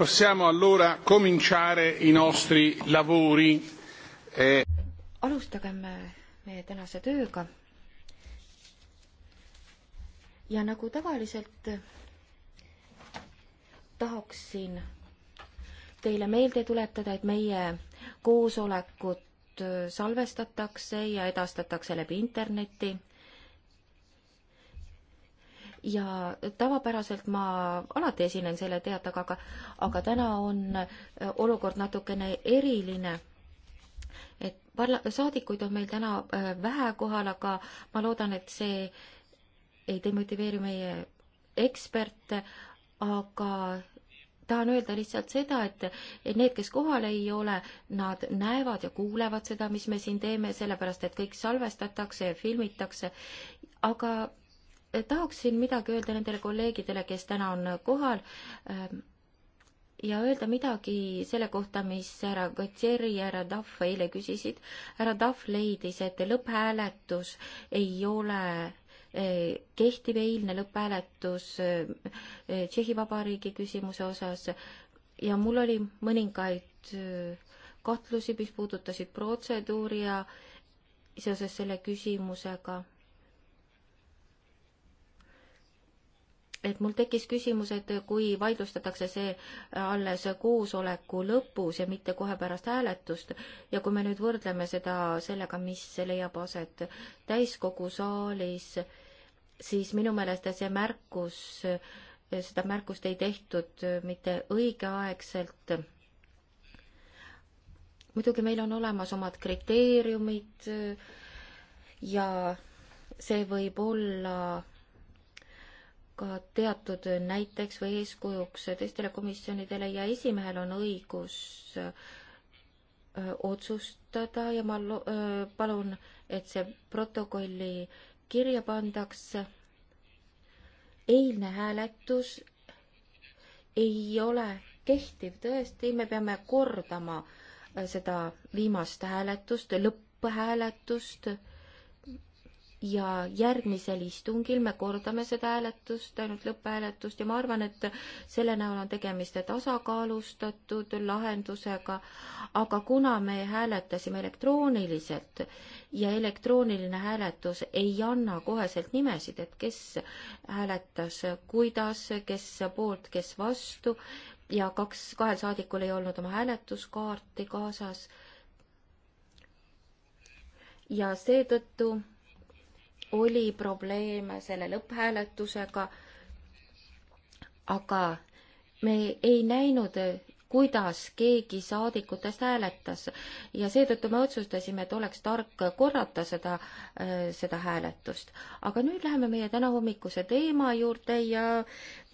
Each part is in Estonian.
Possiamo allora cominciare i nostri lavori eh.... alustagem meie tänase tööga. ja nagu tavaliselt tahaksin teile meelde tuletada, et meie koosolekut salvestatakse ja edastatakse läbi interneti ja tavapäraselt ma alati esinen selle teate, aga, aga, aga täna on äh, olukord natukene eriline et parla-, saadikuid on meil täna äh, vähe kohal, aga ma loodan, et see ei demotiveeri meie eksperte, aga tahan öelda lihtsalt seda, et need, kes kohal ei ole, nad näevad ja kuulevad seda, mis me siin teeme, sellepärast et kõik salvestatakse ja filmitakse, aga tahaksin midagi öelda nendele kolleegidele, kes täna on kohal ähm, ja öelda midagi selle kohta, mis härra Gautieri ja härra Tahv eile küsisid. härra Tahv leidis, et lõpphääletus ei ole äh, kehtiv eilne lõpphääletus äh, äh, Tšehhi Vabariigi küsimuse osas ja mul oli mõningaid kahtlusi, mis puudutasid protseduuri ja seoses selle küsimusega et mul tekkis küsimus, et kui vaidlustatakse see alles koosoleku lõpus ja mitte kohe pärast hääletust ja kui me nüüd võrdleme seda sellega, mis leiab aset täiskogu saalis, siis minu meelest see märkus, seda märkust ei tehtud mitte õigeaegselt. muidugi meil on olemas omad kriteeriumid ja see võib olla ka teatud näiteks või eeskujuks teistele komisjonidele ja esimehel on õigus äh, otsustada ja ma lo-, äh, palun, et see protokolli kirja pandakse. eilne hääletus ei ole kehtiv, tõesti, me peame kordama äh, seda viimast hääletust, lõpphääletust ja järgmisel istungil me kordame seda hääletust, ainult lõpphääletust ja ma arvan, et selle näol on tegemist tasakaalustatud lahendusega, aga kuna me hääletasime elektrooniliselt ja elektrooniline hääletus ei anna koheselt nimesid, et kes hääletas kuidas, kes poolt, kes vastu ja kaks, kahel saadikul ei olnud oma hääletuskaarti kaasas, ja seetõttu oli probleeme selle lõpphääletusega, aga me ei näinud, kuidas keegi saadikutest hääletas ja seetõttu me otsustasime, et oleks tark korrata seda, äh, seda hääletust. aga nüüd läheme meie tänahommikuse teema juurde ja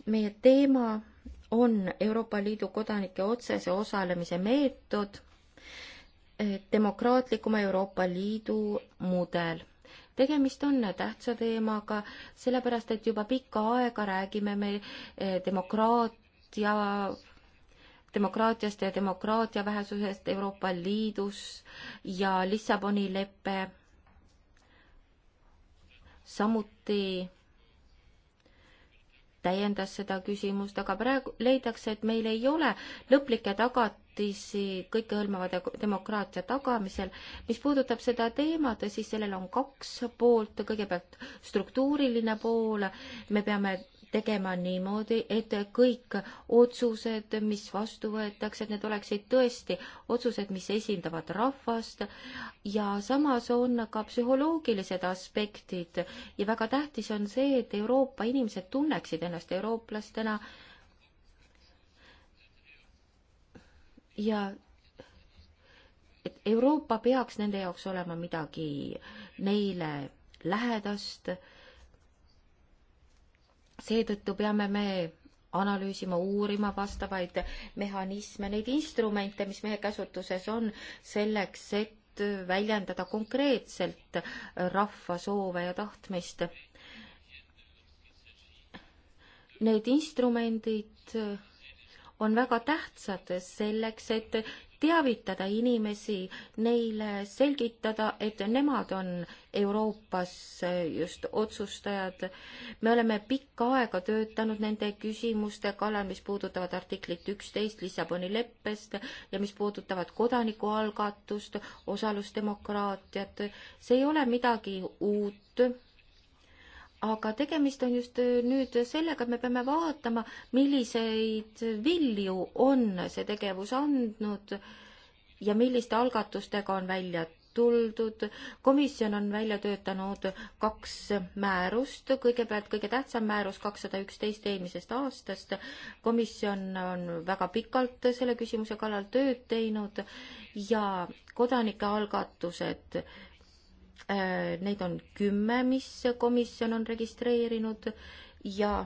meie teema on Euroopa Liidu kodanike otsese osalemise meetod, äh, demokraatlikuma Euroopa Liidu mudel tegemist on tähtsa teemaga, sellepärast et juba pikka aega räägime me eh, demokraatia demokraatiast ja demokraatia vähesusest Euroopa Liidus ja Lissaboni lepe, samuti täiendas seda küsimust, aga praegu leidakse, et meil ei ole lõplikke tagatisi kõikehõlmava demokraatia tagamisel. mis puudutab seda teemat, siis sellel on kaks poolt, kõigepealt struktuuriline pool, me peame tegema niimoodi, et kõik otsused, mis vastu võetakse, et need oleksid tõesti otsused, mis esindavad rahvast ja samas on ka psühholoogilised aspektid ja väga tähtis on see, et Euroopa inimesed tunneksid ennast eurooplastena ja et Euroopa peaks nende jaoks olema midagi neile lähedast seetõttu peame me analüüsima, uurima vastavaid mehhanisme, neid instrumente, mis meie käsutuses on, selleks, et väljendada konkreetselt rahva soove ja tahtmist. Need instrumendid on väga tähtsad selleks, et teavitada inimesi, neile selgitada, et nemad on Euroopas just otsustajad. me oleme pikka aega töötanud nende küsimuste kallal, mis puudutavad artiklit üksteist Lissaboni leppest ja mis puudutavad kodanikualgatust, osalusdemokraatiat. see ei ole midagi uut aga tegemist on just äh, nüüd sellega, et me peame vaatama, milliseid vilju on see tegevus andnud ja milliste algatustega on välja tuldud. komisjon on välja töötanud kaks määrust, kõigepealt kõige tähtsam määrus kakssada üksteist eelmisest aastast. komisjon on väga pikalt selle küsimuse kallal tööd teinud ja kodanikealgatused äh, Äh, neid on kümme, mis komisjon on registreerinud ja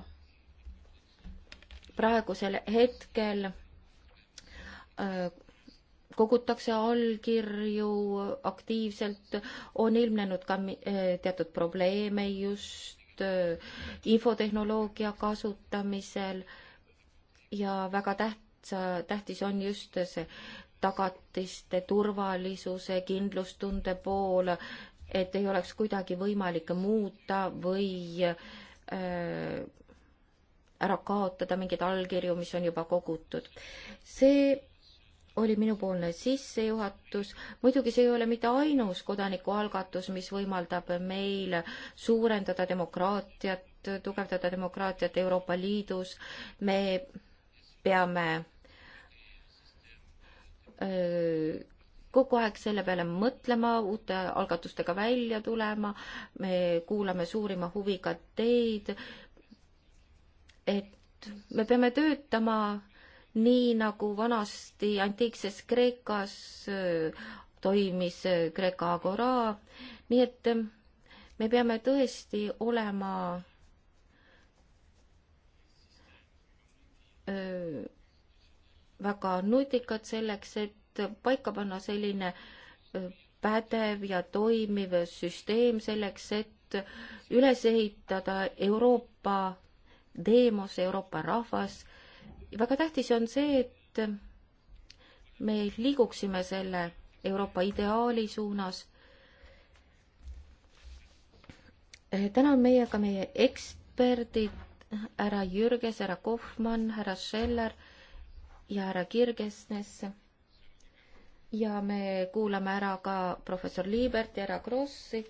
praegusel hetkel äh, kogutakse allkirju aktiivselt, on ilmnenud ka äh, teatud probleeme just infotehnoloogia kasutamisel ja väga tähtsa, tähtis on just see tagatiste, turvalisuse, kindlustunde pool, et ei oleks kuidagi võimalik muuta või äh, ära kaotada mingeid allkirju, mis on juba kogutud. see oli minupoolne sissejuhatus. muidugi see ei ole mitte ainus kodanikualgatus, mis võimaldab meil suurendada demokraatiat, tugevdada demokraatiat Euroopa Liidus. me peame öö, äh, kogu aeg selle peale mõtlema, uute algatustega välja tulema, me kuulame suurima huviga teid, et me peame töötama nii, nagu vanasti antiikses Kreekas äh, toimis äh, Kreeka agora, nii et äh, me peame tõesti olema väga nutikad selleks, et et paika panna selline pädev ja toimiv süsteem selleks, et üles ehitada Euroopa teemos, Euroopa rahvas. väga tähtis on see, et me liiguksime selle Euroopa ideaali suunas. täna on meiega meie eksperdid, härra Jürges, härra Kohman, härra Scheller ja härra Kirgesnes ja me kuulame ära ka professor Liiberti, härra Krossi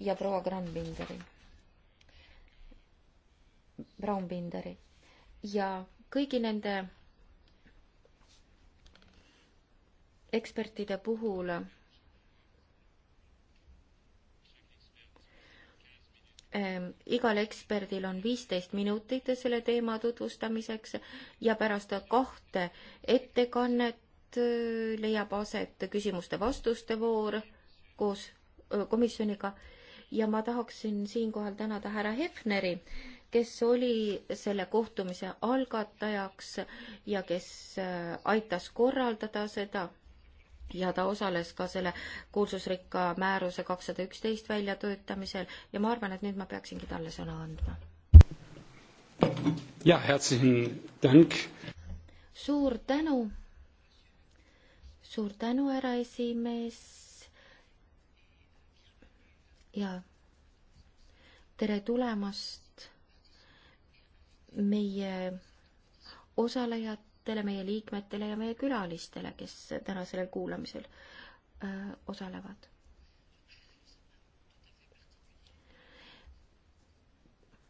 ja proua Grandbinderi, Braunbinderi ja kõigi nende ekspertide puhul ehm, igal eksperdil on viisteist minutit selle teema tutvustamiseks ja pärast kahte ettekannet nüüd leiab aset küsimuste-vastuste voor koos komisjoniga ja ma tahaksin siinkohal tänada härra Hefneri, kes oli selle kohtumise algatajaks ja kes aitas korraldada seda ja ta osales ka selle kuulsusrikka määruse kakssada üksteist väljatöötamisel ja ma arvan, et nüüd ma peaksingi talle sõna andma. jah, herzlichen Dank! suur tänu! suur tänu, härra esimees. ja tere tulemast meie osalejatele, meie liikmetele ja meie külalistele, kes täna sellel kuulamisel öö, äh, osalevad.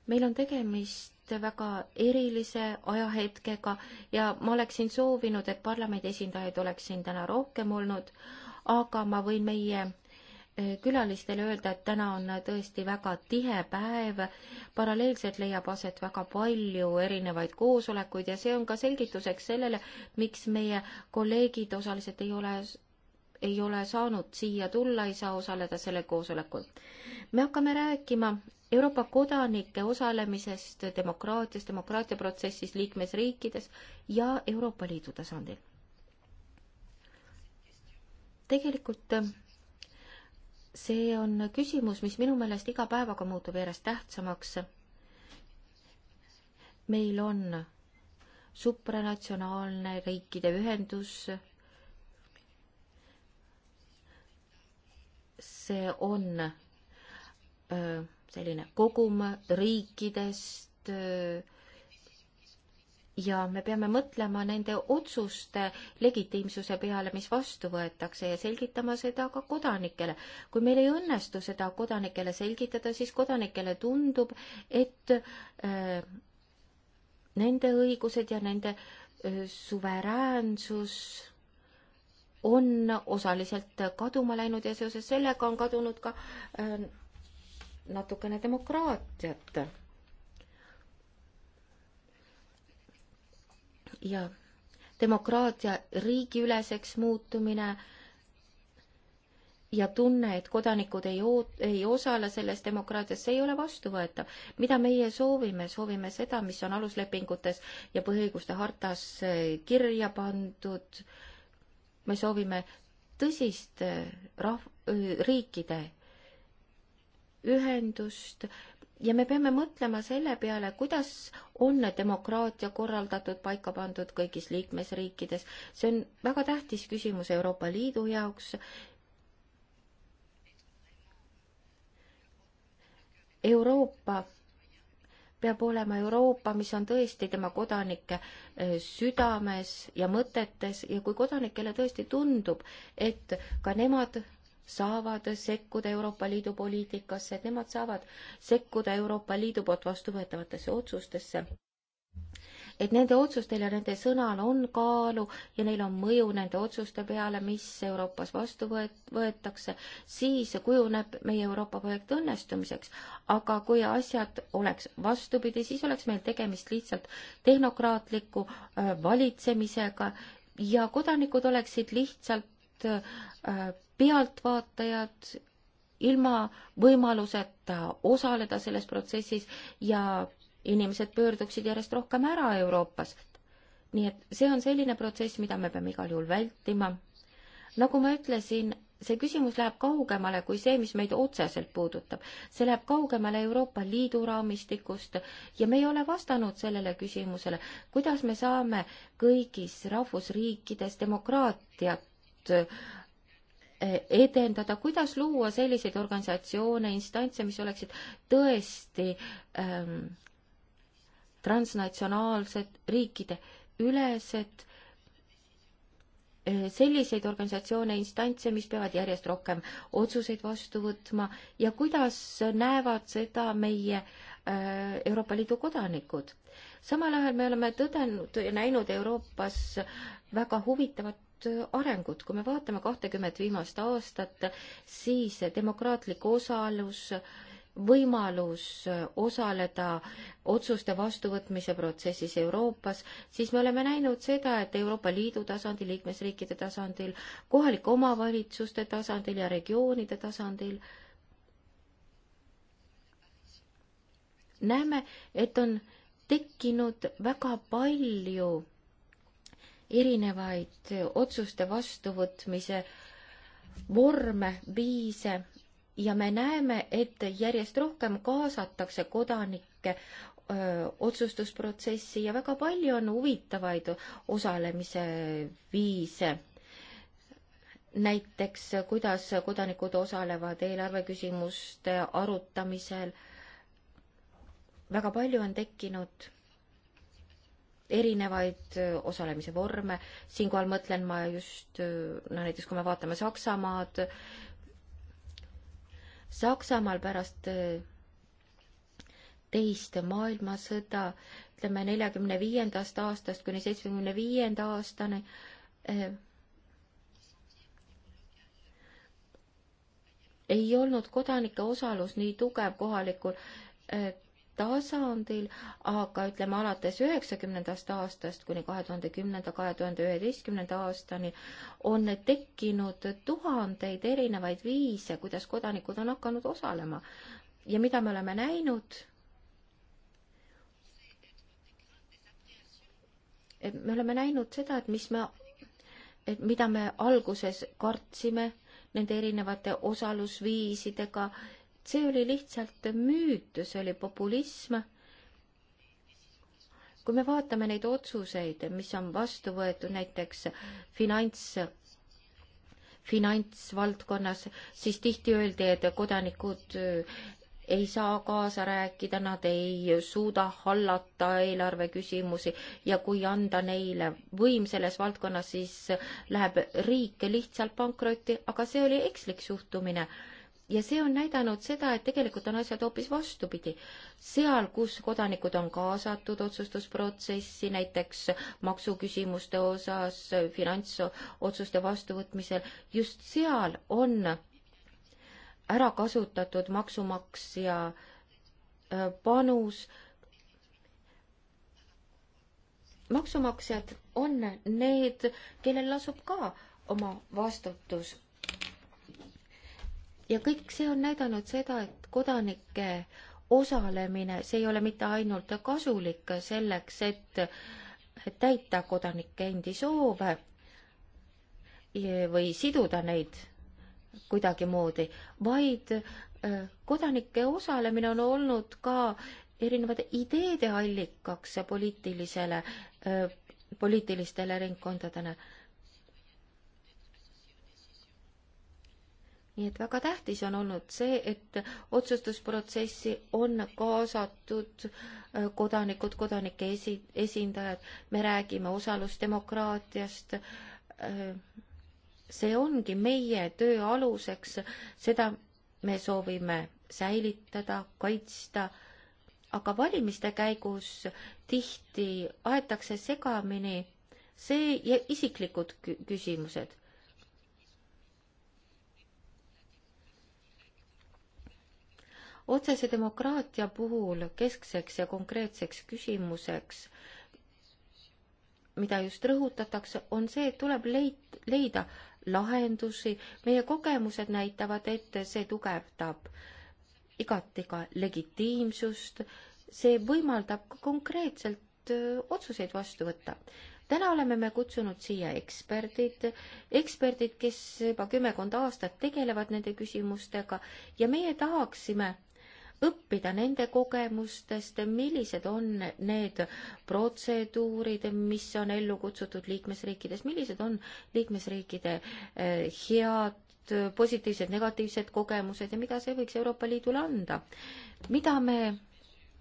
meil on tegemist tegemist väga erilise ajahetkega ja ma oleksin soovinud, et parlamendi esindajaid oleks siin täna rohkem olnud, aga ma võin meie eh, külalistele öelda, et täna on tõesti väga tihe päev, paralleelselt leiab aset väga palju erinevaid koosolekuid ja see on ka selgituseks sellele, miks meie kolleegid osaliselt ei ole ei ole saanud siia tulla, ei saa osaleda sellel koosolekul. me hakkame rääkima Euroopa kodanike osalemisest demokraatias, demokraatia protsessis liikmesriikides ja Euroopa Liidu tasandil. tegelikult äh, see on küsimus, mis minu meelest iga päevaga muutub järjest tähtsamaks. meil on supranatsionaalne riikide ühendus see on öö, selline kogum riikidest öö, ja me peame mõtlema nende otsuste legitiimsuse peale, mis vastu võetakse ja selgitama seda ka kodanikele. kui meil ei õnnestu seda kodanikele selgitada, siis kodanikele tundub, et öö, nende õigused ja nende öö, suveräänsus on osaliselt kaduma läinud ja seoses sellega on kadunud ka äh, natukene demokraatiat. ja demokraatia riigiüleseks muutumine ja tunne, et kodanikud ei oot-, ei osale selles demokraatias, see ei ole vastuvõetav. mida meie soovime, soovime seda, mis on aluslepingutes ja põhiõiguste hartas äh, kirja pandud äh, me soovime tõsist äh, rahv-, äh, riikide ühendust ja me peame mõtlema selle peale, kuidas on demokraatia korraldatud, paika pandud kõigis liikmesriikides. see on väga tähtis küsimus Euroopa Liidu jaoks. Euroopa peab olema Euroopa, mis on tõesti tema kodanike äh, südames ja mõtetes ja kui kodanikele tõesti tundub, et ka nemad saavad sekkuda Euroopa Liidu poliitikasse, et nemad saavad sekkuda Euroopa Liidu poolt vastuvõetavatesse otsustesse, et nende otsustel ja nende sõnal on kaalu ja neil on mõju nende otsuste peale, mis Euroopas vastu võet-, võetakse, siis kujuneb meie Euroopa projekt õnnestumiseks. aga kui asjad oleks vastupidi, siis oleks meil tegemist lihtsalt tehnokraatliku äh, valitsemisega ja kodanikud oleksid lihtsalt äh, pealtvaatajad ilma võimaluseta osaleda selles protsessis ja inimesed pöörduksid järjest rohkem ära Euroopast. nii et see on selline protsess, mida me peame igal juhul vältima. nagu ma ütlesin, see küsimus läheb kaugemale kui see, mis meid otseselt puudutab. see läheb kaugemale Euroopa Liidu raamistikust ja me ei ole vastanud sellele küsimusele, kuidas me saame kõigis rahvusriikides demokraatiat eh, edendada, kuidas luua selliseid organisatsioone, instantse, mis oleksid tõesti ähm, transnatsionaalsed, riikide ülesed, eh, selliseid organisatsioone, instantse, mis peavad järjest rohkem otsuseid vastu võtma ja kuidas näevad seda meie eh, Euroopa Liidu kodanikud. samal ajal me oleme tõdenud ja näinud Euroopas väga huvitavat eh, arengut, kui me vaatame kahtekümmet viimast aastat, siis demokraatlik osalus äh, võimalus äh, osaleda otsuste vastuvõtmise protsessis Euroopas, siis me oleme näinud seda, et Euroopa Liidu tasandil, liikmesriikide tasandil, kohalike omavalitsuste tasandil ja regioonide tasandil näeme, et on tekkinud väga palju erinevaid otsuste vastuvõtmise vorme, viise ja me näeme, et järjest rohkem kaasatakse kodanikke otsustusprotsessi ja väga palju on huvitavaid osalemise viise. näiteks, kuidas kodanikud osalevad eelarveküsimuste arutamisel. väga palju on tekkinud erinevaid osalemise vorme, siinkohal mõtlen ma just, no näiteks kui me vaatame Saksamaad, Saksamaal pärast äh, teist maailmasõda, ütleme neljakümne viiendast aastast kuni seitsmekümne viienda aastani, äh, ei olnud kodanike osalus nii tugev kohalikul äh, tasandil, aga ütleme alates üheksakümnendast aastast kuni kahe tuhande kümnenda, kahe tuhande üheteistkümnenda aastani on tekkinud tuhandeid erinevaid viise, kuidas kodanikud on hakanud osalema. ja mida me oleme näinud? et me oleme näinud seda, et mis me, et mida me alguses kartsime nende erinevate osalusviisidega see oli lihtsalt müüt, see oli populism. kui me vaatame neid otsuseid, mis on vastu võetud näiteks finants, finantsvaldkonnas, siis tihti öeldi, et kodanikud äh, ei saa kaasa rääkida, nad ei suuda hallata eelarve küsimusi ja kui anda neile võim selles valdkonnas, siis läheb riik lihtsalt pankrotti, aga see oli ekslik suhtumine ja see on näidanud seda, et tegelikult on asjad hoopis vastupidi. seal, kus kodanikud on kaasatud otsustusprotsessi, näiteks maksuküsimuste osas, finantsotsuste vastuvõtmisel, just seal on ära kasutatud maksumaksja äh, panus. maksumaksjad on need, kellel lasub ka oma vastutus ja kõik see on näidanud seda, et kodanike osalemine, see ei ole mitte ainult kasulik selleks, et täita kodanike endi soove või siduda neid kuidagimoodi, vaid äh, kodanike osalemine on olnud ka erinevate ideede allikaks poliitilisele, äh, poliitilistele ringkondadele nii et väga tähtis on olnud see, et otsustusprotsessi on kaasatud äh, kodanikud, kodanike esi, esindajad, me räägime osalusdemokraatiast. Äh, see ongi meie töö aluseks, seda me soovime säilitada, kaitsta, aga valimiste käigus tihti aetakse segamini see ja isiklikud küsimused otsese demokraatia puhul keskseks ja konkreetseks küsimuseks, mida just rõhutatakse, on see, et tuleb leid-, leida lahendusi, meie kogemused näitavad, et see tugevdab igati ka legitiimsust, see võimaldab ka konkreetselt öö, otsuseid vastu võtta. täna oleme me kutsunud siia eksperdid, eksperdid, kes juba kümmekond aastat tegelevad nende küsimustega ja meie tahaksime õppida nende kogemustest, millised on need protseduurid, mis on ellu kutsutud liikmesriikides, millised on liikmesriikide eh, head positiivsed, negatiivsed kogemused ja mida see võiks Euroopa Liidule anda. mida me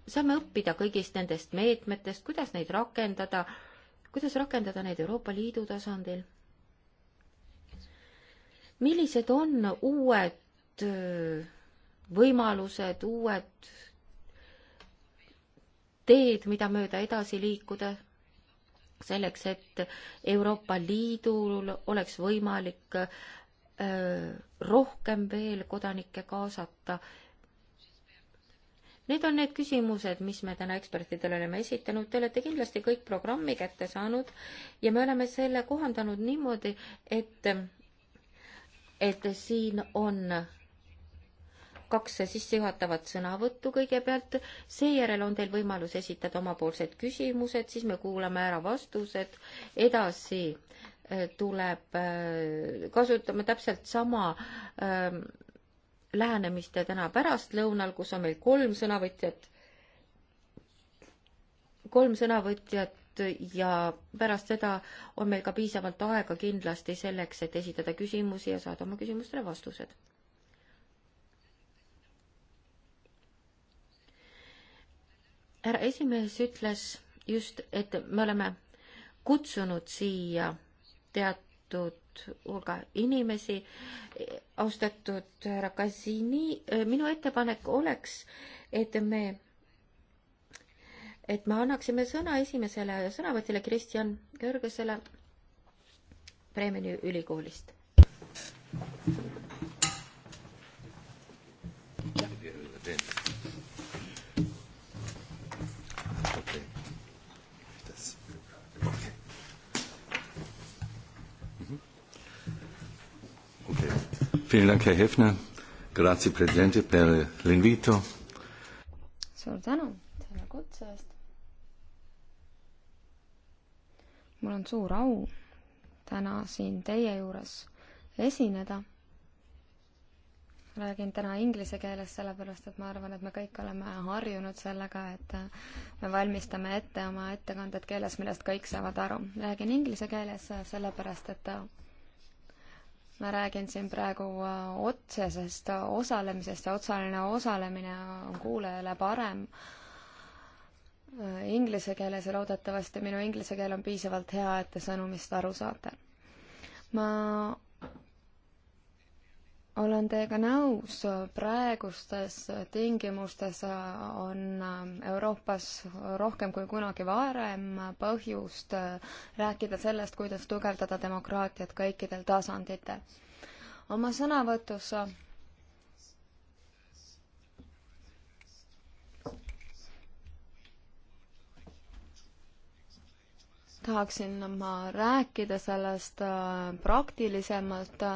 saame õppida kõigist nendest meetmetest, kuidas neid rakendada, kuidas rakendada neid Euroopa Liidu tasandil? millised on uued eh, võimalused, uued teed, mida mööda edasi liikuda, selleks, et Euroopa Liidul oleks võimalik rohkem veel kodanikke kaasata. Need on need küsimused, mis me täna ekspertidele oleme esitanud, te olete kindlasti kõik programmi kätte saanud ja me oleme selle kohandanud niimoodi, et, et siin on kaks sissejuhatavat sõnavõttu kõigepealt, seejärel on teil võimalus esitada omapoolsed küsimused, siis me kuulame ära vastused, edasi äh, tuleb, äh, kasutame täpselt sama ähm, lähenemist täna pärastlõunal, kus on meil kolm sõnavõtjat, kolm sõnavõtjat ja pärast seda on meil ka piisavalt aega kindlasti selleks, et esitada küsimusi ja saada oma küsimustele vastused härra esimees ütles just, et me oleme kutsunud siia teatud hulga inimesi. austatud härra Kassini, minu ettepanek oleks, et me, et me annaksime sõna esimesele sõnavõtjale Kristjan Kõrgesele Bremeni ülikoolist. Vielen Dank, Herr Hefner. Grazie, president, per l'invito. suur tänu selle kutse eest. mul on suur au täna siin teie juures esineda. räägin täna inglise keeles, sellepärast et ma arvan, et me kõik oleme harjunud sellega, et me valmistame ette oma ettekanded keeles, millest kõik saavad aru. räägin inglise keeles sellepärast, et ma räägin siin praegu äh, otsesest äh, osalemisest ja otsaline osalemine on kuulajale parem äh, inglise keeles ja loodetavasti minu inglise keel on piisavalt hea, et te sõnumist aru saate. ma olen teiega nõus, praegustes tingimustes on Euroopas rohkem kui kunagi varem põhjust rääkida sellest, kuidas tugevdada demokraatiat kõikidel tasanditel. oma sõnavõtus tahaksin ma rääkida sellest praktilisemalt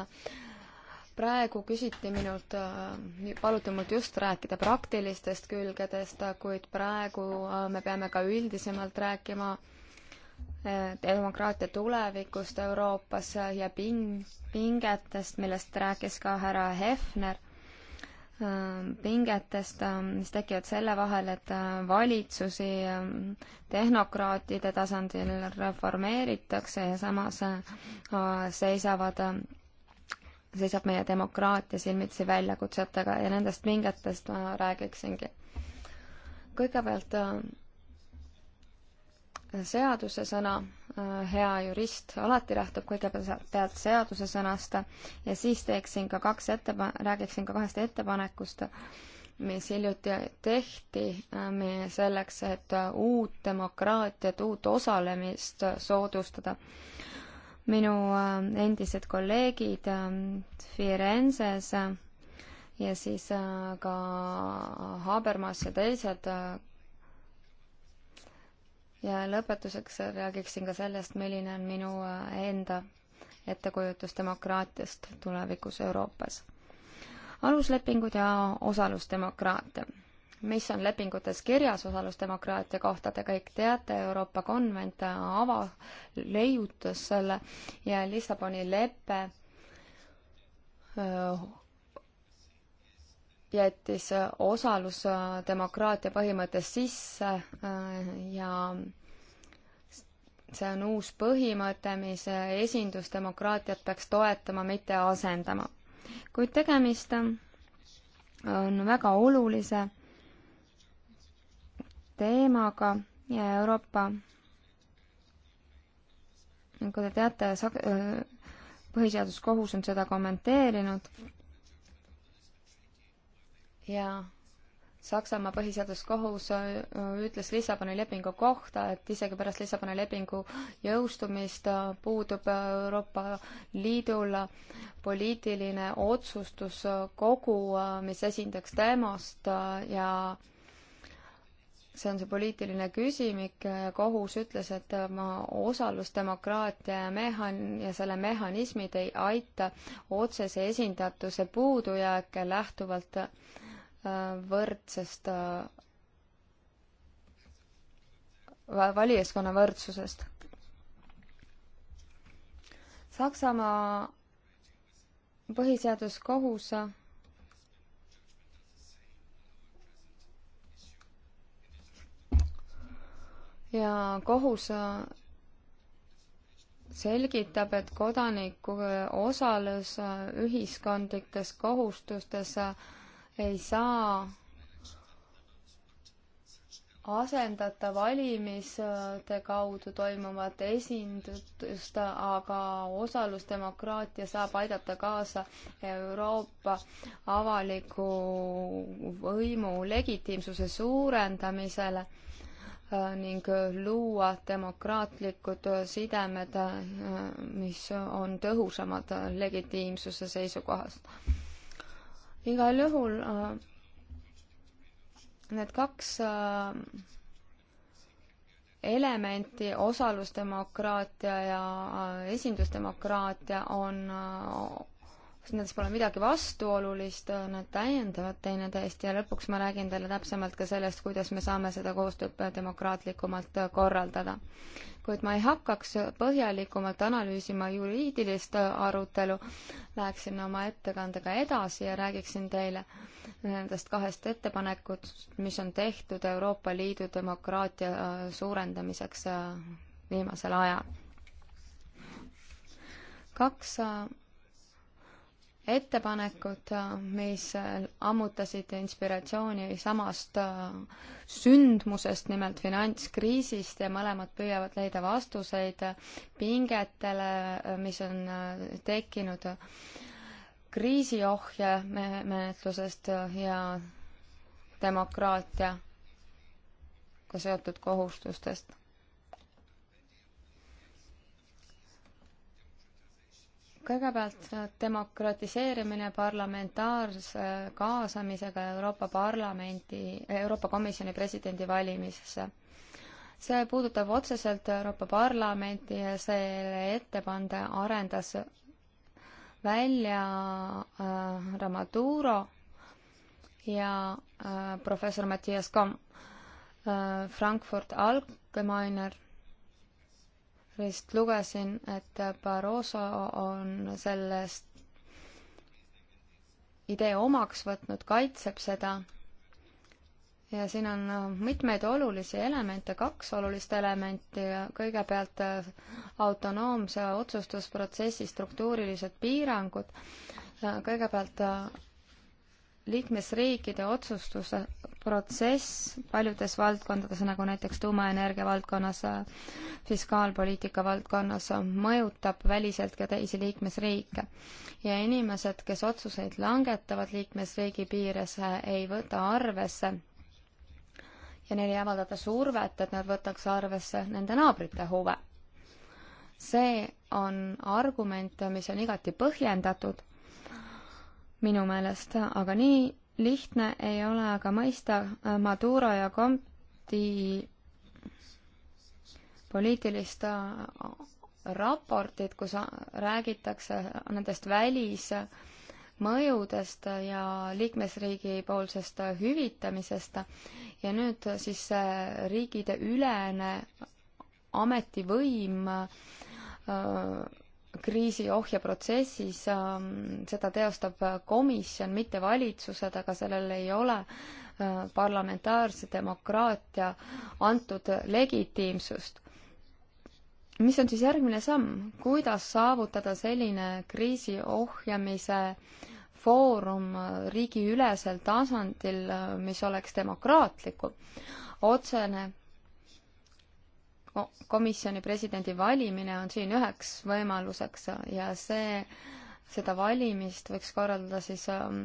praegu küsiti minult, äh, paluti mult just rääkida praktilistest külgedest, kuid praegu äh, me peame ka üldisemalt rääkima äh, demokraatia tulevikust Euroopas ja ping-, pingetest, millest rääkis ka härra Hefner, pingetest, mis tekivad selle vahel, et valitsusi tehnokraatide tasandil reformeeritakse ja samas seisavad seisab meie demokraatia silmitsi väljakutsetega ja nendest pingetest ma räägiksingi. kõigepealt äh, seaduse sõna, äh, hea jurist alati lähtub kõigepealt seaduse sõnast ja siis teeksin ka kaks ettepa-, räägiksin ka kahest ettepanekust, mis hiljuti tehti äh, meie selleks, et uut demokraatiat, uut osalemist soodustada minu äh, endised kolleegid äh, Firenzes äh, ja siis ka Habermas ja teised. ja lõpetuseks räägiksin ka sellest, milline on minu enda ettekujutus demokraatiast tulevikus Euroopas aluslepingud ja osalusdemokraatia mis on lepingutes kirjas osalusdemokraatia kohta, te kõik teate, Euroopa konvent ava-, leiutas selle ja Lissaboni lepe jättis osalusdemokraatia põhimõtte sisse ja see on uus põhimõte, mis esindusdemokraatiat peaks toetama, mitte asendama. kuid tegemist on väga olulise teemaga ja Euroopa, nagu te teate, põhiseaduskohus on seda kommenteerinud ja Saksamaa põhiseaduskohus äh, ütles Lissaboni lepingu kohta, et isegi pärast Lissaboni lepingu jõustumist äh, puudub äh, Euroopa Liidul poliitiline otsustuskogu, mis esindaks temast ja see on see poliitiline küsimik, kohus ütles, et ma osalusdemokraatia ja mehan- ja selle mehhanismid ei aita otsese esindatuse puudujääke lähtuvalt äh, võrdsest äh, valijaskonna võrdsusest. Saksamaa põhiseaduskohus ja kohus äh, selgitab, et kodaniku äh, osalus äh, ühiskondlikes kohustustes ei saa asendada valimiste kaudu toimuvat esindust, aga osalusdemokraatia saab aidata kaasa Euroopa avaliku võimu legitiimsuse suurendamisele ning luua demokraatlikud sidemed, mis on tõhusamad legitiimsuse seisukohast. igal juhul äh, need kaks äh, elementi, osalusdemokraatia ja äh, esindusdemokraatia on nendes pole midagi vastuolulist, nad täiendavad teineteist ja lõpuks ma räägin teile täpsemalt ka sellest, kuidas me saame seda koostööd demokraatlikumalt korraldada. kuid ma ei hakkaks põhjalikumalt analüüsima juriidilist arutelu, läheksin oma ettekandega edasi ja räägiksin teile nendest kahest ettepanekust, mis on tehtud Euroopa Liidu demokraatia suurendamiseks viimasel ajal. kaks ettepanekud, mis ammutasid inspiratsiooni samast äh, sündmusest, nimelt finantskriisist ja mõlemad püüavad leida vastuseid pingetele, mis on äh, tekkinud kriisiohje menetlusest ja demokraatiaga seotud kohustustest kõigepealt äh, demokratiseerimine parlamentaarse äh, kaasamisega Euroopa Parlamenti, Euroopa Komisjoni presidendi valimisse. see puudutab otseselt Euroopa Parlamenti ja selle ettepande arendas välja äh, Ramaduro ja äh, professor Mattias Kamm äh,, Frankfurt Allgemeiner vist lugesin, et Barroso on sellest idee omaks võtnud, kaitseb seda. ja siin on äh, mitmeid olulisi elemente, kaks olulist elementi, kõigepealt äh, autonoomse otsustusprotsessi struktuurilised piirangud, äh, kõigepealt liikmesriikide otsustuse protsess paljudes valdkondades, nagu näiteks tuumaenergia valdkonnas, fiskaalpoliitika valdkonnas, mõjutab väliselt ka teisi liikmesriike. ja inimesed, kes otsuseid langetavad liikmesriigi piires, ei võta arvesse ja neile ei avaldata survet, et nad võtaks arvesse nende naabrite huve. see on argument, mis on igati põhjendatud minu meelest, aga nii lihtne ei ole aga mõista äh, Maduro ja Comti poliitilist äh, raportit, kus äh, räägitakse nendest välismõjudest ja liikmesriigi poolsest hüvitamisest ja nüüd siis see riigide ülene ametivõim öö, kriisiohjeprotsessis, ähm, seda teostab komisjon, mitte valitsused, aga sellel ei ole äh, parlamentaarse demokraatia antud legitiimsust. mis on siis järgmine samm, kuidas saavutada selline kriisi ohjamise foorum riigiülesel tasandil, äh, mis oleks demokraatlikum? otsene komisjoni presidendi valimine on siin üheks võimaluseks ja see, seda valimist võiks korraldada siis ähm,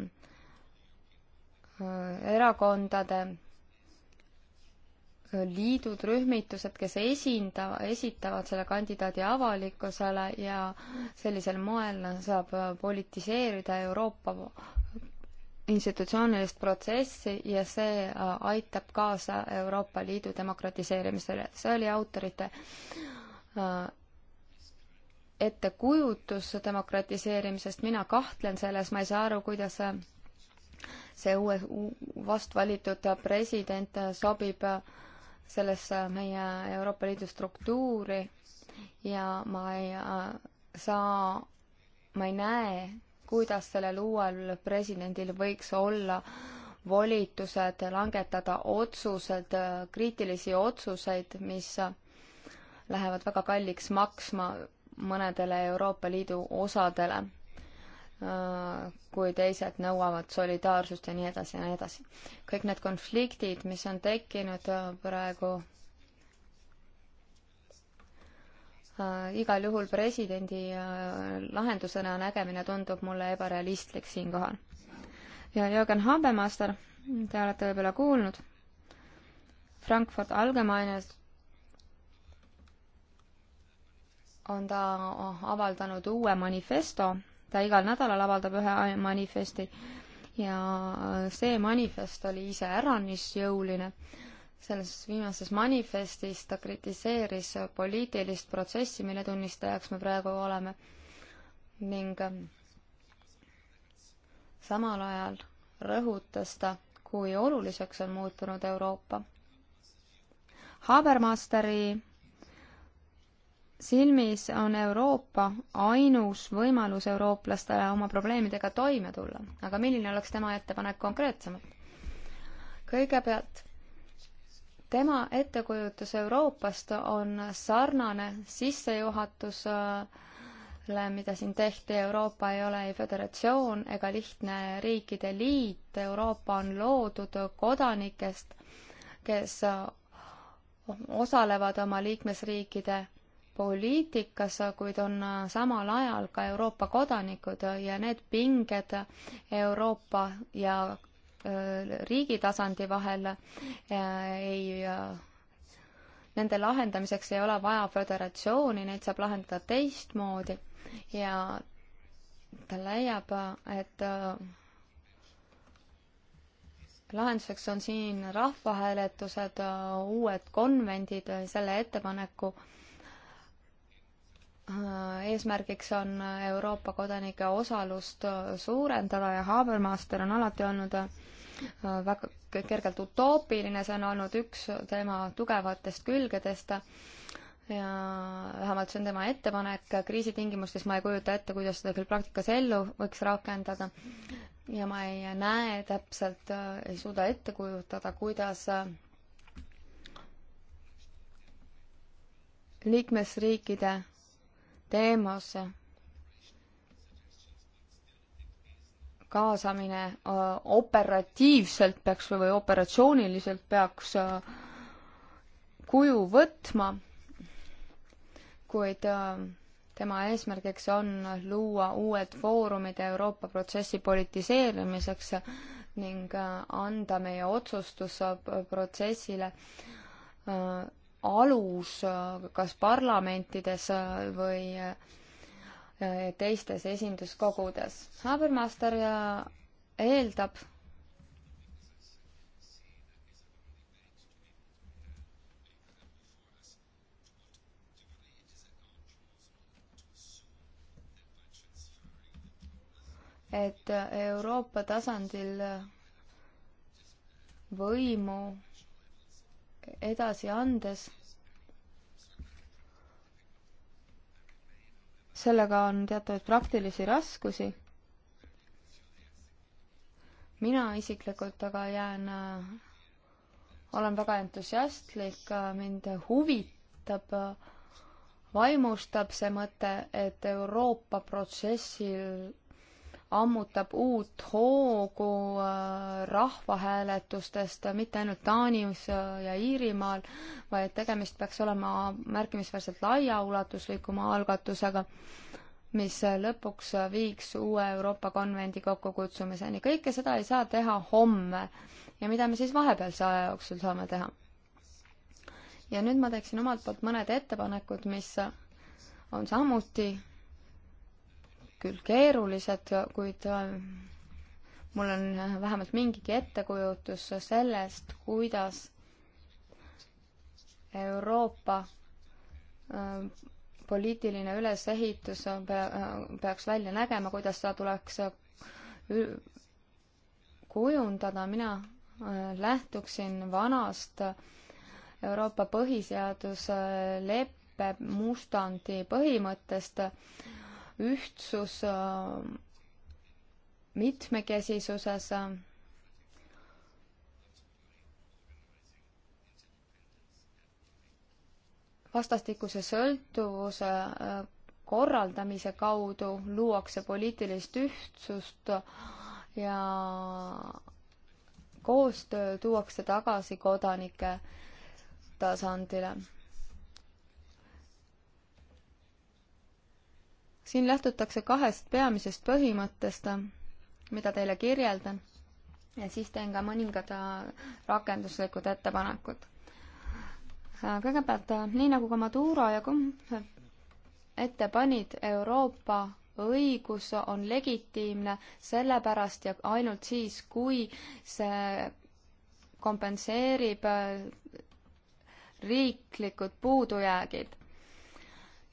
äh, erakondade äh, liidud, rühmitused, kes esinda-, esitavad selle kandidaadi avalikkusele ja sellisel moel saab äh, politiseerida Euroopa institutsioonilist protsessi ja see äh, aitab kaasa Euroopa Liidu demokratiseerimisele. see oli autorite äh, ettekujutus demokratiseerimisest, mina kahtlen selles, ma ei saa aru, kuidas äh, see uue, vast valitud president sobib sellesse meie Euroopa Liidu struktuuri ja ma ei saa, ma ei näe kuidas sellel uuel presidendil võiks olla volitused langetada otsused, kriitilisi otsuseid, mis lähevad väga kalliks maksma mõnedele Euroopa Liidu osadele, kui teised nõuavad solidaarsust ja nii edasi ja nii edasi. kõik need konfliktid, mis on tekkinud praegu Äh, igal juhul presidendi äh, lahendusena nägemine tundub mulle ebarealistlik siinkohal. ja Jürgen Habemaster, te olete võib-olla kuulnud, Frankfurt Allgemeines on ta avaldanud uue manifesto, ta igal nädalal avaldab ühe manifesti ja äh, see manifest oli iseäranis jõuline selles viimases manifestis ta kritiseeris poliitilist protsessi, mille tunnistajaks me praegu oleme ning ähm, samal ajal rõhutas ta, kui oluliseks on muutunud Euroopa. Habermasteri silmis on Euroopa ainus võimalus eurooplastele oma probleemidega toime tulla, aga milline oleks tema ettepanek konkreetsemalt? kõigepealt tema ettekujutus Euroopast on sarnane sissejuhatusele, mida siin tehti, Euroopa ei ole ei föderatsioon ega lihtne riikide liit, Euroopa on loodud kodanikest, kes osalevad oma liikmesriikide poliitikas, kuid on samal ajal ka Euroopa kodanikud ja need pinged Euroopa ja Äh, riigi tasandi vahel äh, ei äh, nende lahendamiseks ei ole vaja föderatsiooni, neid saab lahendada teistmoodi ja ta leiab, et lahenduseks on siin rahvahääletused, uued konvendid, selle ettepaneku äh, Äh, eesmärgiks on Euroopa kodanike osalust äh, suurendada ja Habermaster on alati olnud äh, väga kergelt utoopiline, see on olnud üks tema tugevatest külgedest ja vähemalt see on tema ettepanek, kriisitingimustes ma ei kujuta ette, kuidas seda küll praktikas ellu võiks rakendada. ja ma ei näe täpselt, ei suuda ette kujutada, kuidas liikmesriikide teemas kaasamine äh, operatiivselt peaks või operatsiooniliselt peaks äh, kuju võtma, kuid äh, tema eesmärgiks on luua uued foorumid Euroopa protsessi politiseerimiseks ning anda meie otsustusprotsessile alus äh, kas parlamentides äh, või äh, teistes esinduskogudes. Habermaster eeldab, et Euroopa tasandil võimu edasi andes sellega on teatavaid praktilisi raskusi. mina isiklikult aga jään, äh, olen väga entusiastlik, äh, mind huvitab, äh, vaimustab see mõte, et Euroopa protsessil ammutab uut hoogu äh, rahvahääletustest mitte ainult Taanis äh, ja Iirimaal, vaid tegemist peaks olema märkimisväärselt laiaulatuslikuma algatusega, mis lõpuks viiks uue Euroopa konvendi kokkukutsumiseni. kõike seda ei saa teha homme ja mida me siis vahepealse aja jooksul saame teha? ja nüüd ma teeksin omalt poolt mõned ettepanekud, mis on samuti küll keerulised, kuid äh, mul on äh, vähemalt mingigi ettekujutus sellest, kuidas Euroopa äh, poliitiline ülesehitus peaks välja nägema, kuidas seda tuleks kujundada, mina lähtuksin vanast Euroopa põhiseaduse leppe mustandi põhimõttest, ühtsus äh, mitmekesisuses äh, vastastikuse sõltuvuse äh, korraldamise kaudu luuakse poliitilist ühtsust ja koostöö tuuakse tagasi kodanike tasandile siin lähtutakse kahest peamisest põhimõttest, mida teile kirjeldan ja siis teen ka mõningad äh, rakenduslikud ettepanekud. Äh, kõigepealt, äh, nii nagu ka Maduro ja Kum ette panid, Euroopa õigus on legitiimne sellepärast ja ainult siis, kui see kompenseerib riiklikud puudujäägid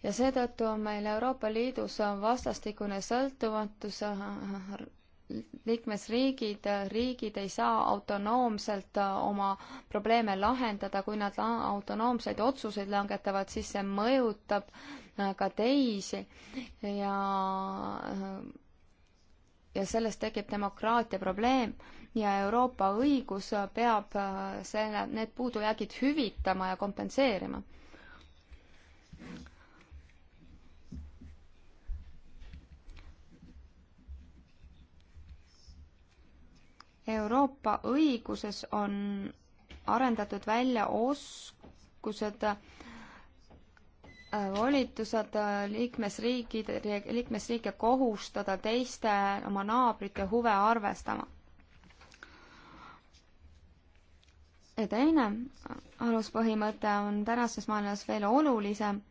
ja seetõttu on meil Euroopa Liidus vastastikune sõltumatus, äh, äh, liikmesriigid, riigid ei saa autonoomselt äh, oma probleeme lahendada, kui nad autonoomseid otsuseid langetavad, siis see mõjutab ka teisi ja ja sellest tekib demokraatia probleem ja Euroopa õigus peab selle, need puudujäägid hüvitama ja kompenseerima Euroopa õiguses on arendatud välja oskused äh, volitused äh, liikmesriigid, liikmesriike kohustada teiste oma naabrite huve arvestama. ja teine aluspõhimõte on tänases maailmas veel olulisem,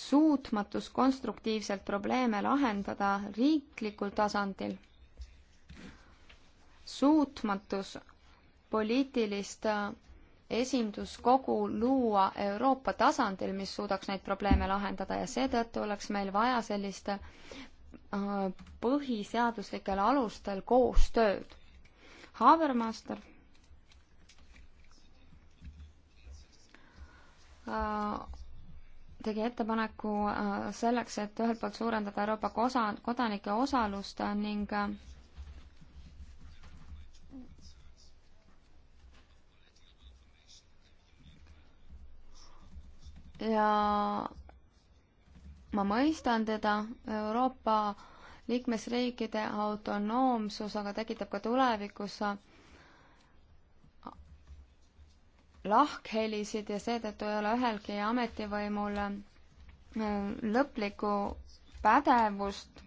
suutmatus konstruktiivselt probleeme lahendada riiklikul tasandil suutmatus poliitilist esinduskogu luua Euroopa tasandil, mis suudaks neid probleeme lahendada ja seetõttu oleks meil vaja sellist äh, põhiseaduslikel alustel koostööd. Habermaster äh, tegi ettepaneku äh, selleks, et ühelt poolt suurendada Euroopa kosa, kodanike osalust ning ja ma mõistan teda, Euroopa liikmesriikide autonoomsus aga tekitab ka tulevikus lahkhelisid ja seetõttu ei ole ühelgi ametivõimul äh, lõplikku pädevust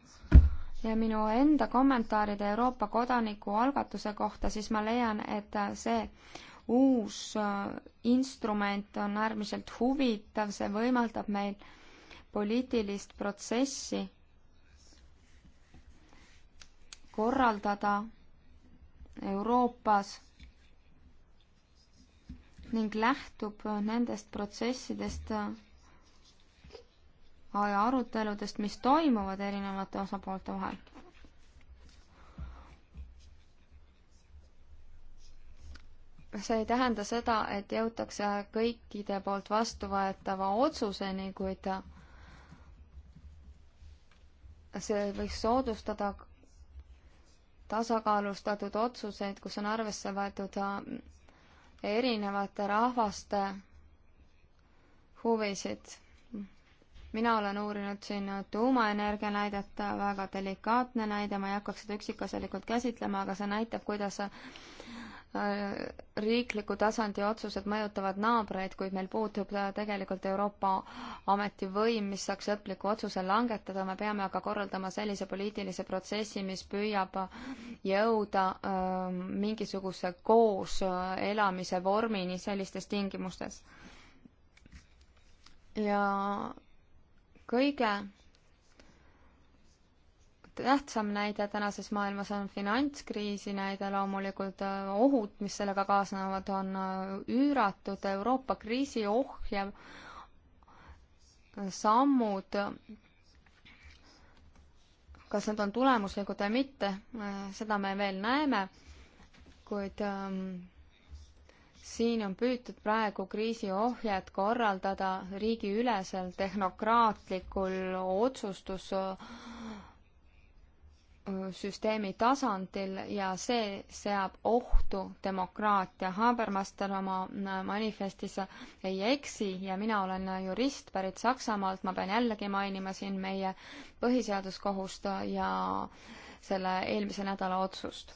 ja minu enda kommentaaride Euroopa kodanikualgatuse kohta, siis ma leian, et see uus äh, instrument on äärmiselt huvitav, see võimaldab meil poliitilist protsessi korraldada Euroopas ning lähtub nendest protsessidest äh, ja aruteludest, mis toimuvad erinevate osapoolte vahel. see ei tähenda seda, et jõutakse kõikide poolt vastuvõetava otsuseni, kuid see võiks soodustada tasakaalustatud otsuseid, kus on arvesse võetud erinevate rahvaste huvisid. mina olen uurinud siin tuumaenergia näidet, väga delikaatne näide, ma ei hakkaks seda üksikasjalikult käsitlema, aga see näitab, kuidas riikliku tasandi otsused mõjutavad naabreid, kuid meil puudub tegelikult Euroopa ametivõim, mis saaks lõpliku otsuse langetada, me peame aga korraldama sellise poliitilise protsessi, mis püüab jõuda äh, mingisuguse koos elamise vormini sellistes tingimustes. ja kõige tähtsam näide tänases maailmas on finantskriisi näide loomulikult, äh, ohud, mis sellega kaasnevad, on äh, üüratud, Euroopa kriisi ohjev äh, sammud, kas nad on tulemuslikud või mitte, seda me veel näeme, kuid ähm, siin on püütud praegu kriisiohjed korraldada riigiülesel tehnokraatlikul otsustus süsteemi tasandil ja see seab ohtu demokraatia. Habermaster oma manifestis ei eksi ja mina olen jurist pärit Saksamaalt, ma pean jällegi mainima siin meie põhiseaduskohust ja selle eelmise nädala otsust.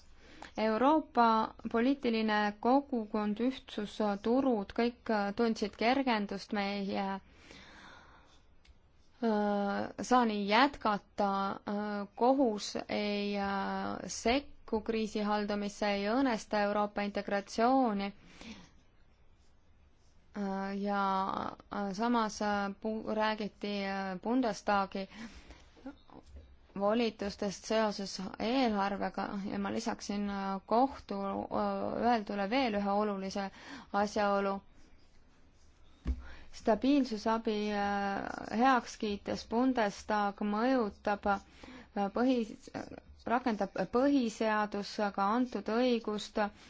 Euroopa poliitiline kogukond, ühtsus, turud, kõik tundsid kergendust meie Äh, saa nii jätkata, äh, kohus ei äh, sekku kriisi haldamisse, ei õõnesta Euroopa integratsiooni ja samas räägiti Bundestagi volitustest seoses eelarvega ja ma lisaksin kohtu öeldule veel ühe olulise asjaolu stabiilsusabi äh, heaks kiites Bundestag mõjutab äh, põhi, rakendab põhiseadusega antud õigust äh,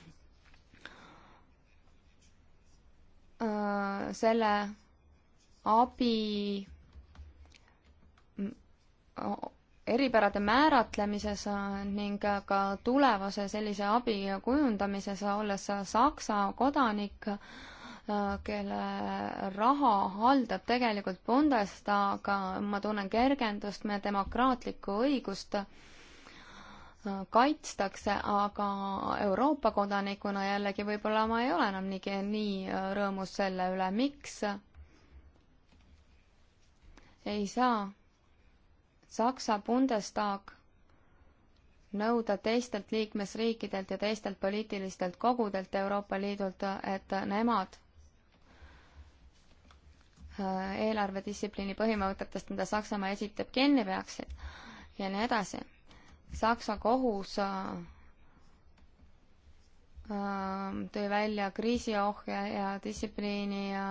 selle abi eripärade määratlemises ning ka tulevase sellise abi kujundamises, olles Saksa kodanik, Äh, kelle raha haldab tegelikult Bundestag, ma tunnen kergendust, meie demokraatlikku õigust äh, kaitstakse, aga Euroopa kodanikuna jällegi võib-olla ma ei ole enam nii, nii äh, rõõmus selle üle, miks ei saa Saksa Bundestag nõuda teistelt liikmesriikidelt ja teistelt poliitilistelt kogudelt Euroopa Liidult, et nemad Äh, eelarvedistsipliini põhimõtetest, mida Saksamaa esitab, kinni peaksid ja nii edasi. Saksa kohus äh, äh, tõi välja kriisiohje ja distsipliini ja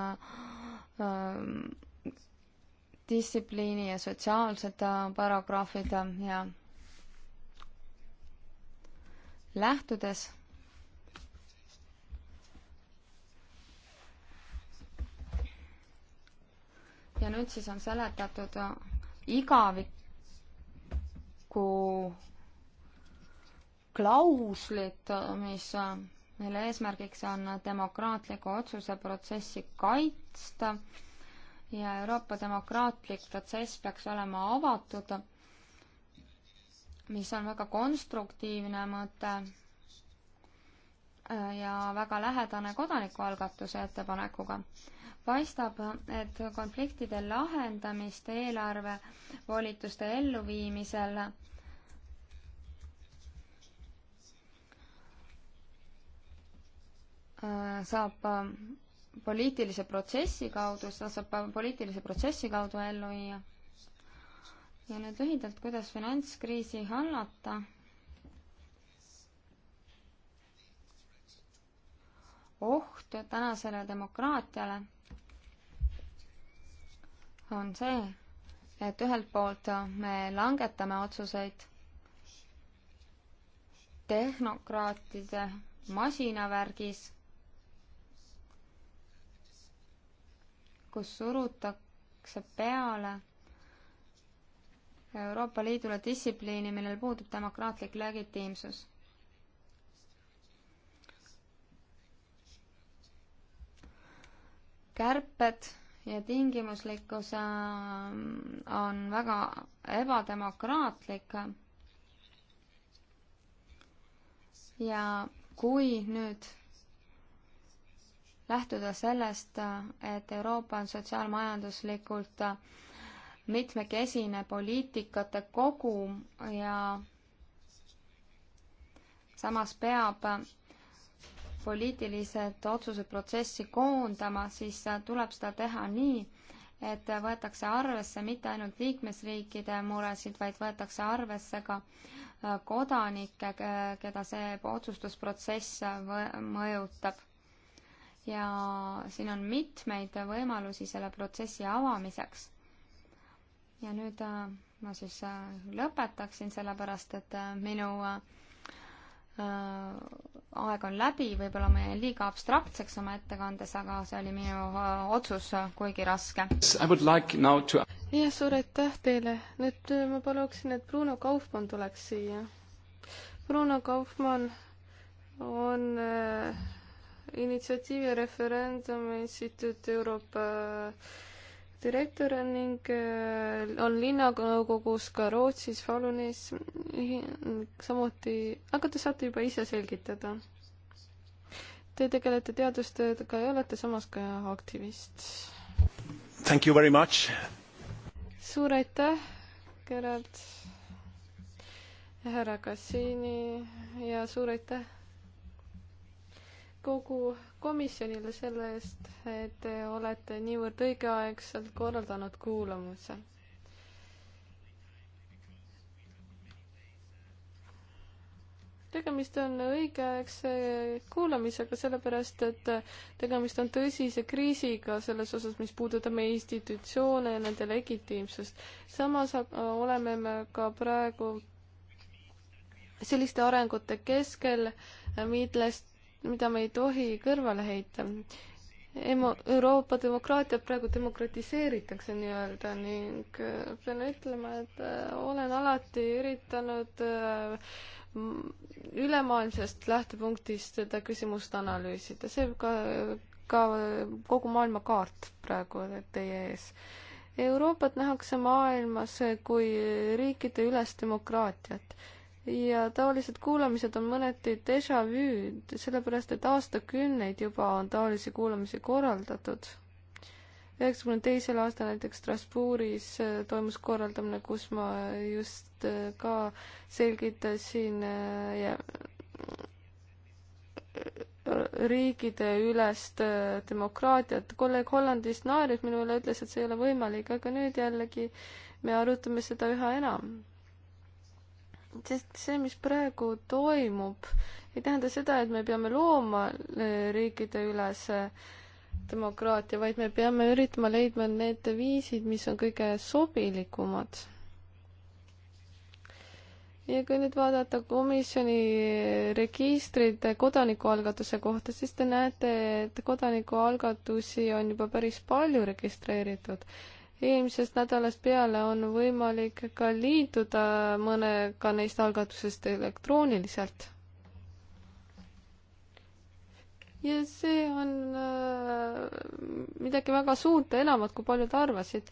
distsipliini ja sotsiaalsed paragrahvid ja lähtudes ja nüüd siis on seletatud äh, igaviku klauslit, äh, mis, äh, mille eesmärgiks on demokraatliku otsuse protsessi kaitsta ja Euroopa demokraatlik protsess peaks olema avatud, mis on väga konstruktiivne mõte ja väga lähedane kodanikualgatuse ettepanekuga paistab, et konfliktide lahendamist eelarvevolituste elluviimisel saab poliitilise protsessi kaudu, seda saab poliitilise protsessi kaudu ellu viia. ja nüüd lühidalt, kuidas finantskriisi hallata. oht tänasele demokraatiale on see, et ühelt poolt me langetame otsuseid tehnokraatide masinavärgis, kus surutakse peale Euroopa Liidule distsipliini, millel puudub demokraatlik legitiimsus. kärped ja tingimuslikkus ähm, on väga ebademokraatlik. ja kui nüüd lähtuda sellest, et Euroopa on sotsiaalmajanduslikult mitmekesine poliitikate kogum ja samas peab poliitilised otsused protsessi koondama, siis tuleb seda teha nii, et võetakse arvesse mitte ainult liikmesriikide muresid, vaid võetakse arvesse ka äh, kodanikke, keda see otsustusprotsess äh, mõjutab. ja siin on mitmeid võimalusi selle protsessi avamiseks. ja nüüd äh, ma siis lõpetaksin, sellepärast et minu Äh, aeg on läbi, võib-olla ma jäin liiga abstraktseks oma ettekandes, aga see oli minu äh, otsus, äh, kuigi raske. Like to... jah, suur aitäh teile. nüüd ma paluksin, et Bruno Kaufmann tuleks siia. Bruno Kaufmann on äh, initsiatiivi referendumi instituut Euroopa äh, direktor ning äh, on linnanõukogus ka Rootsis, Falunis, samuti, aga te saate juba ise selgitada. Te tegelete teadustöödega ja olete samas ka aktivist. Thank you very much! suur aitäh, Gerald, härra Kassiini ja suur aitäh! kogu komisjonile selle eest, et te olete niivõrd õigeaegselt korraldanud kuulamuse. tegemist on õigeaegse kuulamisega, sellepärast et tegemist on tõsise kriisiga selles osas, mis puudutab meie institutsioone ja nende legitiimsust. samas oleme me ka praegu selliste arengute keskel, millest mida me ei tohi kõrvale heita. Emo-, Euroopa demokraatiat praegu demokratiseeritakse nii-öelda ning äh, pean ütlema, et äh, olen alati üritanud äh, ülemaailmsest lähtepunktist seda küsimust analüüsida, see ka, ka kogu maailmakaart praegu teie ees Euroopat nähakse maailmas kui riikide üles demokraatiat ja taolised kuulamised on mõneti déjà vu, sellepärast et aastakümneid juba on taolisi kuulamisi korraldatud. üheksakümne teisel aastal näiteks Strasbourgis äh, toimus korraldamine, kus ma just äh, ka selgitasin äh, riikide ülest demokraatiat. kolleeg Hollandist naeris minu üle, ütles, et see ei ole võimalik, aga nüüd jällegi me arutame seda üha enam sest see, mis praegu toimub, ei tähenda seda, et me peame looma äh, riikideülese äh, demokraatia, vaid me peame üritama leidma need viisid, mis on kõige sobilikumad. ja kui nüüd vaadata komisjoni registrit kodanikualgatuse kohta, siis te näete, et kodanikualgatusi on juba päris palju registreeritud eelmisest nädalast peale on võimalik ka liituda mõnega neist algatusest elektrooniliselt. ja see on äh, midagi väga suurt ja enamat, kui paljud arvasid.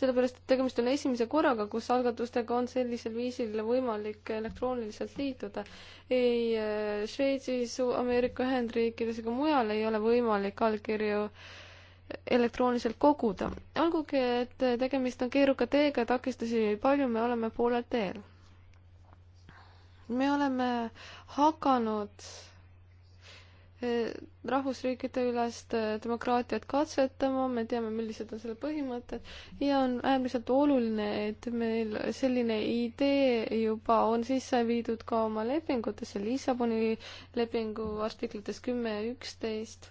sellepärast, et tegemist on esimese korraga, kus algatustega on sellisel viisil võimalik elektrooniliselt liituda. ei äh, Šveitsis, Ameerika Ühendriikides ega mujal ei ole võimalik allkirju äh, elektrooniliselt koguda. olgugi, et tegemist on keeruka teega, takistusi palju, me oleme poolel teel. me oleme hakanud eh, rahvusriikide ülest eh, demokraatiat katsetama, me teame, millised on selle põhimõtted ja on äärmiselt oluline, et meil selline idee juba on sisse viidud ka oma lepingutesse, Lissaboni lepingu artiklites kümme ja üksteist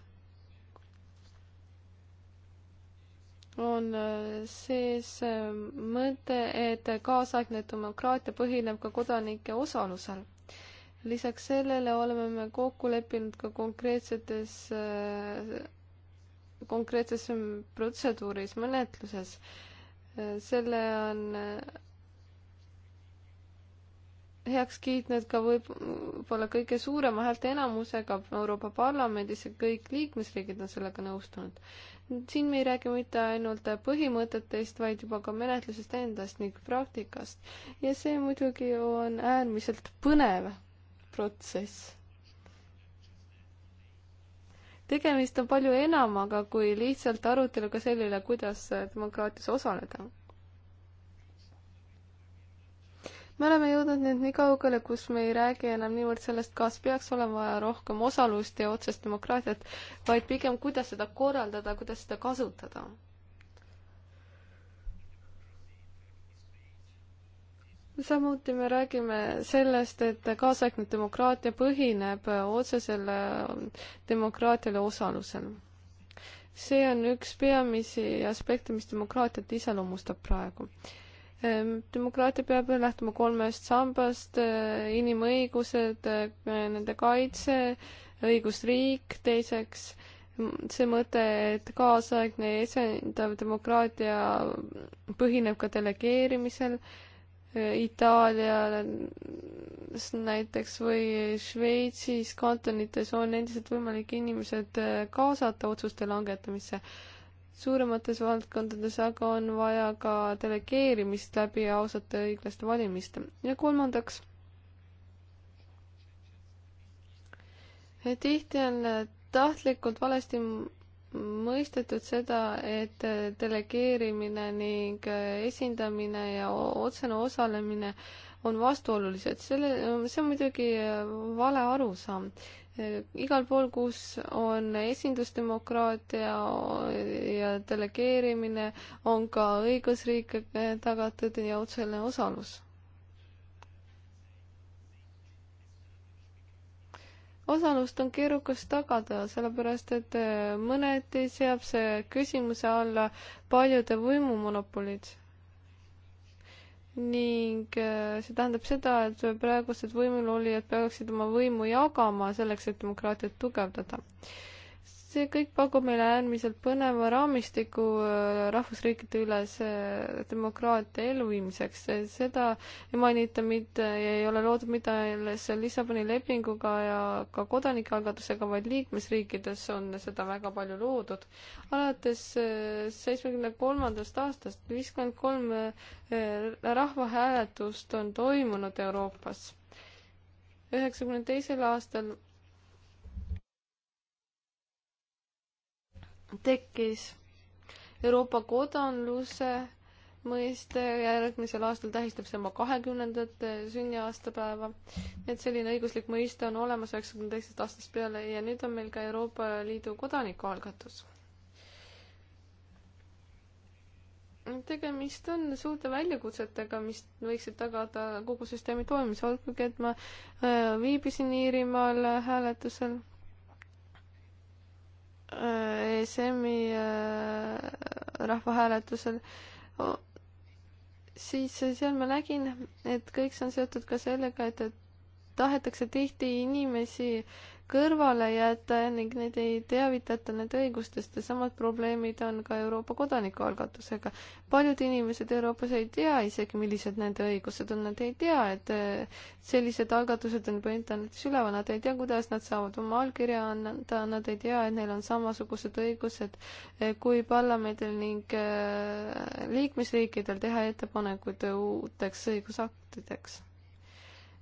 on äh, sees äh, mõte, et kaasaegne demokraatia põhineb ka kodanike osalusel. lisaks sellele oleme me kokku leppinud ka konkreetsetes, äh, konkreetses protseduuris, menetluses. selle on heaks kiitnud ka võib-olla kõige suurema häälteenamusega Euroopa Parlamendis ja kõik liikmesriigid on sellega nõustunud siin me ei räägi mitte ainult põhimõtetest, vaid juba ka menetlusest endast ning praktikast. ja see muidugi on äärmiselt põnev protsess. tegemist on palju enamaga kui lihtsalt aruteluga selle üle, kuidas demokraatias osaleda me oleme jõudnud nüüd nii kaugele, kus me ei räägi enam niivõrd sellest, kas peaks olema vaja rohkem osalust ja otsest demokraatiat, vaid pigem, kuidas seda korraldada, kuidas seda kasutada. samuti me räägime sellest, et kaasaegne demokraatia põhineb otsesele ähm, demokraatiale osalusel. see on üks peamisi aspekte, mis demokraatiat iseloomustab praegu Ehm, demokraatia peab lähtuma kolmest sambast, eh, inimõigused, eh, nende kaitse, õigusriik, teiseks see mõte, et kaasaegne esindav demokraatia põhineb ka delegeerimisel, eh, Itaalias näiteks või Šveitsis kantonites on endiselt võimalik inimesed kaasata otsuste langetamisse suuremates valdkondades, aga on vaja ka delegeerimist läbi ausate õiglaste valimiste. ja kolmandaks, tihti on tahtlikult valesti mõistetud seda, et delegeerimine ning esindamine ja otsene osalemine on vastuolulised. selle, see on muidugi vale arusaam igal pool, kus on esindusdemokraatia ja delegeerimine, on ka õigusriik eh, tagatud ja otsene osalus. osalust on keerukas tagada, sellepärast et eh, mõneti seab see küsimuse alla paljude võimumonopolid ning äh, see tähendab seda, et praegused võimulolijad peaksid oma võimu jagama selleks, et demokraatiat tugevdada see kõik pakub meile äärmiselt põneva raamistiku äh, rahvusriikide ülese äh, demokraatia elluviimiseks. seda ei mainita mitte, ei ole loodud mitte alles Lissaboni lepinguga ja ka kodanikealgatusega, vaid liikmesriikides on seda väga palju loodud. alates äh, seitsmekümne kolmandast aastast viiskümmend kolm rahvahääletust on toimunud Euroopas. üheksakümne teisel aastal tekkis Euroopa kodanluse mõiste, järgmisel aastal tähistab see oma kahekümnendat eh, sünniaastapäeva. et selline õiguslik mõiste on olemas üheksakümne teisest aastast peale ja nüüd on meil ka Euroopa Liidu kodanikualgatus. tegemist on suurte väljakutsetega, mis võiksid tagada kogu süsteemi toimimise, olgugi et ma eh, viibisin Iirimaal hääletusel ESM-i äh, rahvahääletusel, siis seal ma nägin, et kõik see on seotud ka sellega, et, et tahetakse tihti inimesi kõrvale jätta ning neid ei teavitata nende õigustest ja samad probleemid on ka Euroopa kodanikualgatusega. paljud inimesed Euroopas ei tea isegi, millised nende õigused on, nad ei tea, et eh, sellised algatused on juba internetis üleval, nad ei tea, kuidas nad saavad oma allkirja anda, nad ei tea, et neil on samasugused õigused eh, kui parlamendil ning eh, liikmesriikidel teha ettepanekuid uuteks õigusaktideks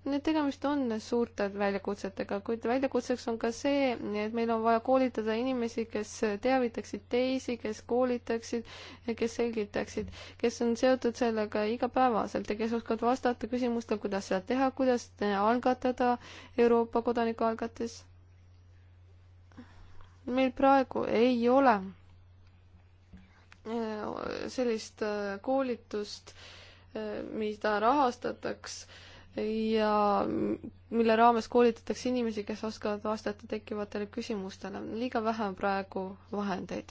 nii et tegemist on suurte väljakutsetega, kuid väljakutseks on ka see, et meil on vaja koolitada inimesi, kes teavitaksid teisi, kes koolitaksid, kes selgitaksid, kes on seotud sellega igapäevaselt ja kes oskavad vastata küsimustele, kuidas seda teha, kuidas algatada Euroopa kodanikualgatus. meil praegu ei ole äh, sellist äh, koolitust, äh, mida rahastataks ja mille raames koolitatakse inimesi, kes oskavad vastata tekkivatele küsimustele. liiga vähe on praegu vahendeid.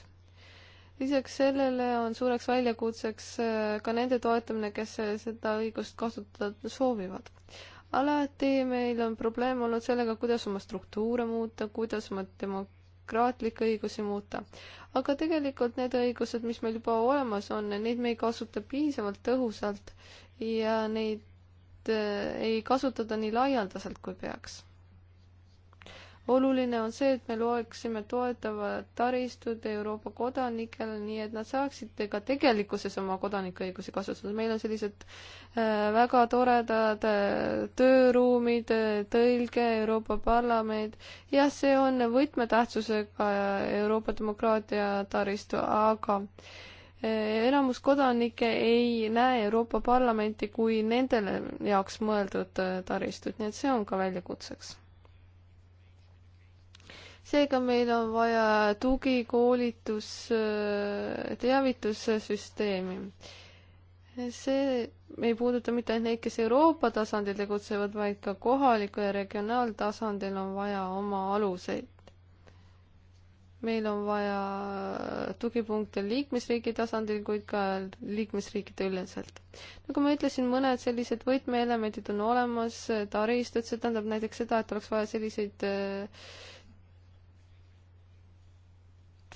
lisaks sellele on suureks väljakutseks äh, ka nende toetamine, kes äh, seda õigust kasutada soovivad. alati meil on probleem olnud sellega, kuidas oma struktuure muuta, kuidas oma demokraatlikke õigusi muuta. aga tegelikult need õigused, mis meil juba olemas on, neid me ei kasuta piisavalt tõhusalt ja neid Äh, ei kasutada nii laialdaselt, kui peaks. oluline on see, et me loeksime toetavad taristud Euroopa kodanikele, nii et nad saaksid ka tegelikkuses oma kodanikuõigusi kasutada. meil on sellised äh, väga toredad äh, tööruumid, tõlge, Euroopa Parlament, jah, see on võtmetähtsusega Euroopa demokraatia taristu, aga äh, enamus kodanikke ei näe Euroopa Parlamenti kui nendele jaoks mõeldud äh, taristut, nii et see on ka väljakutseks. seega meil on vaja tugi, koolitus, äh, teavitussüsteemi. see ei puuduta mitte ainult neid, kes Euroopa tasandil tegutsevad, vaid ka kohalikul ja regionaaltasandil on vaja oma aluseid meil on vaja tugipunkte liikmesriigi tasandil, kuid ka liikmesriikide üleselt. nagu ma ütlesin, mõned sellised võtmeelemendid on olemas, taristud, see tähendab näiteks seda, et oleks vaja selliseid äh,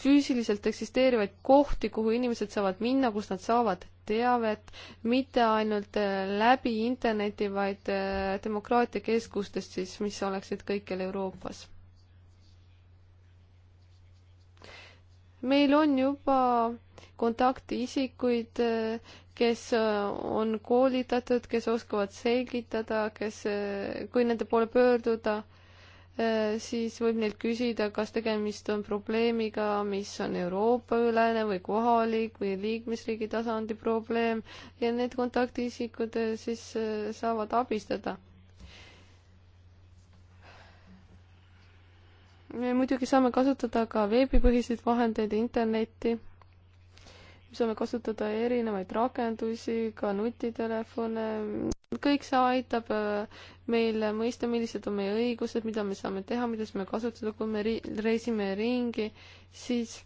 füüsiliselt eksisteerivaid kohti, kuhu inimesed saavad minna, kus nad saavad teavet, mitte ainult äh, läbi interneti, vaid äh, demokraatiakeskustest siis, mis oleksid kõikjal Euroopas meil on juba kontaktisikuid, kes äh, on koolitatud, kes oskavad selgitada, kes, äh, kui nende poole pöörduda, äh, siis võib neilt küsida, kas tegemist on probleemiga, mis on Euroopa-ülene või kohalik või liikmesriigi tasandi probleem ja need kontaktisikud siis saavad abistada me muidugi saame kasutada ka veebipõhiseid vahendeid, internetti. me saame kasutada erinevaid rakendusi, ka nutitelefone. kõik see aitab äh, meil mõista, millised on meie õigused, mida me saame teha, kuidas me kasutada, kui me reisime ringi, siis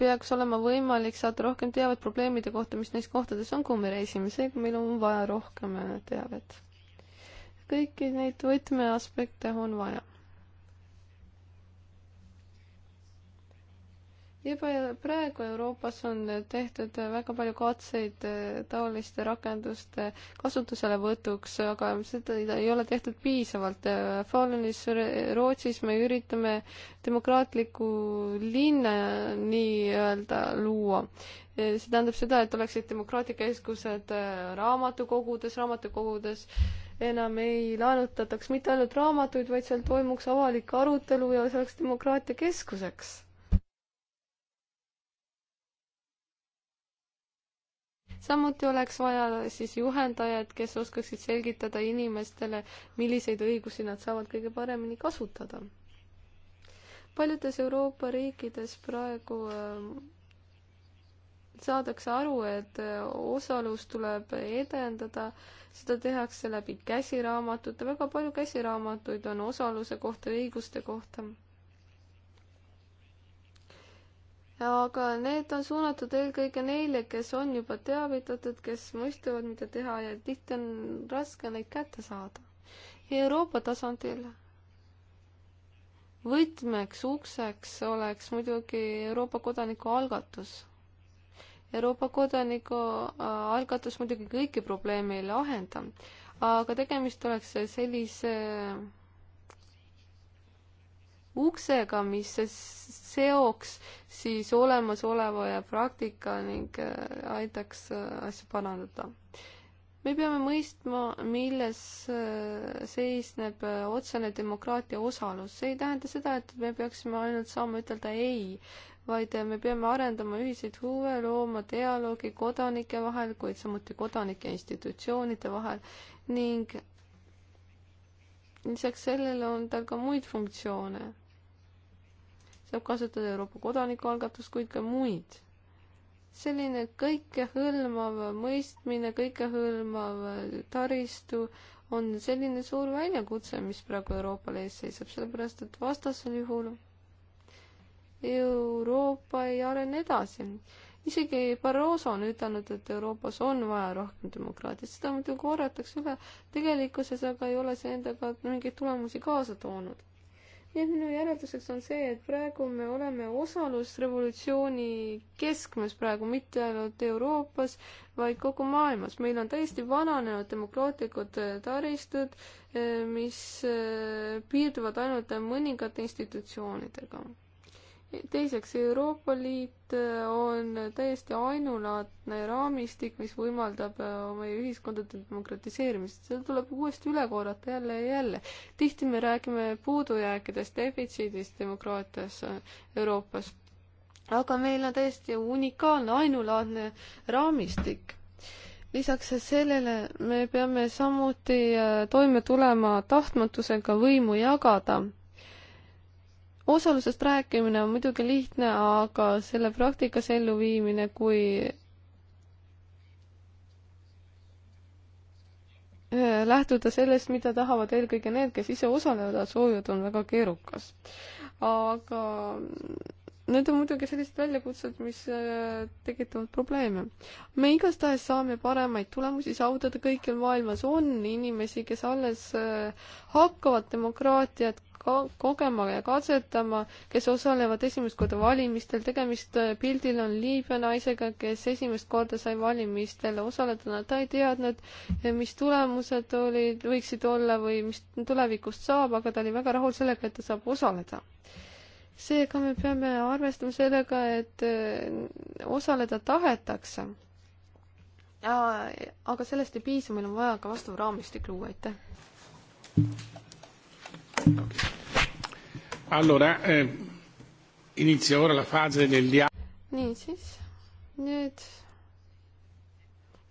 peaks olema võimalik saada rohkem teavet probleemide kohta, mis neis kohtades on, kuhu me reisime, seega meil on vaja rohkem äh, teavet. kõiki neid võtmeaspekte on vaja. juba praegu Euroopas on tehtud väga palju katseid eh, taoliste rakenduste kasutuselevõtuks, aga seda ei ole tehtud piisavalt. Eh, Falenis Rootsis me üritame demokraatlikku linna nii-öelda luua. Eh, see tähendab seda, et oleksid demokraatiakeskused raamatukogudes, raamatukogudes enam ei laenutataks mitte ainult raamatuid, vaid seal toimuks avalik arutelu ja see oleks demokraatiakeskuseks samuti oleks vaja siis juhendajaid, kes oskaksid selgitada inimestele, milliseid õigusi nad saavad kõige paremini kasutada. paljudes Euroopa riikides praegu ähm, saadakse aru, et äh, osalus tuleb edendada, seda tehakse läbi käsiraamatute, väga palju käsiraamatuid on osaluse kohta, õiguste kohta aga need on suunatud eelkõige neile, kes on juba teavitatud, kes mõistavad, mida teha ja tihti on raske neid kätte saada. Euroopa tasandil võtmeks ukseks oleks muidugi Euroopa kodanikualgatus. Euroopa kodanikualgatus äh, muidugi kõiki probleeme ei lahenda, aga tegemist oleks sellise äh, uksega, mis seoks siis olemasoleva ja praktika ning äh, aitaks äh, asju parandada. me peame mõistma, milles äh, seisneb otsene demokraatia osalus. see ei tähenda seda, et me peaksime ainult saama ütelda ei, vaid me peame arendama ühiseid huve, looma dialoogi kodanike vahel, kuid samuti kodanike institutsioonide vahel ning lisaks sellele on tal ka muid funktsioone saab kasutada Euroopa kodanikualgatust, kuid ka muid. selline kõikehõlmav mõistmine, kõikehõlmav taristu on selline suur väljakutse, mis praegu Euroopale ees seisab, sellepärast et vastasel juhul Euroopa ei arene edasi. isegi Barroso on ütelnud, et Euroopas on vaja rohkem demokraatiat, seda muidugi korratakse üle, tegelikkuses aga ei ole see endaga mingeid tulemusi kaasa toonud nii et minu järelduseks on see, et praegu me oleme osalusrevolutsiooni keskmes praegu, mitte ainult Euroopas, vaid kogu maailmas. meil on täiesti vananenud demokraatlikud äh, taristud, äh, mis äh, piirduvad ainult mõningate institutsioonidega teiseks, Euroopa Liit äh, on täiesti ainulaadne raamistik, mis võimaldab äh, meie ühiskondade demokratiseerimist. seda tuleb uuesti üle korrata jälle ja jälle. tihti me räägime puudujääkidest, defitsiidist demokraatias äh, Euroopas. aga meil on täiesti unikaalne, ainulaadne raamistik lisaks sellele me peame samuti toime tulema tahtmatusega võimu jagada osalusest rääkimine on muidugi lihtne, aga selle praktikas elluviimine, kui lähtuda sellest, mida tahavad eelkõige need, kes ise osalevad, soovivad, on väga keerukas. aga need on muidugi sellised väljakutsed, mis äh, tekitavad probleeme. me igastahes saame paremaid tulemusi saavutada, kõikjal maailmas on inimesi, kes alles äh, hakkavad demokraatiat ka kogema ja katsetama, kes osalevad esimest korda valimistel. tegemist äh, pildil on Liibüa naisega, kes esimest korda sai valimistel osaleda, ta ei teadnud, äh, mis tulemused olid, võiksid olla või mis tulevikust saab, aga ta oli väga rahul sellega, et ta saab osaleda seega me peame arvestama sellega, et äh, osaleda tahetakse. aga sellest ei piisa, meil on vaja ka vastav raamistik luua, aitäh. Okay. Allora, eh, inizia ora la fase del dia-. niisiis, nüüd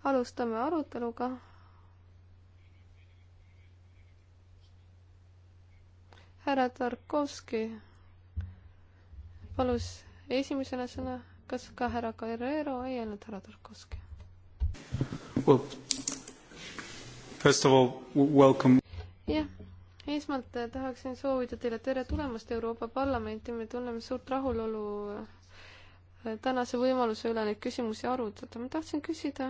alustame aruteluga. härra Tarkovski palus esimesena sõna, kas ka härra Guerrero ei olnud härra Tarkovski well,? jah esmalt eh, tahaksin soovida teile tere tulemast Euroopa Parlamenti, me tunneme suurt rahulolu eh, tänase võimaluse üle neid küsimusi arutada. ma tahtsin küsida,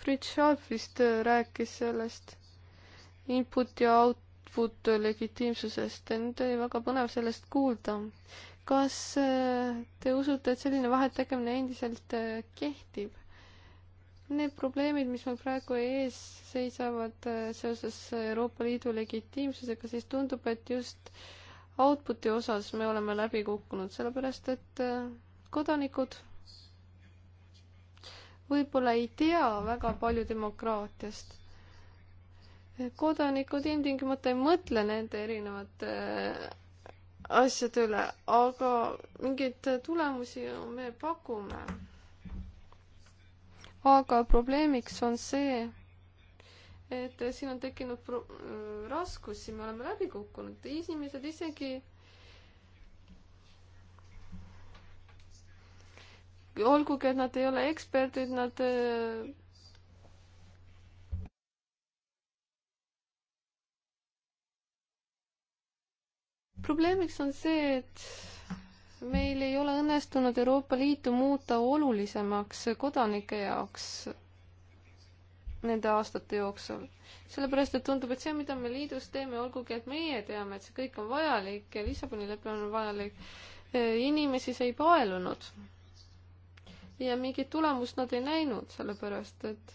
Fritz Schaaf vist eh, rääkis sellest input ja output legitiimsusest ja nüüd oli väga põnev sellest kuulda. kas te usute, et selline vahetegemine endiselt kehtib? Need probleemid, mis meil praegu ees seisavad äh, seoses Euroopa Liidu legitiimsusega, siis tundub, et just output'i osas me oleme läbi kukkunud, sellepärast et äh, kodanikud võib-olla ei tea väga palju demokraatiast. kodanikud ilmtingimata ei mõtle nende erinevate äh, asjade üle, aga mingeid tulemusi me pakume aga probleemiks on see, et siin on tekkinud pro-, äh, raskusi, me oleme läbi kukkunud, inimesed isegi olgugi, et nad ei ole eksperdid, nad äh, probleemiks on see, et meil ei ole õnnestunud Euroopa Liitu muuta olulisemaks kodanike jaoks nende aastate jooksul. sellepärast, et tundub, et see, mida me liidus teeme, olgugi et meie teame, et see kõik on vajalik ja Lissaboni lepe on vajalik, inimesi see ei paelunud. ja mingit tulemust nad ei näinud, sellepärast et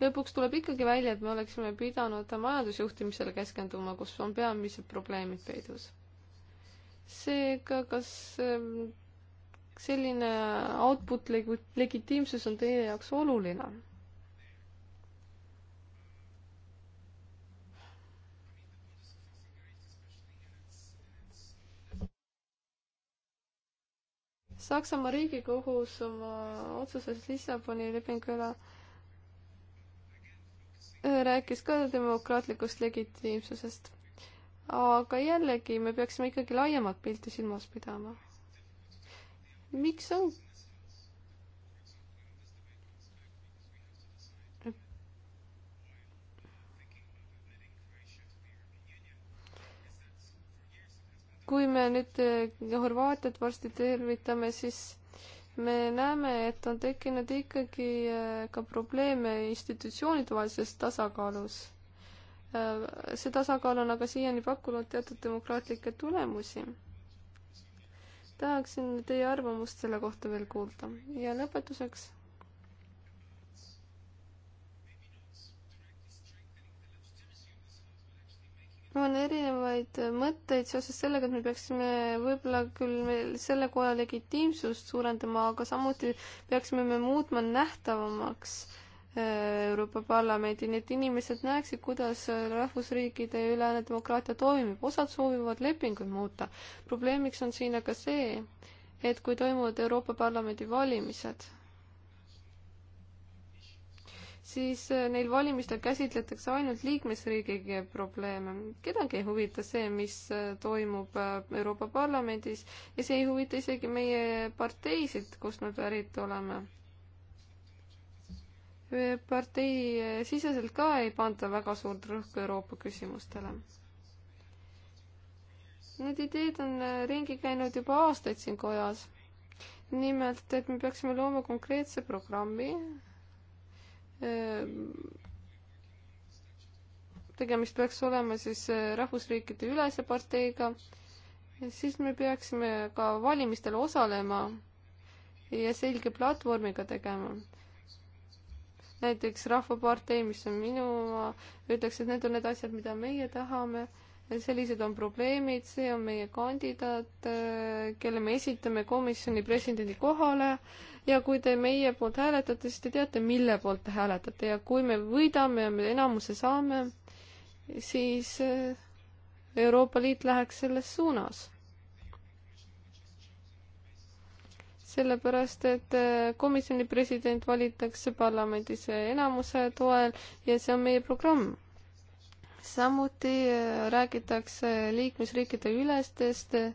lõpuks tuleb ikkagi välja, et me oleksime pidanud majandusjuhtimisele keskenduma, kus on peamised probleemid peidus seega, kas ähm, selline output legi-, legitiimsus on teie jaoks oluline? Saksamaa riigikohus oma otsuses Lissaboni lepingu üle äh, rääkis ka demokraatlikust legitiimsusest aga jällegi, me peaksime ikkagi laiemat pilti silmas pidama. miks on? kui me nüüd eh, Horvaatiat varsti tervitame, siis me näeme, et on tekkinud ikkagi eh, ka probleeme institutsioonide vahelises tasakaalus Äh, see tasakaal on aga siiani pakkunud teatud demokraatlikke tulemusi. tahaksin teie arvamust selle kohta veel kuulda ja lõpetuseks. on erinevaid mõtteid seoses sellega, et me peaksime võib-olla küll veel selle koja legitiimsust suurendama, aga samuti peaksime me muutma nähtavamaks äh, Euroopa Parlamendi, nii et inimesed näeksid, kuidas rahvusriikide ülene demokraatia toimib, osad soovivad lepinguid muuta. probleemiks on siin aga see, et kui toimuvad Euroopa Parlamendi valimised, siis äh, neil valimistel käsitletakse ainult liikmesriigi probleeme. kedagi ei huvita see, mis äh, toimub äh, Euroopa Parlamendis ja see ei huvita isegi meie parteisid, kust me pärit oleme partei siseselt ka ei panda väga suurt rõhku Euroopa küsimustele. Need ideed on ringi käinud juba aastaid siin kojas. nimelt, et me peaksime looma konkreetse programmi. Ehm, tegemist peaks olema siis eh, rahvusriikide ülese parteiga, siis me peaksime ka valimistel osalema ja selge platvormiga tegema näiteks Rahvapartei, mis on minu, ütleks, et need on need asjad, mida meie tahame, sellised on probleemid, see on meie kandidaat, kelle me esitame komisjoni presidendi kohale ja kui te meie poolt hääletate, siis te teate, mille poolt te hääletate ja kui me võidame ja me enamuse saame, siis Euroopa Liit läheks selles suunas sellepärast et äh, komisjoni president valitakse parlamendis enamuse toel ja see on meie programm. samuti äh, räägitakse liikmesriikide ülestest äh,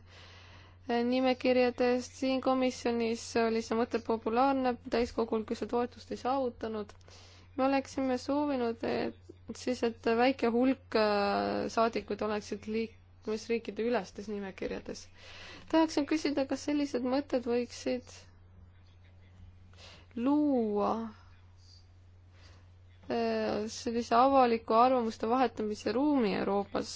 nimekirjadest, siin komisjonis oli see mõte populaarne, täiskogul küll see toetust ei saavutanud. me oleksime soovinud, et siis, et väike hulk saadikuid oleksid liikmesriikide ülestes nimekirjades tahaksin küsida, kas sellised mõtted võiksid luua äh, sellise avaliku arvamuste vahetamise ruumi Euroopas.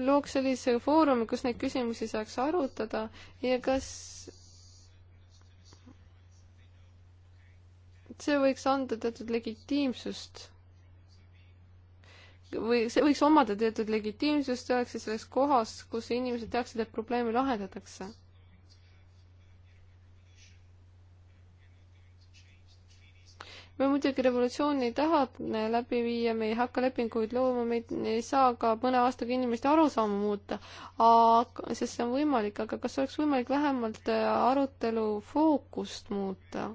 looks sellise foorumi, kus neid küsimusi saaks arutada ja kas see võiks anda teatud legitiimsust või see võiks omada teatud legitiimsust, oleks siis selles kohas, kus inimesed teaksid, et probleemi lahendatakse. me muidugi revolutsiooni ei taha läbi viia, me ei hakka lepinguid looma, me ei saa ka mõne aastaga inimeste arusaama muuta, aga, sest see on võimalik, aga kas oleks võimalik vähemalt arutelu fookust muuta?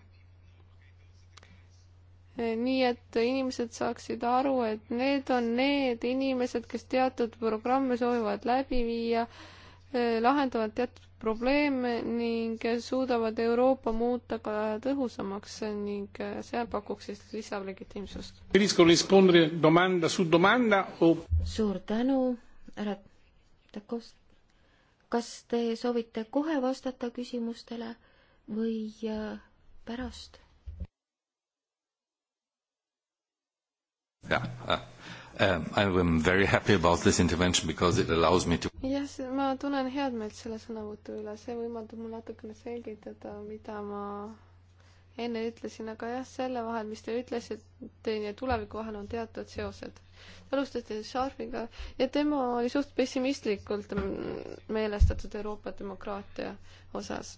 nii et inimesed saaksid aru, et need on need inimesed, kes teatud programme soovivad läbi viia, eh, lahendavad teatud probleeme ning suudavad Euroopa muuta ka tõhusamaks ning eh, see pakuks siis lisalegitiimsust. suur tänu, härra Takos. kas te soovite kohe vastata küsimustele või eh, pärast? jah yeah. uh,. I am um, very happy about this intervention because it allows me to yes, ma tunnen head meelt selle sõnavõtu üle, see võimaldab mul natukene selgitada, mida ma enne ütlesin, aga jah, selle vahel, mis te ütlesite ja tuleviku vahel on teatud seosed. alustasite Sharpiga ja tema oli suht pessimistlikult meelestatud Euroopa demokraatia osas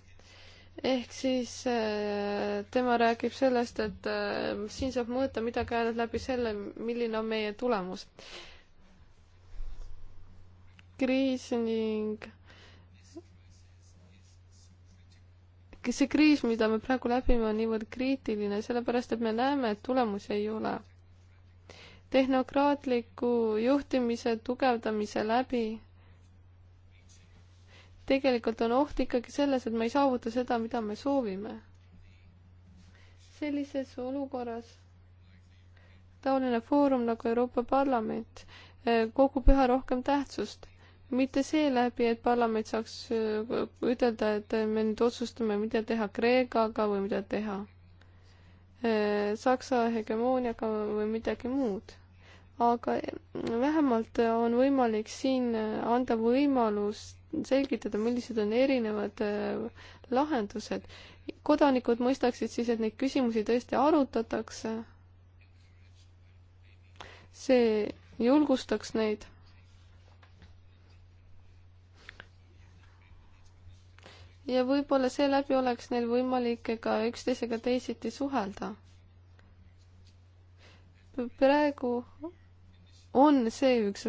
ehk siis äh, tema räägib sellest, et äh, siin saab mõõta midagi ainult läbi selle, milline on meie tulemus. kriis ning see kriis, mida me praegu läbime, on niivõrd kriitiline, sellepärast et me näeme, et tulemusi ei ole. tehnokraatliku juhtimise tugevdamise läbi tegelikult on oht ikkagi selles, et me ei saavuta seda, mida me soovime. sellises olukorras taoline foorum nagu Euroopa Parlament eh, kogub üha rohkem tähtsust. mitte seeläbi, et parlament saaks eh, ütelda, et me nüüd otsustame, mida teha Kreekaga või mida teha eh, Saksa hegemooniaga või midagi muud. aga mm, vähemalt on võimalik siin anda võimalust selgitada, millised on erinevad äh, lahendused. kodanikud mõistaksid siis, et neid küsimusi tõesti arutatakse. see julgustaks neid. ja võib-olla seeläbi oleks neil võimalik ka üksteisega teisiti suhelda. praegu on see üks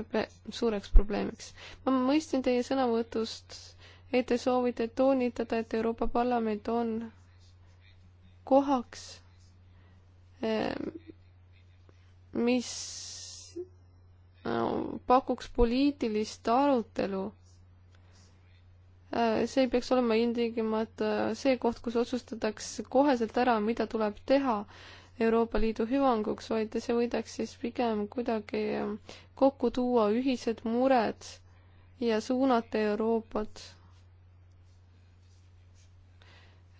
suureks probleemiks. ma mõistsin teie sõnavõtust, et te soovite toonitada, et Euroopa Parlament on kohaks, ehm, mis pakuks poliitilist arutelu. Äh, see ei peaks olema ilmtingimata see koht, kus otsustatakse koheselt ära, mida tuleb teha Euroopa Liidu hüvanguks, vaid see võidaks siis pigem kuidagi kokku tuua ühised mured ja suunata Euroopat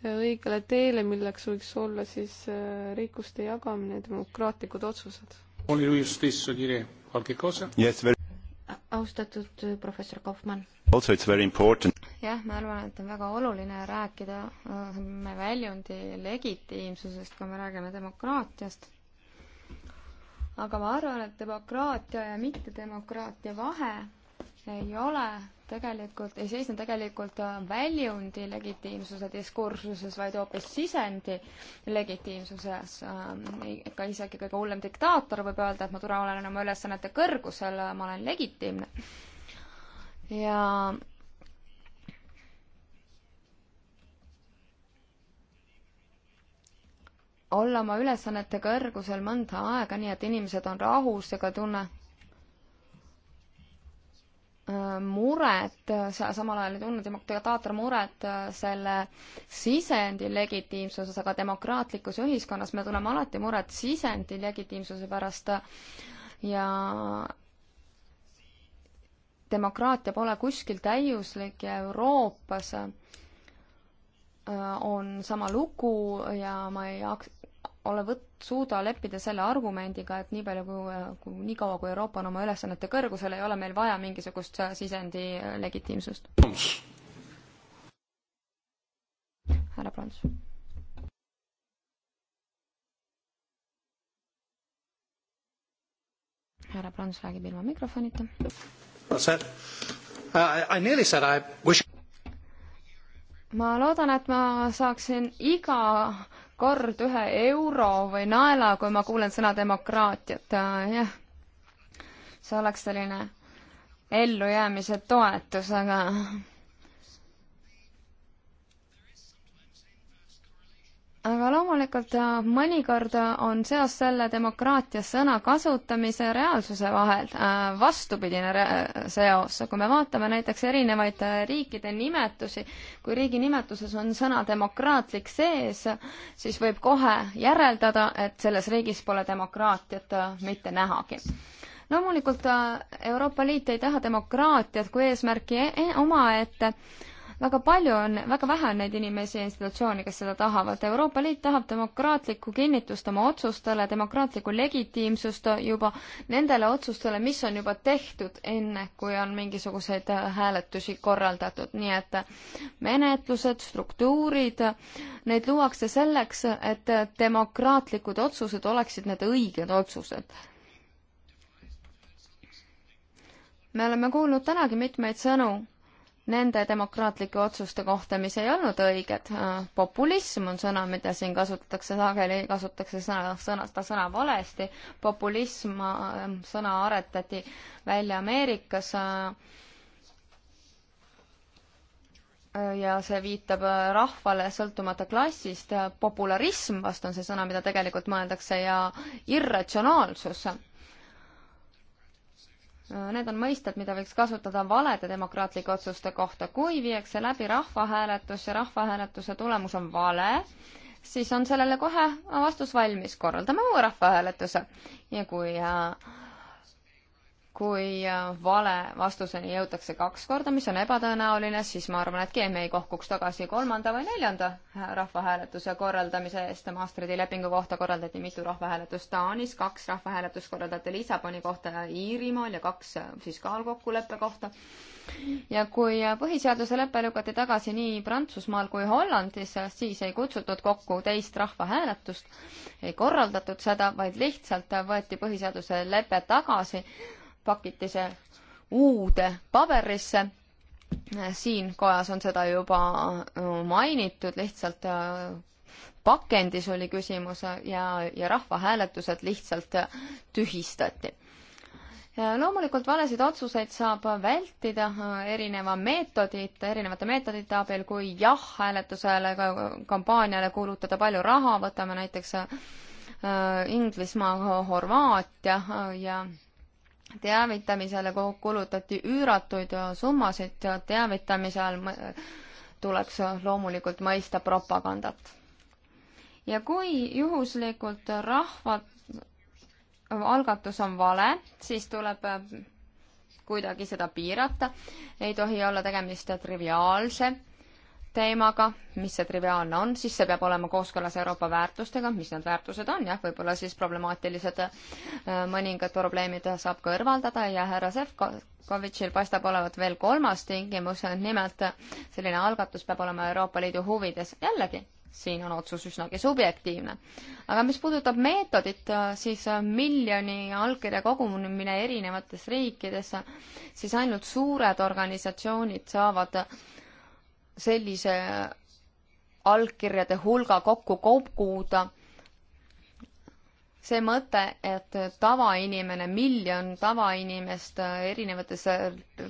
õigele teele, milleks võiks olla siis äh, rikkuste jagamine ja demokraatlikud otsused. Yes, very austatud äh, professor Kaufmann. jah, ma arvan, et on väga oluline rääkida äh, me väljundi legitiimsusest, kui me räägime demokraatiast. aga ma arvan, et demokraatia ja mittedemokraatia vahe ei ole tegelikult, ei seisne tegelikult äh, väljundi legitiimsuse diskursuses, vaid hoopis sisendi legitiimsuses. Äh, ka isegi kõige hullem diktaator võib öelda, et ma tule olen oma ülesannete kõrgusel, äh, ma olen legitiimne. ja olla oma ülesannete kõrgusel mõnda aega, nii et inimesed on rahus ega tunne Äh, muret, äh, samal ajal ei tunne demokraator muret äh, selle sisendi legitiimsuses, aga demokraatlikus ühiskonnas me tunneme alati muret sisendi legitiimsuse pärast ja demokraatia pole kuskil täiuslik ja Euroopas on sama lugu ja ma ei ole võt-, suuda leppida selle argumendiga, et nii palju kui, kui niikaua, kui Euroopa on oma ülesannete kõrgusel, ei ole meil vaja mingisugust äh, sisendi äh, legitiimsust. härra Prants. härra Prants räägib ilma mikrofonita. Uh, ma loodan, et ma saaksin iga kord ühe euro või naela, kui ma kuulen sõna demokraatiat, äh, jah. see oleks selline ellujäämise toetus, aga aga loomulikult äh, mõnikord on seos selle demokraatia sõna kasutamise ja reaalsuse vahel äh, vastupidine seos. kui me vaatame näiteks erinevaid äh, riikide nimetusi, kui riigi nimetuses on sõna demokraatlik sees, siis võib kohe järeldada, et selles riigis pole demokraatiat mitte nähagi loomulikult Euroopa Liit ei taha demokraatiat kui eesmärki e e omaette, oma väga palju on, väga vähe on neid inimesi ja institutsioone, kes seda tahavad. Euroopa Liit tahab demokraatlikku kinnitust oma otsustele, demokraatlikku legitiimsust juba nendele otsustele, mis on juba tehtud, enne kui on mingisuguseid äh, hääletusi korraldatud. nii et menetlused, struktuurid, need luuakse selleks, et demokraatlikud otsused oleksid need õiged otsused me oleme kuulnud tänagi mitmeid sõnu nende demokraatlike otsuste kohta, mis ei olnud õiged. populism on sõna, mida siin kasutatakse sageli, kasutatakse sõna, sõna, seda sõna valesti. populism, ähm, sõna aretati välja Ameerikas. Äh, ja see viitab äh, rahvale sõltumata klassist. popularism vast on see sõna, mida tegelikult mõeldakse ja irratsionaalsus Need on mõisted, mida võiks kasutada valede demokraatlike otsuste kohta. kui viiakse läbi rahvahääletus ja rahvahääletuse tulemus on vale, siis on sellele kohe vastus valmis, korraldame uue rahvahääletuse. ja kui äh, kui äh, vale vastuseni jõutakse kaks korda, mis on ebatõenäoline, siis ma arvan, et keemia ei kohkuks tagasi kolmanda või neljanda äh, rahvahääletuse korraldamise eest. Maastridi lepingu kohta korraldati mitu rahvahääletust Taanis, kaks rahvahääletust korraldati Lissaboni kohta ja Iirimaal ja kaks fiskaalkokkuleppe äh, kohta. ja kui põhiseaduse lepe lükati tagasi nii Prantsusmaal kui Hollandis, siis ei kutsutud kokku teist rahvahääletust, ei korraldatud seda, vaid lihtsalt võeti põhiseaduse lepe tagasi pakitise uude paberisse. siin kojas on seda juba äh, mainitud, lihtsalt äh, pakendis oli küsimus ja, ja rahvahääletused lihtsalt äh, tühistati. loomulikult valesid otsuseid saab vältida erineva meetodit, erinevate meetodite abil, kui jah-hääletusele kampaaniale kulutada palju raha, võtame näiteks Inglismaa, Horvaatia ja, ja teavitamisele kulutati üüratuid summasid, teavitamise all tuleks loomulikult mõista propagandat. ja kui juhuslikult rahva algatus on vale, siis tuleb äh, kuidagi seda piirata, ei tohi olla tegemist triviaalse teemaga, mis see triviaalne on, siis see peab olema kooskõlas Euroopa väärtustega, mis need väärtused on, jah, võib-olla siis problemaatilised äh, mõningad probleemid saab kõrvaldada ja härra Sefkovitšil paistab olevat veel kolmas tingimus, nimelt selline algatus peab olema Euroopa Liidu huvides, jällegi, siin on otsus üsnagi subjektiivne. aga mis puudutab meetodit, äh, siis äh, miljoni allkirja kogumine erinevates riikides, siis ainult suured organisatsioonid saavad sellise allkirjade hulga kokku koguda. see mõte, et tavainimene, miljon tavainimest erinevates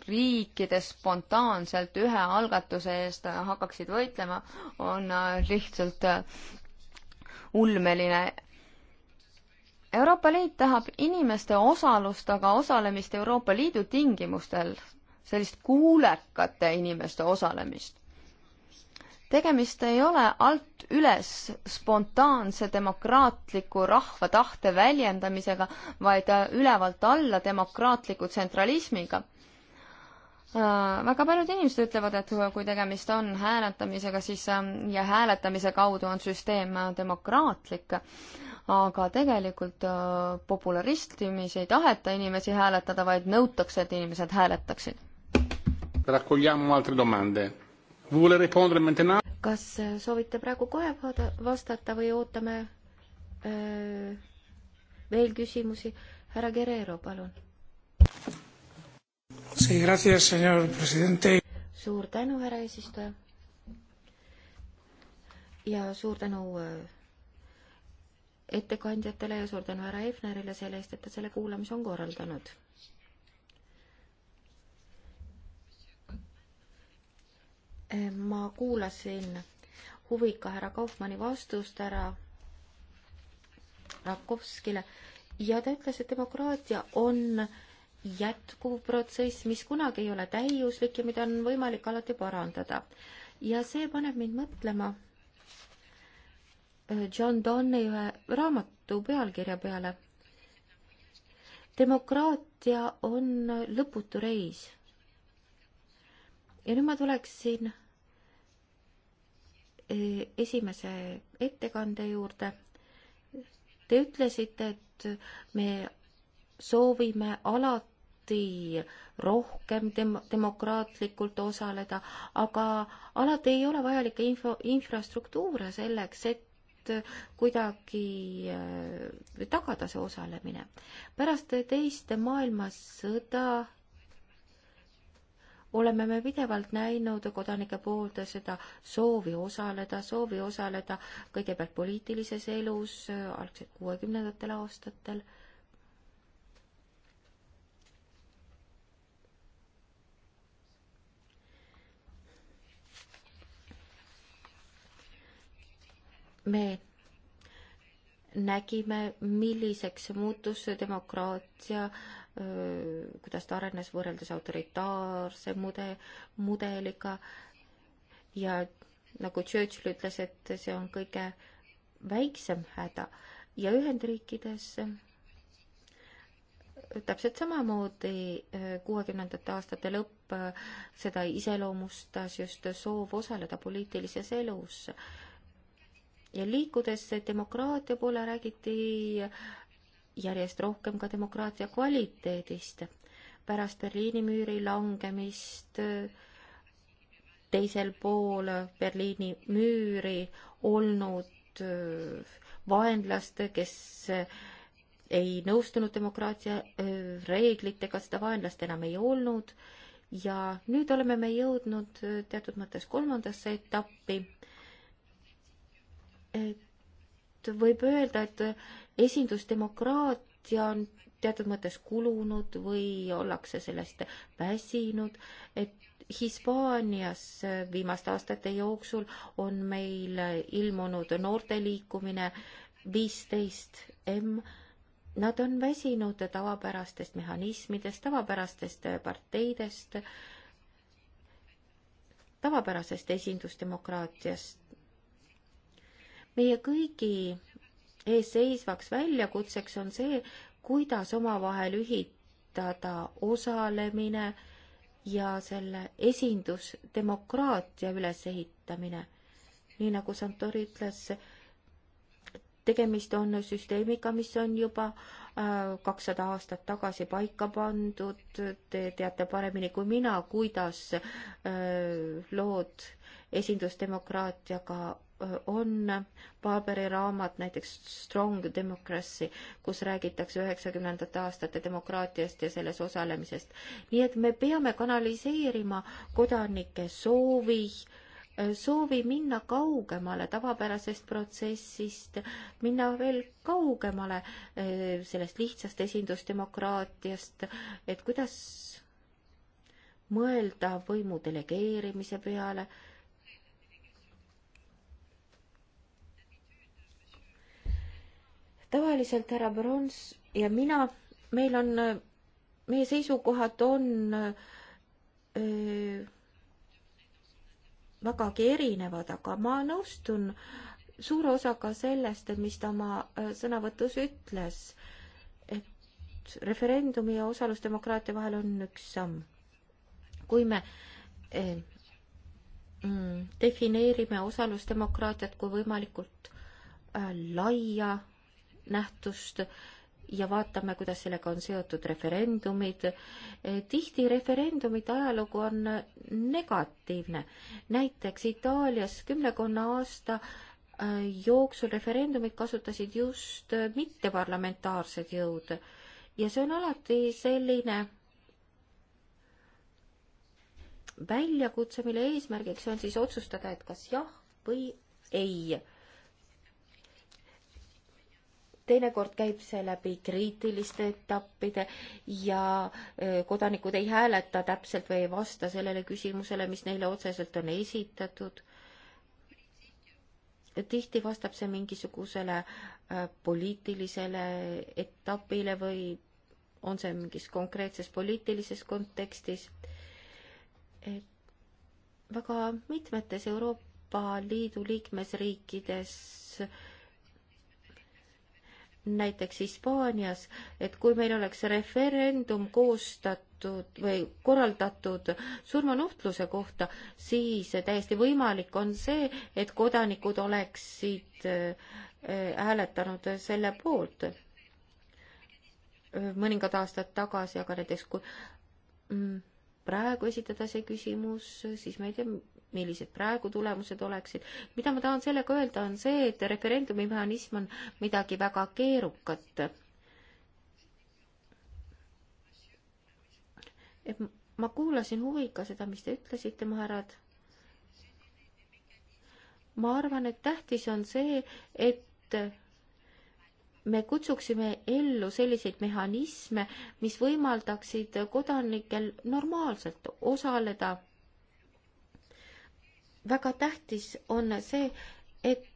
riikides spontaanselt ühe algatuse eest hakkaksid võitlema, on lihtsalt ulmeline. Euroopa Liit tahab inimeste osalust, aga osalemist Euroopa Liidu tingimustel, sellist kuulekate inimeste osalemist tegemist ei ole alt üles spontaanse demokraatliku rahva tahte väljendamisega, vaid äh, ülevalt alla demokraatliku tsentralismiga äh, väga paljud inimesed ütlevad, et kui tegemist on hääletamisega, siis ähm, ja hääletamise kaudu on süsteem äh, demokraatlik, aga tegelikult popularistimis ei taheta inimesi hääletada, vaid nõutakse, et inimesed hääletaksid kas eh, soovite praegu kohe vastata või ootame öö, eh, veel küsimusi? härra Guerrero, palun. suur tänu, härra eesistuja. ja suur tänu eh, ettekandjatele ja suur tänu härra Hefnerile selle eest, et ta selle kuulamise on korraldanud Eh, ma kuulasin huviga härra Kaufmanni vastust härra Rakovskile ja ta ütles, et demokraatia on jätkuv protsess, mis kunagi ei ole täiuslik ja mida on võimalik alati parandada. ja see paneb mind mõtlema eh, John Donne ühe raamatu pealkirja peale. demokraatia on lõputu reis. ja nüüd ma tuleksin Eh, esimese ettekande juurde. Te ütlesite, et me soovime alati rohkem dem-, demokraatlikult osaleda, aga alati ei ole vajalikke info, infrastruktuure selleks, et kuidagi eh, tagada see osalemine. pärast teist maailmasõda oleme me pidevalt näinud kodanike poolt seda soovi osaleda, soovi osaleda kõigepealt poliitilises elus algselt kuuekümnendatel aastatel. me nägime, milliseks muutus demokraatia, kuidas ta arenes võrreldes autoritaarse mude, mudeliga ja nagu Churchill ütles, et see on kõige väiksem häda ja Ühendriikides täpselt samamoodi kuuekümnendate aastate lõpp, seda iseloomustas just soov osaleda poliitilises elus ja liikudes demokraatia poole, räägiti järjest rohkem ka demokraatia kvaliteedist. pärast Berliini müüri langemist teisel pool Berliini müüri olnud äh, vaenlast, kes äh, ei nõustunud demokraatia äh, reeglitega, seda vaenlast enam ei olnud ja nüüd oleme me jõudnud teatud mõttes kolmandasse etappi et võib öelda, et esindusdemokraatia on teatud mõttes kulunud või ollakse sellest väsinud, et Hispaanias viimaste aastate jooksul on meil ilmunud noorteliikumine viisteist M. Nad on väsinud tavapärastest mehhanismidest, tavapärastest parteidest, tavapärasest esindusdemokraatiast meie kõigi ees seisvaks väljakutseks on see, kuidas omavahel ühitada osalemine ja selle esindusdemokraatia ülesehitamine. nii nagu Santori ütles, tegemist on süsteemiga, mis on juba äh, kakssada aastat tagasi paika pandud, te teate paremini kui mina, kuidas äh, lood esindusdemokraatiaga on Barberi raamat, näiteks Strong Democracy, kus räägitakse üheksakümnendate aastate demokraatiast ja selles osalemisest. nii et me peame kanaliseerima kodanike soovi soovi minna kaugemale tavapärasest protsessist, minna veel kaugemale eh, sellest lihtsast esindusdemokraatiast, et kuidas mõelda võimu delegeerimise peale tavaliselt härra Brons ja mina, meil on, meie seisukohad on öö, vägagi erinevad, aga ma nõustun suure osaga sellest, et mis ta oma sõnavõtus ütles, et referendumi ja osalusdemokraatia vahel on üks samm. kui me eh, mm, defineerime osalusdemokraatiat kui võimalikult äh, laia nähtust ja vaatame, kuidas sellega on seotud referendumid. tihti referendumite ajalugu on negatiivne. näiteks Itaalias kümnekonna aasta äh, jooksul referendumeid kasutasid just äh, mitteparlamentaarsed jõud ja see on alati selline väljakutse, mille eesmärgiks on siis otsustada, et kas jah või ei teinekord käib see läbi kriitiliste etappide ja kodanikud ei hääleta täpselt või ei vasta sellele küsimusele, mis neile otseselt on esitatud. tihti vastab see mingisugusele poliitilisele etapile või on see mingis konkreetses poliitilises kontekstis. et väga mitmetes Euroopa Liidu liikmesriikides äh, näiteks Hispaanias, et kui meil oleks referendum koostatud või korraldatud surmanuhtluse kohta, siis täiesti võimalik on see, et kodanikud oleksid äh, hääletanud selle poolt äh, mõningad aastad tagasi, aga näiteks kui mm, praegu esitada see küsimus, siis ma ei tea, millised praegu tulemused oleksid. mida ma tahan sellega öelda, on see, et referendumi mehhanism on midagi väga keerukat. et ma kuulasin huviga seda, mis te ütlesite, mu härrad. ma arvan, et tähtis on see, et me kutsuksime ellu selliseid mehhanisme, mis võimaldaksid kodanikel normaalselt osaleda väga tähtis on see, et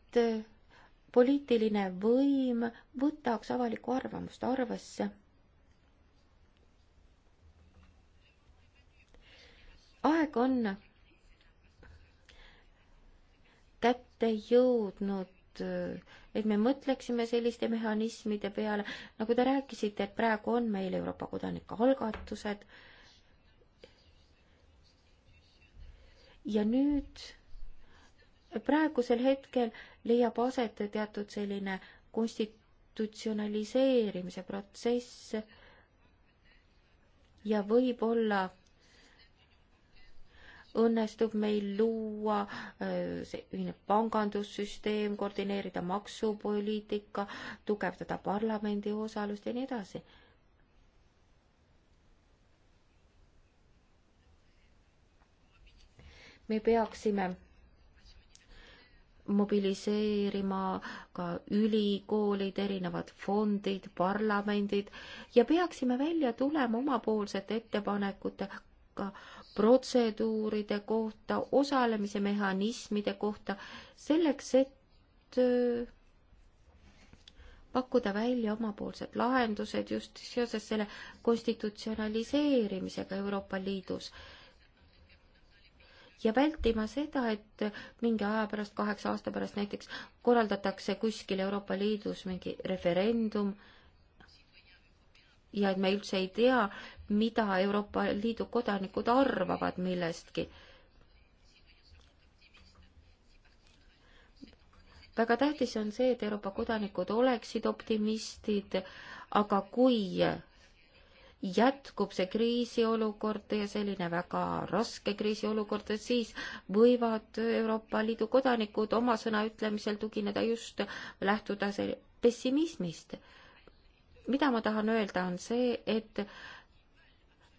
poliitiline võim võtaks avalikku arvamust arvesse. aeg on kätte jõudnud, et me mõtleksime selliste mehhanismide peale, nagu te rääkisite, et praegu on meil Euroopa kodanike algatused. ja nüüd praegusel hetkel leiab aset teatud selline konstitutsionaliseerimise protsess ja võib-olla õnnestub meil luua äh, selline pangandussüsteem, koordineerida maksupoliitika, tugevdada parlamendi osalust ja nii edasi. me peaksime mobiliseerima ka ülikoolid, erinevad fondid, parlamendid ja peaksime välja tulema omapoolsete ettepanekutega protseduuride kohta, osalemise mehhanismide kohta, selleks et äh, pakkuda välja omapoolsed lahendused just seoses selle konstitutsionaliseerimisega Euroopa Liidus ja vältima seda, et mingi aja pärast, kaheksa aasta pärast näiteks, korraldatakse kuskil Euroopa Liidus mingi referendum ja et me üldse ei tea, mida Euroopa Liidu kodanikud arvavad millestki väga tähtis on see, et Euroopa kodanikud oleksid optimistid, aga kui jätkub see kriisiolukord ja selline väga raske kriisiolukord, et siis võivad Euroopa Liidu kodanikud oma sõna ütlemisel tugineda just, lähtuda pessimismist. mida ma tahan öelda, on see, et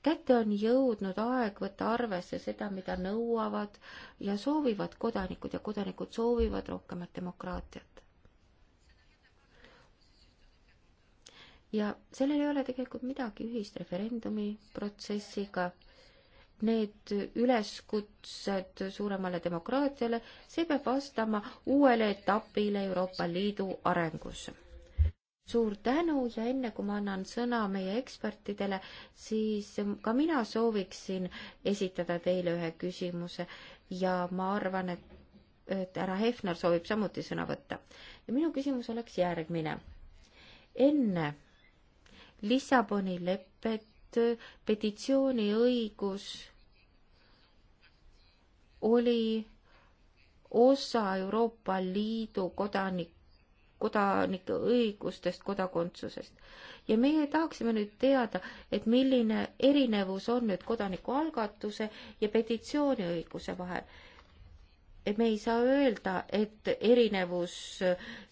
kätte on jõudnud aeg võtta arvesse seda, mida nõuavad ja soovivad kodanikud ja kodanikud soovivad rohkemat demokraatiat. ja sellel ei ole tegelikult midagi ühist referendumi protsessiga. Need üleskutsed suuremale demokraatiale, see peab vastama uuele etapile Euroopa Liidu arengus. suur tänu ja enne kui ma annan sõna meie ekspertidele, siis ka mina sooviksin esitada teile ühe küsimuse ja ma arvan, et et härra Hefner soovib samuti sõna võtta. ja minu küsimus oleks järgmine. enne Lissaboni lepet, petitsiooniõigus oli osa Euroopa Liidu kodanik, kodanike õigustest, kodakondsusest. ja meie tahaksime nüüd teada, et milline erinevus on nüüd kodanikualgatuse ja petitsiooniõiguse vahel. et me ei saa öelda, et erinevus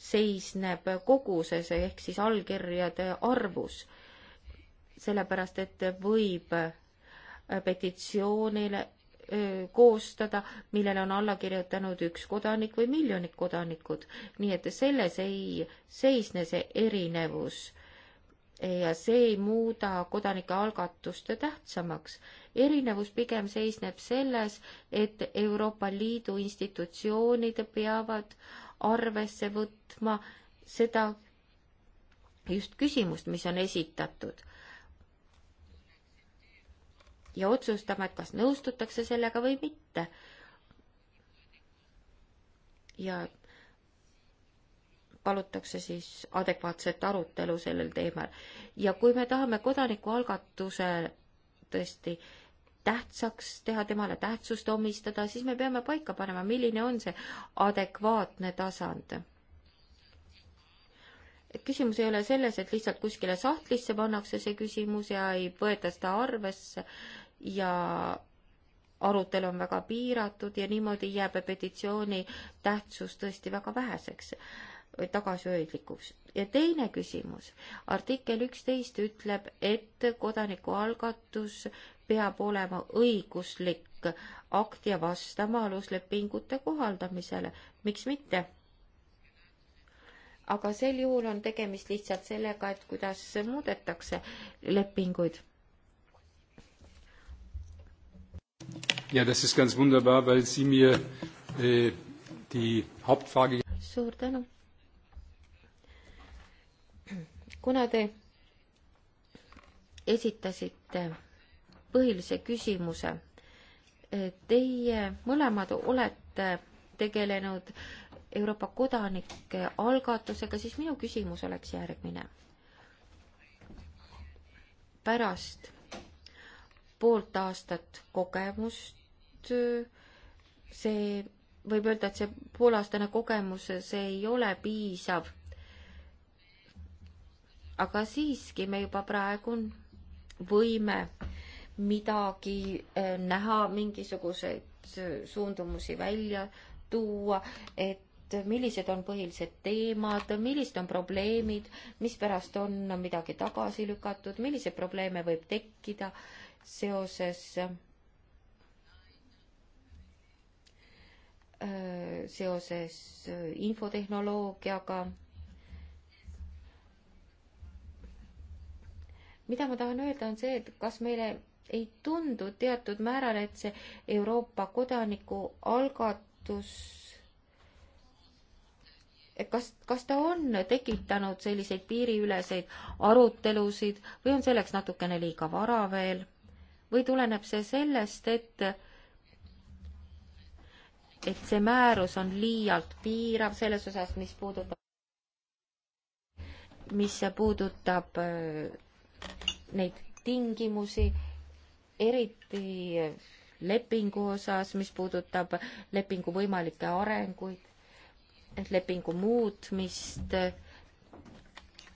seisneb koguses ehk siis allkirjade arvus sellepärast et võib äh, petitsioonile äh, koostada, millele on alla kirjutanud üks kodanik või miljonid kodanikud. nii et selles ei seisne see erinevus. ja see ei muuda kodanike algatuste tähtsamaks. erinevus pigem seisneb selles, et Euroopa Liidu institutsioonid peavad arvesse võtma seda just küsimust, mis on esitatud ja otsustama, et kas nõustutakse sellega või mitte. ja palutakse siis adekvaatset arutelu sellel teemal. ja kui me tahame kodanikualgatuse tõesti tähtsaks teha, temale tähtsust omistada, siis me peame paika panema, milline on see adekvaatne tasand. et küsimus ei ole selles, et lihtsalt kuskile sahtlisse pannakse see küsimus ja ei võeta seda arvesse ja arutelu on väga piiratud ja niimoodi jääb petitsiooni tähtsus tõesti väga väheseks või tagasihoidlikuks. ja teine küsimus, artikkel üksteist ütleb, et kodanikualgatus peab olema õiguslik akt ja vastama aluslepingute kohaldamisele, miks mitte? aga sel juhul on tegemist lihtsalt sellega, et kuidas muudetakse lepinguid ja das ist ganz wunderbar, weil Sie mir äh, die Hauptfrage. suur tänu. kuna te esitasite põhilise küsimuse, e, teie mõlemad olete tegelenud Euroopa kodanike algatusega, siis minu küsimus oleks järgmine. pärast poolt aastat kogemust Äh, see, võib öelda, et see poolaastane kogemus, see ei ole piisav. aga siiski me juba praegu võime midagi äh, näha, mingisuguseid äh, suundumusi välja tuua, et millised on põhilised teemad, millised on probleemid, mispärast on midagi tagasi lükatud, milliseid probleeme võib tekkida seoses Äh, seoses äh, infotehnoloogiaga. mida ma tahan öelda, on see, et kas meile ei tundu teatud määral, et see Euroopa kodanikualgatus, et kas, kas ta on tekitanud selliseid piiriüleseid arutelusid või on selleks natukene liiga vara veel või tuleneb see sellest, et et see määrus on liialt piirav selles osas, mis puudutab, mis puudutab äh, neid tingimusi, eriti lepingu osas, mis puudutab lepingu võimalikke arenguid, lepingu muutmist äh,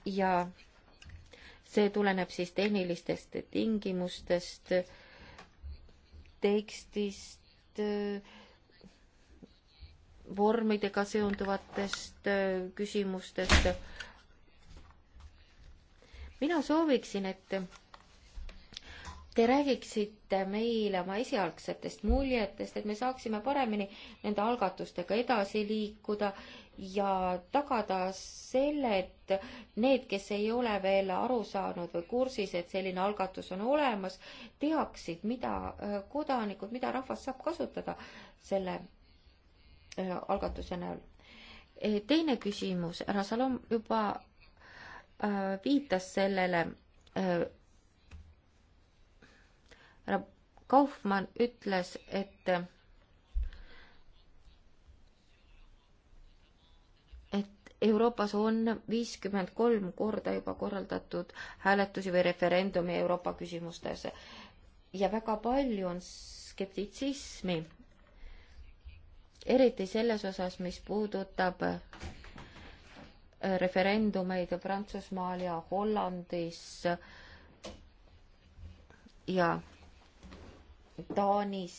ja see tuleneb siis tehnilistest tingimustest, tekstist, äh, vormidega seonduvatest äh, küsimustest. mina sooviksin, et te räägiksite meile oma esialgsetest muljetest, et me saaksime paremini nende algatustega edasi liikuda ja tagada selle, et need, kes ei ole veel aru saanud või kursis, et selline algatus on olemas, teaksid, mida äh, kodanikud, mida rahvas saab kasutada selle Äh, algatuse näol. E, teine küsimus, härra Salom juba äh, viitas sellele, äh, härra Kaufmann ütles, et et Euroopas on viiskümmend kolm korda juba korraldatud hääletusi või referendumi Euroopa küsimustes ja väga palju on skeptitsismi eriti selles osas, mis puudutab äh, referendumeid Prantsusmaal ja Hollandis ja Taanis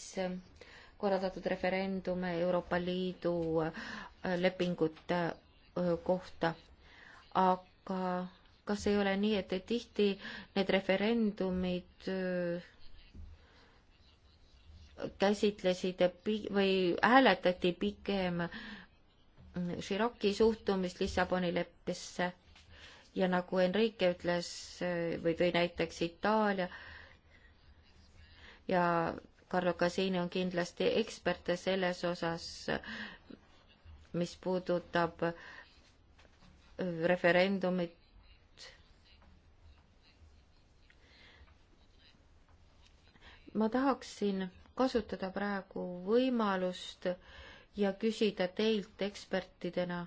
korraldatud referendume Euroopa Liidu äh, lepingute äh, kohta. aga kas ei ole nii, et tihti need referendumid käsitlesid või hääletati pigem Chiroc'i suhtumist Lissaboni leppesse ja nagu Enrique ütles või tõi näiteks Itaalia ja Carlo Casini on kindlasti ekspert selles osas, mis puudutab referendumit ma tahaksin kasutada praegu võimalust ja küsida teilt ekspertidena,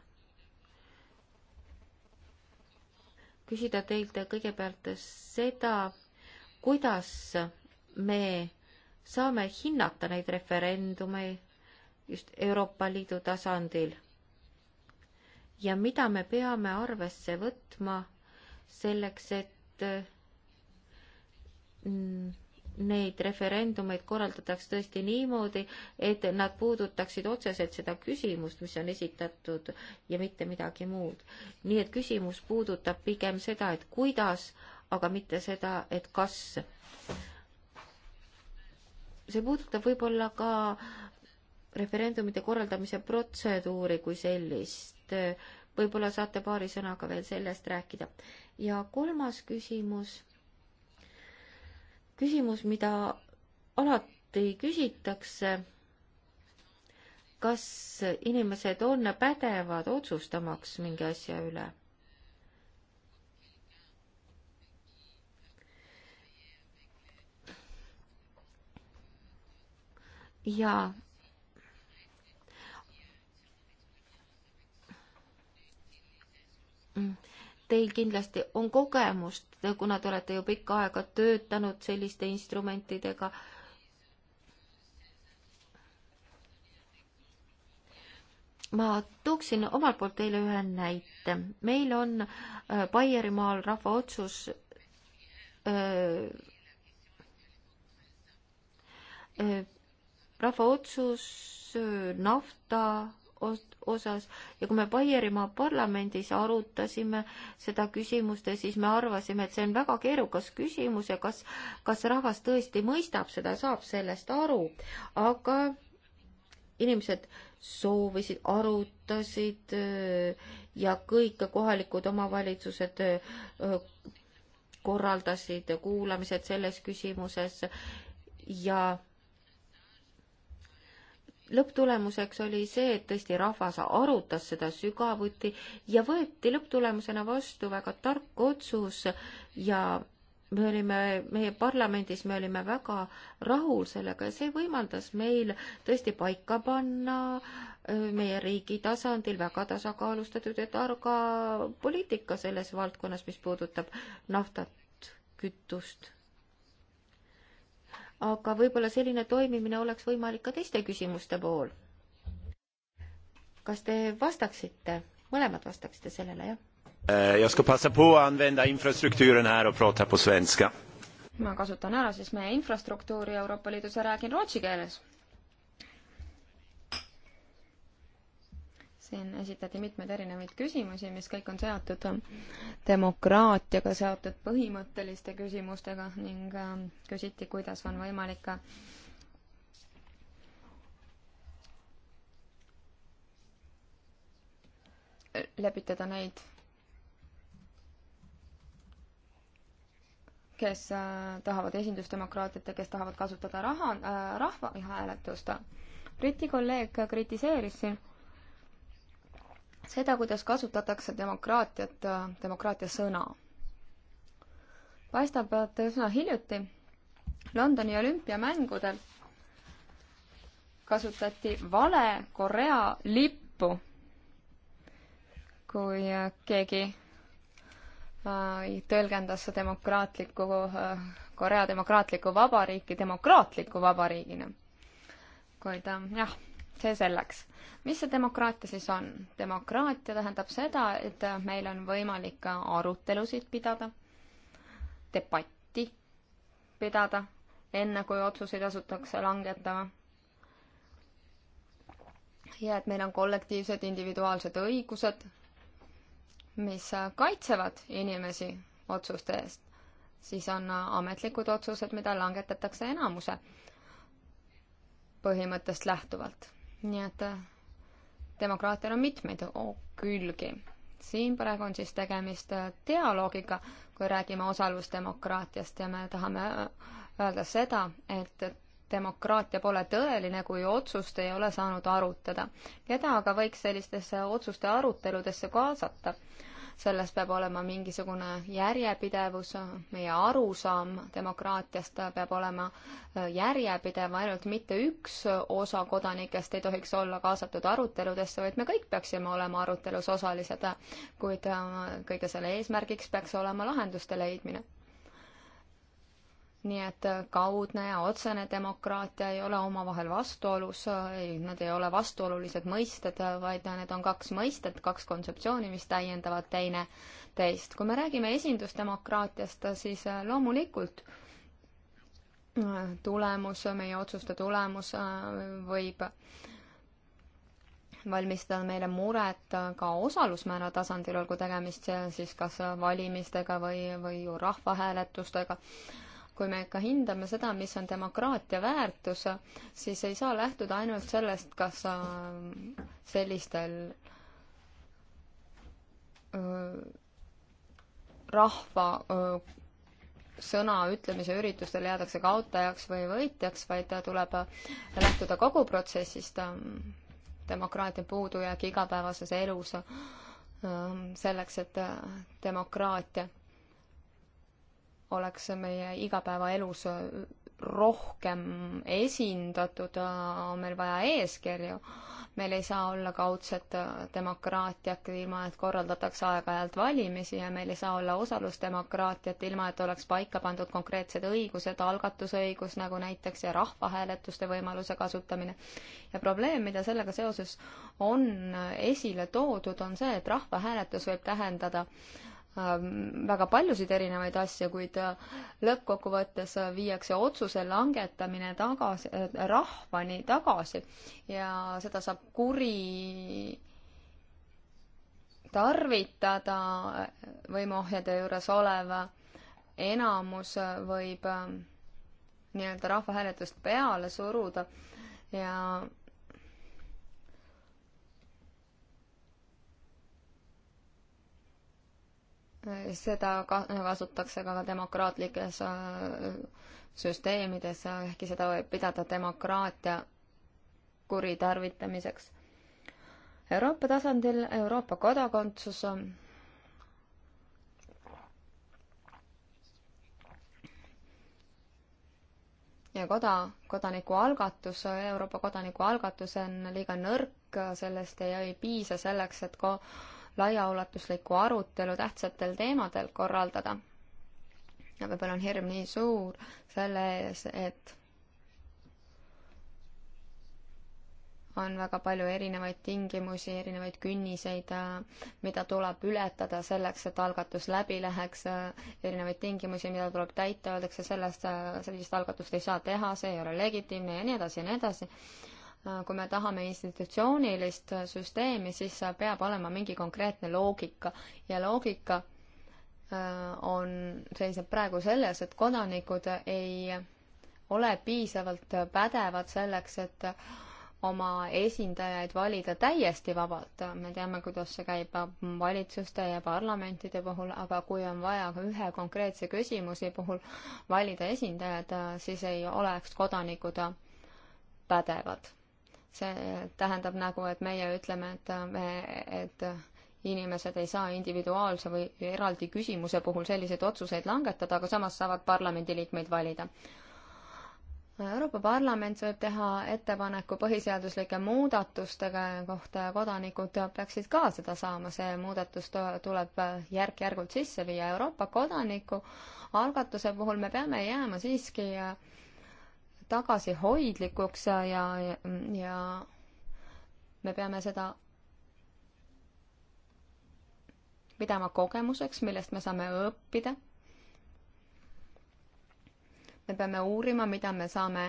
küsida teilt kõigepealt seda, kuidas me saame hinnata neid referendumeid just Euroopa Liidu tasandil ja mida me peame arvesse võtma selleks, et mm, neid referendumeid korraldataks tõesti niimoodi, et nad puudutaksid otseselt seda küsimust, mis on esitatud ja mitte midagi muud. nii et küsimus puudutab pigem seda, et kuidas, aga mitte seda, et kas. see puudutab võib-olla ka referendumite korraldamise protseduuri kui sellist. võib-olla saate paari sõnaga veel sellest rääkida. ja kolmas küsimus küsimus, mida alati küsitakse, kas inimesed on pädevad otsustamaks mingi asja üle jaa teil kindlasti on kogemust, kuna te olete ju pikka aega töötanud selliste instrumentidega. ma tooksin omalt poolt teile ühe näite. meil on äh, Baierimaal rahva otsus öö, äh, öö, äh, rahva otsus nafta osas ja kui me Baierimaa parlamendis arutasime seda küsimust ja siis me arvasime, et see on väga keerukas küsimus ja kas, kas rahvas tõesti mõistab seda, saab sellest aru, aga inimesed soovisid, arutasid äh, ja kõik kohalikud omavalitsused äh, korraldasid kuulamised selles küsimuses ja lõpptulemuseks oli see, et tõesti rahvas arutas seda sügavuti ja võeti lõpptulemusena vastu väga tark otsus ja me olime, meie parlamendis me olime väga rahul sellega ja see võimaldas meil tõesti paika panna meie riigi tasandil väga tasakaalustatud ja targa poliitika selles valdkonnas, mis puudutab naftat, kütust aga võib-olla selline toimimine oleks võimalik ka teiste küsimuste puhul. kas te vastaksite, mõlemad vastaksite sellele, jah? Eh, jag ska passa på att använda infrastrukturen här och prata på svenska. ma kasutan ära siis meie infrastruktuuri Euroopa Liidus ja räägin rootsi keeles siin esitati mitmeid erinevaid küsimusi, mis kõik on seotud demokraatiaga, seotud põhimõtteliste küsimustega ning äh, küsiti, kuidas on võimalik ka lepitada neid, kes äh, tahavad esindusdemokraatiat ja kes tahavad kasutada raha, äh, rahvahääletust. Briti kolleeg kritiseeris siin seda, kuidas kasutatakse demokraatiat, demokraatia sõna. paistab, et üsna hiljuti Londoni olümpiamängudel kasutati vale Korea lippu, kui keegi äh, tõlgendas demokraatliku, äh, Korea demokraatliku vabariiki demokraatliku vabariigina. kuid äh, jah see selleks. mis see demokraatia siis on? demokraatia tähendab seda, et meil on võimalik arutelusid pidada, debatti pidada, enne kui otsuseid asutakse langetama. ja et meil on kollektiivsed individuaalsed õigused, mis kaitsevad inimesi otsuste eest, siis on ametlikud otsused, mida langetatakse enamuse põhimõttest lähtuvalt nii et äh, demokraatial on mitmeid külgi. siin praegu on siis tegemist äh, dialoogiga, kui räägime osalusdemokraatiast ja me tahame äh, öelda seda, et demokraatia pole tõeline, kui otsust ei ole saanud arutada. keda aga võiks sellistesse otsuste aruteludesse kaasata? selles peab olema mingisugune järjepidevus, meie arusaam demokraatiast peab olema äh, järjepidev, ainult mitte üks osa kodanikest ei tohiks olla kaasatud aruteludesse, vaid me kõik peaksime olema arutelus osalised. kuid äh, kõige selle eesmärgiks peaks olema lahenduste leidmine nii et äh, kaudne ja otsene demokraatia ei ole omavahel vastuolus, äh, nad ei ole vastuolulised mõisted, äh, vaid need on kaks mõistet, kaks kontseptsiooni, mis täiendavad teineteist. kui me räägime esindusdemokraatiast, siis loomulikult tulemus, meie otsuste tulemus võib valmistada meile muret ka osalusmäära tasandil, olgu tegemist siis kas valimistega või, või ju rahvahääletustega kui me ikka hindame seda, mis on demokraatia väärtus, siis ei saa lähtuda ainult sellest, kas äh, sellistel äh, rahva äh, sõna ütlemise üritustel jäädakse kaotajaks või võitjaks, vaid tuleb lähtuda kogu protsessist, demokraatia puudujääk igapäevases elus, selleks, et demokraatia oleks meie igapäevaelus rohkem esindatud, on meil vaja eeskirju. meil ei saa olla kaudset demokraatiat, ilma et korraldatakse aeg-ajalt valimisi ja meil ei saa olla osalusdemokraatiat, ilma et oleks paika pandud konkreetsed õigused, algatusõigus nagu näiteks ja rahvahääletuste võimaluse kasutamine. ja probleem, mida sellega seoses on esile toodud, on see, et rahvahääletus võib tähendada äh, Ähm, väga paljusid erinevaid asju, kuid äh, lõppkokkuvõttes äh, viiakse otsuse langetamine tagasi, äh, rahvani tagasi ja seda saab kuri tarvitada võimuohjade juures oleva enamus võib nii-öelda rahvahääletust peale suruda ja seda kasutatakse ka demokraatlikes äh, süsteemides, ehkki seda võib pidada demokraatia kuritarvitamiseks. Euroopa tasandil Euroopa kodakondsus on ja koda, kodanikualgatus, Euroopa kodanikualgatus on liiga nõrk, sellest ei, ei piisa selleks, et ko-, laiaulatuslikku arutelu tähtsatel teemadel korraldada. ja võib-olla on hirm nii suur selle ees, et on väga palju erinevaid tingimusi, erinevaid künniseid, mida tuleb ületada selleks, et algatus läbi läheks, erinevaid tingimusi, mida tuleb täita, öeldakse sellest, sellist algatust ei saa teha, see ei ole legitiimne ja nii edasi ja nii edasi. Äh, kui me tahame institutsioonilist süsteemi, siis äh, peab olema mingi konkreetne loogika ja loogika äh, on, seisneb praegu selles, et kodanikud ei ole piisavalt pädevad selleks, et oma esindajaid valida täiesti vabalt. me teame, kuidas see käib valitsuste ja parlamentide puhul, aga kui on vaja ühe konkreetse küsimuse puhul valida esindajad, siis ei oleks kodanikud pädevad see tähendab nagu, et meie ütleme, et me, et inimesed ei saa individuaalse või eraldi küsimuse puhul selliseid otsuseid langetada, aga samas saavad parlamendiliikmeid valida. Euroopa Parlament võib teha ettepaneku põhiseaduslike muudatustega kohta ja kodanikud peaksid ka seda saama, see muudatus tuleb järk-järgult sisse viia. Euroopa kodaniku algatuse puhul me peame jääma siiski tagasihoidlikuks ja, ja, ja me peame seda pidama kogemuseks, millest me saame õppida. me peame uurima, mida me saame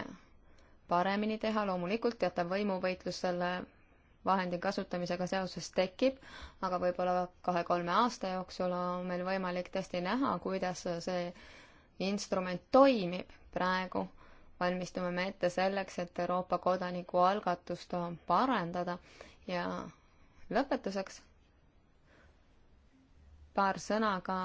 paremini teha, loomulikult teatav võimuvõitlus selle vahendi kasutamisega seoses tekib, aga võib-olla kahe-kolme aasta jooksul on meil võimalik tõesti näha, kuidas see instrument toimib. praegu valmistume me ette selleks, et Euroopa kodanikualgatust parandada ja lõpetuseks paar sõna ka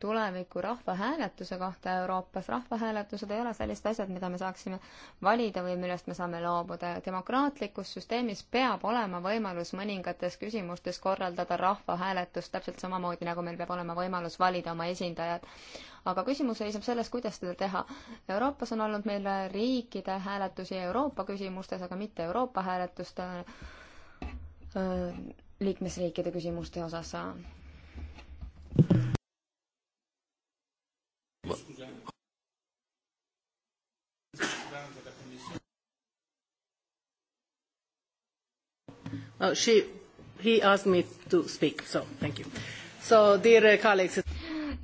tuleviku rahvahääletuse kohta Euroopas. rahvahääletused ei ole sellised asjad, mida me saaksime valida või millest me saame loobuda. demokraatlikus süsteemis peab olema võimalus mõningates küsimustes korraldada rahvahääletust, täpselt samamoodi, nagu meil peab olema võimalus valida oma esindajad. aga küsimus seisneb selles, kuidas seda teha. Euroopas on olnud meil riikide hääletusi Euroopa küsimustes, aga mitte Euroopa hääletust liikmesriikide küsimuste osas Oh, she, he asked me to speak, so thank you. So dear uh, colleagues.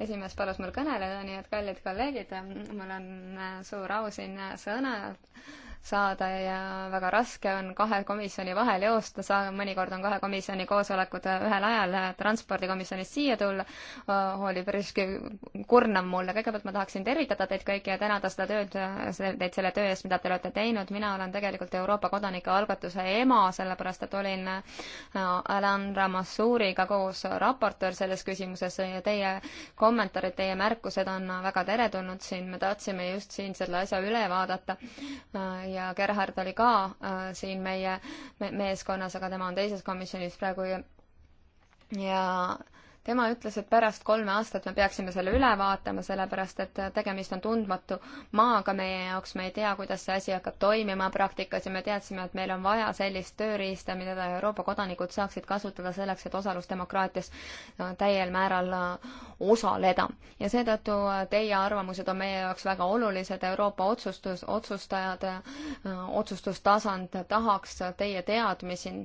esimees palus mul kõneleda, nii et kallid kolleegid, mul on äh, suur au siin äh, sõna saada ja väga raske on kahe komisjoni vahel joosta, saa-, mõnikord on kahe komisjoni koosolekud ühel ajal, transpordikomisjonist siia tulla oh, oli päris kurnav mulle. kõigepealt ma tahaksin tervitada teid kõiki ja tänada seda tööd, teid selle töö eest, mida te olete teinud. mina olen tegelikult Euroopa kodanikualgatuse ema, sellepärast et olin äh, Alan Ramassouriga koos raportöör selles küsimuses ja teie kommentaarid, teie märkused on väga teretulnud siin. me tahtsime just siin selle asja üle vaadata äh, ja Gerhard oli ka äh, siin meie me meeskonnas, aga tema on teises komisjonis praegu ja, ja äh, tema ütles, et pärast kolme aastat me peaksime selle üle vaatama, sellepärast et tegemist on tundmatu maaga meie jaoks, me ei tea, kuidas see asi hakkab toimima praktikas ja me teadsime, et meil on vaja sellist tööriista, mida Euroopa kodanikud saaksid kasutada selleks, et osalusdemokraatias äh, täiel määral äh, osaleda. ja seetõttu äh, teie arvamused on meie jaoks väga olulised, Euroopa otsustus, otsustajad, otsustustasand tahaks teie teadmisi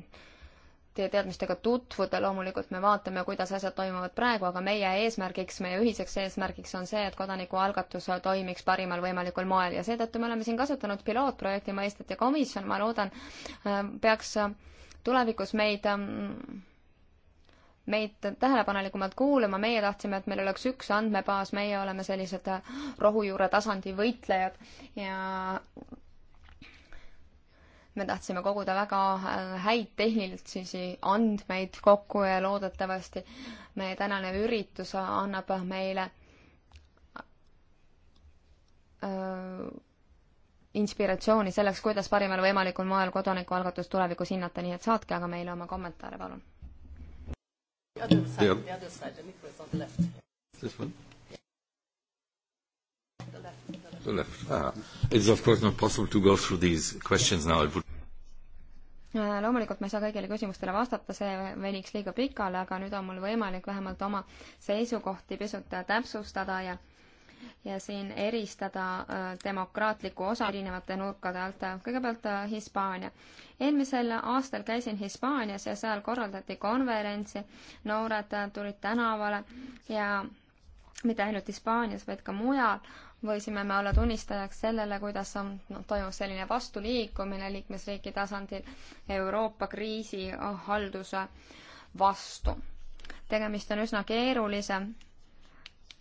teie teadmistega tutvuda, loomulikult me vaatame, kuidas asjad toimuvad praegu, aga meie eesmärgiks, meie ühiseks eesmärgiks on see, et kodanikualgatus toimiks parimal võimalikul moel ja seetõttu me oleme siin kasutanud pilootprojekti mõistet ja komisjon, ma loodan, ähm, peaks äh, tulevikus meid ähm, meid tähelepanelikumalt kuulama, meie tahtsime, et meil oleks üks andmebaas, meie oleme sellised äh, rohujuure tasandi võitlejad ja me tahtsime koguda väga äh, häid tehnilisi andmeid kokku ja loodetavasti meie tänane üritus annab meile äh, inspiratsiooni selleks, kuidas parimal võimalikul moel kodanikualgatust tulevikus hinnata, nii et saatke aga meile oma kommentaare, palun. This one? The left the left. Ah. Uh, it's of course not possible to go through these questions now. It would uh, loomulikult ma ei saa kõigile küsimustele vastata, see veniks liiga pikale, aga nüüd on mul võimalik vähemalt oma seisukohti pisut täpsustada ja ja siin eristada äh, demokraatliku osa erinevate nurkade alt. kõigepealt äh, Hispaania. eelmisel aastal käisin Hispaanias ja seal korraldati konverentsi, noored äh, tulid tänavale ja mitte ainult Hispaanias, vaid ka mujal võisime me olla tunnistajaks sellele, kuidas on no,, toimub selline vastuliikumine liikmesriigi tasandil Euroopa kriisihalduse vastu. tegemist on üsna keerulise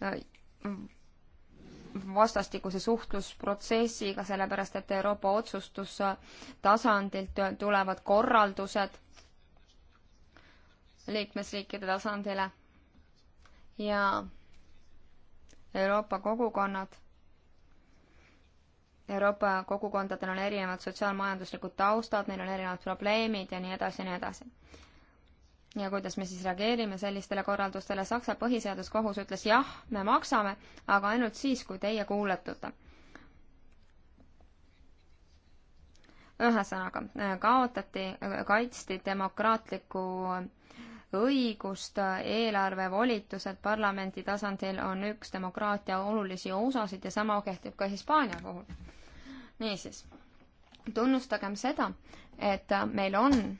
äh, vastastikuse suhtlusprotsessiga, sellepärast et Euroopa otsustustasandilt tulevad korraldused liikmesriikide tasandile ja Euroopa kogukonnad Euroopa kogukondadel on erinevad sotsiaalmajanduslikud taustad, neil on erinevad probleemid ja nii edasi ja nii edasi. ja kuidas me siis reageerime sellistele korraldustele, Saksa põhiseaduskohus ütles jah, me maksame, aga ainult siis, kui teie kuuletute. ühesõnaga, kaotati, kaitsti demokraatlikku õigust, eelarvevolitused parlamendi tasandil on üks demokraatia olulisi osasid ja sama kehtib ka Hispaania puhul niisiis, tunnustagem seda, et äh, meil on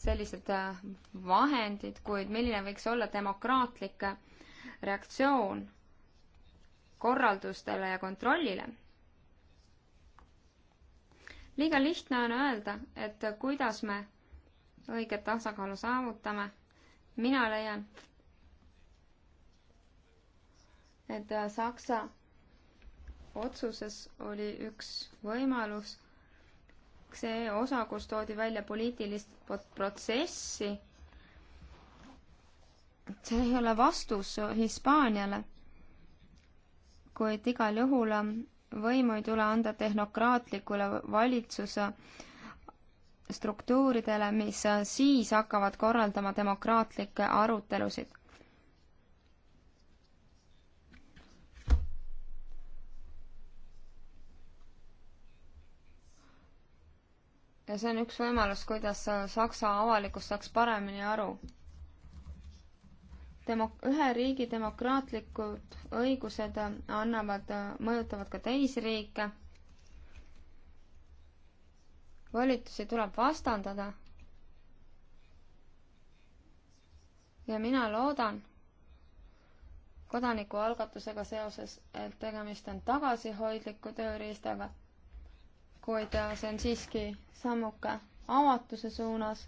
sellised äh, vahendid, kuid milline võiks olla demokraatlik äh, reaktsioon korraldustele ja kontrollile. liiga lihtne on öelda, et kuidas me õiget tasakaalu saavutame. mina leian, et Saksa otsuses oli üks võimalus, see osa, kus toodi välja poliitilist protsessi, see ei ole vastus Hispaaniale, kuid igal juhul võimu ei tule anda tehnokraatlikule valitsuse struktuuridele, mis siis hakkavad korraldama demokraatlikke arutelusid. ja see on üks võimalus, kuidas Saksa avalikkus saaks paremini aru. Demo-, ühe riigi demokraatlikud õigused annavad, mõjutavad ka teisi riike. volitusi tuleb vastandada. ja mina loodan kodanikualgatusega seoses, et tegemist on tagasihoidliku tööriistaga kuid äh, see on siiski sammuke avatuse suunas.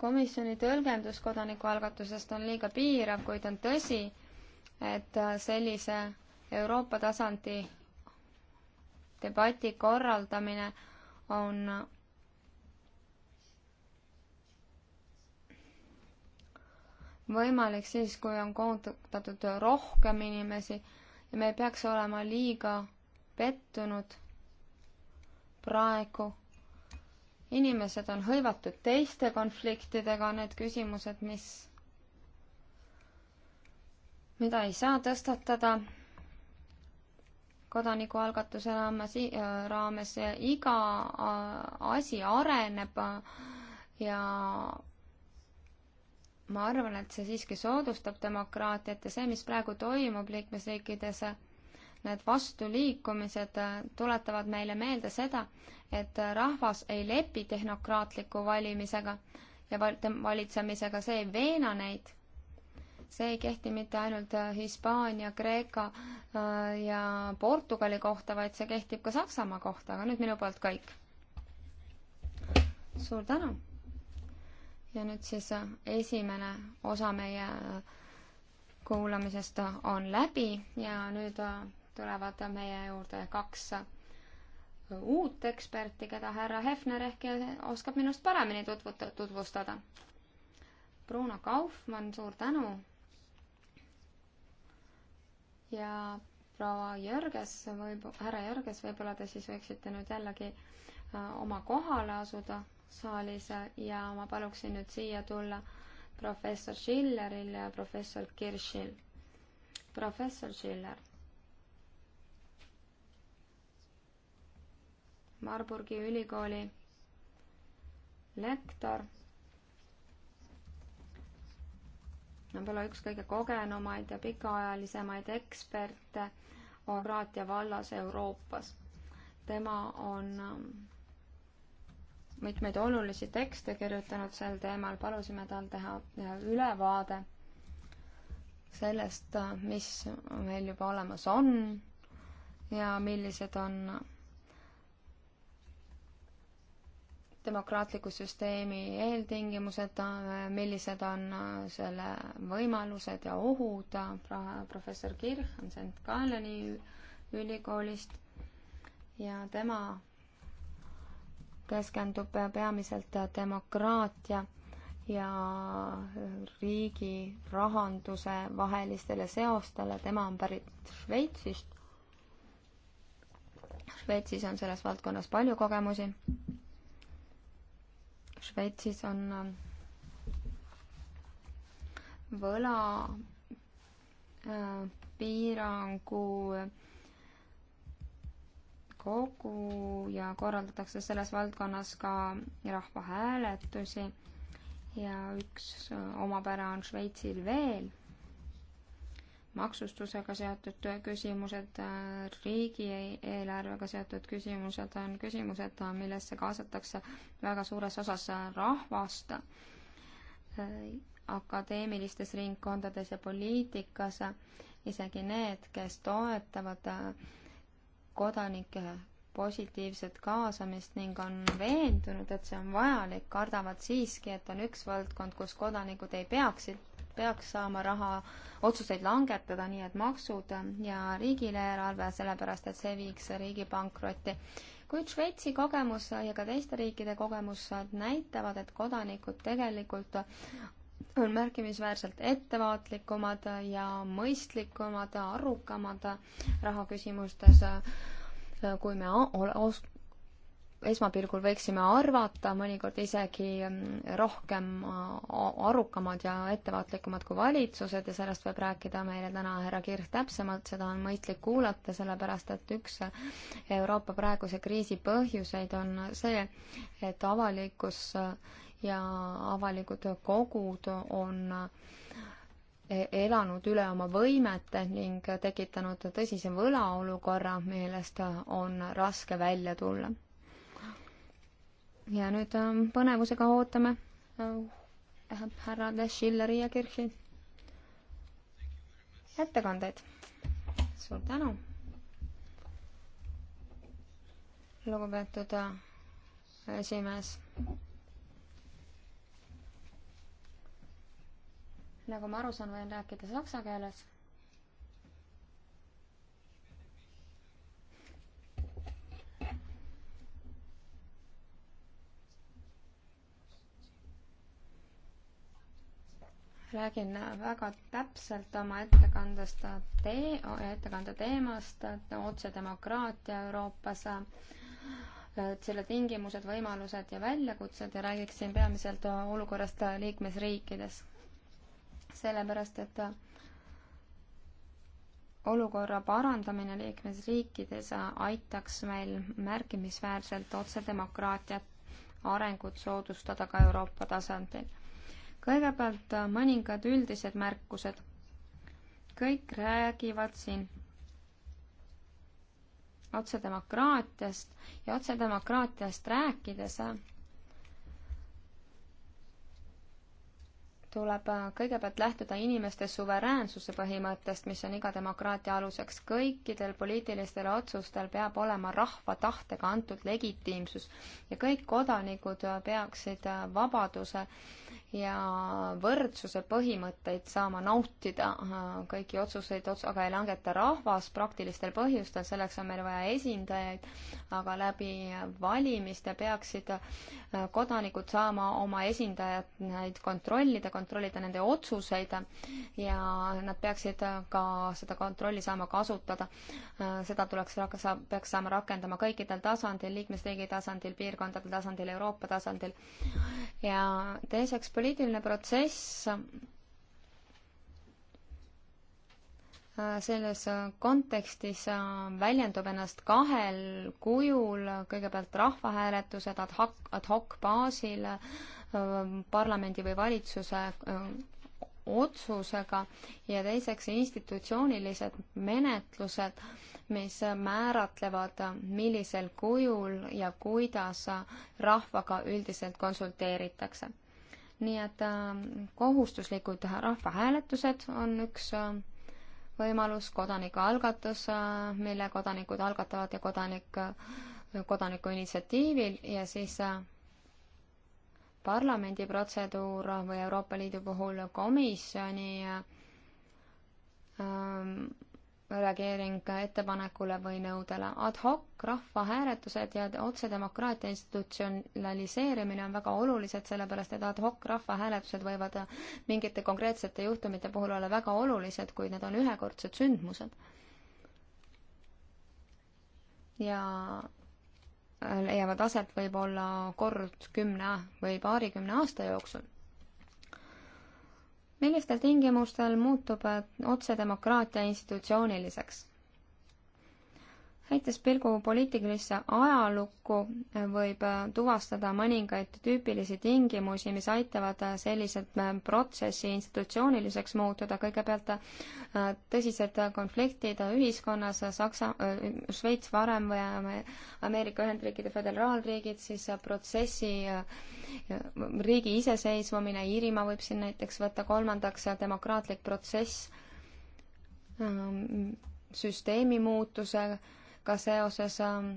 komisjoni tõlgendus kodanikualgatusest on liiga piirav, kuid on tõsi, et äh, sellise Euroopa tasandi debati korraldamine on äh, võimalik siis, kui on koondatud rohkem inimesi ja me ei peaks olema liiga pettunud praegu. inimesed on hõivatud teiste konfliktidega, need küsimused, mis, mida ei saa tõstatada kodanikualgatuse raames, raames iga asi areneb ja ma arvan, et see siiski soodustab demokraatiat ja see, mis praegu toimub liikmesriikides need vastuliikumised äh, tuletavad meile meelde seda, et äh, rahvas ei lepi tehnokraatliku valimisega ja valitsemisega, see ei veena neid. see ei kehti mitte ainult äh, Hispaania, Kreeka ja Portugali kohta, vaid see kehtib ka Saksamaa kohta, aga nüüd minu poolt kõik. suur tänu! ja nüüd siis esimene osa meie kuulamisest on läbi ja nüüd tulevad meie juurde kaks uut eksperti, keda härra Hefner ehk oskab minust paremini tutvuta-, tutvustada. Bruno Kaufmann, suur tänu! ja proua Jörges, võib-, härra Jörges, võib-olla te siis võiksite nüüd jällegi äh, oma kohale asuda saalis ja ma paluksin nüüd siia tulla professor Schilleril ja professor Kirschil. professor Schiller Marburgi ülikooli lektor. võib-olla üks kõige kogenumaid ja pikaajalisemaid eksperte oraatia vallas Euroopas. tema on ähm, mitmeid olulisi tekste kirjutanud sel teemal, palusime tal teha ülevaade sellest, äh, mis meil juba olemas on ja millised on demokraatliku süsteemi eeltingimused, millised on selle võimalused ja ohud, professor Kirch on St. Galleni ülikoolist ja tema keskendub peamiselt demokraatia ja riigi rahanduse vahelistele seostele, tema on pärit Šveitsist. Šveitsis on selles valdkonnas palju kogemusi Šveitsis on ähm, võla äh, piirangu kogu ja korraldatakse selles valdkonnas ka rahvahääletusi ja üks äh, omapära on Šveitsil veel maksustusega seotud küsimused, riigieelarvega seotud küsimused on küsimused, millesse kaasatakse väga suures osas rahvast akadeemilistes ringkondades ja poliitikas, isegi need, kes toetavad kodanike positiivset kaasamist ning on veendunud, et see on vajalik, kardavad siiski, et on üks valdkond, kus kodanikud ei peaksid peaks saama raha otsuseid langetada, nii et maksud ja riigieelarve, sellepärast et see viiks riigi pankrotti. kuid Šveitsi kogemus ja ka teiste riikide kogemus näitavad, et kodanikud tegelikult on märkimisväärselt ettevaatlikumad ja mõistlikumad, arukamad rahaküsimustes kui me esmapilgul võiksime arvata, mõnikord isegi mm, rohkem arukamad ja ettevaatlikumad kui valitsused ja sellest võib rääkida meile täna härra Kirch täpsemalt, seda on mõistlik kuulata, sellepärast et üks Euroopa praeguse kriisi põhjuseid on see, et avalikkus ja avalikud kogud on e-, elanud üle oma võimete ning tekitanud tõsise võlaolukorra, millest on raske välja tulla ja nüüd ähm, põnevusega ootame äh, härrade Schilleri ja Kirchi ettekandeid. suur tänu. lugupeetud äh, esimees. nagu ma aru saan, võin rääkida saksa keeles räägin väga täpselt oma ettekandest tee, ettekande teemast, otsedemokraatia Euroopas, selle tingimused, võimalused ja väljakutsed ja räägiksin peamiselt olukorrast liikmesriikides. sellepärast, et olukorra parandamine liikmesriikides aitaks meil märkimisväärselt otsedemokraatiat arengut soodustada ka Euroopa tasandil kõigepealt äh, mõningad üldised märkused. kõik räägivad siin otsedemokraatiast ja otsedemokraatiast rääkides äh, tuleb äh, kõigepealt lähtuda inimeste suveräänsuse põhimõttest, mis on iga demokraatia aluseks. kõikidel poliitilistel otsustel peab olema rahva tahtega antud legitiimsus ja kõik kodanikud peaksid vabaduse ja võrdsuse põhimõtteid saama nautida, äh, kõiki otsuseid ots-, aga ei langeta rahvas praktilistel põhjustel, selleks on meil vaja esindajaid, aga läbi valimiste peaksid äh, kodanikud saama oma esindajaid kontrollida, kontrollida nende otsuseid ja nad peaksid äh, ka seda kontrolli saama kasutada. seda tuleks, peaks saama rakendama kõikidel tasandil, liikmesriigi tasandil, piirkondade tasandil, Euroopa tasandil ja teiseks poliitiline protsess selles kontekstis väljendub ennast kahel kujul, kõigepealt rahvahääletused ad hoc, ad hoc baasil parlamendi või valitsuse otsusega ja teiseks institutsioonilised menetlused, mis määratlevad, millisel kujul ja kuidas rahvaga üldiselt konsulteeritakse nii et ähm, kohustuslikud rahvahääletused on üks ähm, võimalus, kodanikualgatus, äh, mille kodanikud algatavad ja kodanik, äh, kodaniku initsiatiivil ja siis äh, parlamendi protseduur või Euroopa Liidu puhul komisjoni ähm, reageering ettepanekule või nõudele. ad hoc rahvahääletused ja otsedemokraatia institutsionaliseerimine on väga olulised, sellepärast et ad hoc rahvahääletused võivad mingite konkreetsete juhtumite puhul olla väga olulised, kuid need on ühekordsed sündmused. ja leiavad aset võib-olla kord kümne või paarikümne aasta jooksul millistel tingimustel muutub äh, otsedemokraatia institutsiooniliseks? heites pilgu poliitilisse ajalukku, eh, võib eh, tuvastada mõningaid tüüpilisi tingimusi, mis aitavad eh, sellised protsessi institutsiooniliseks muutuda. kõigepealt tõsised konfliktid ühiskonnas, Saksa, Šveits varem või Ameerika Ühendriikide föderaalriigid, siis protsessi riigi iseseisvumine, Iirimaa võib siin näiteks võtta, kolmandaks demokraatlik protsess, süsteemi muutusega ka seoses ähm,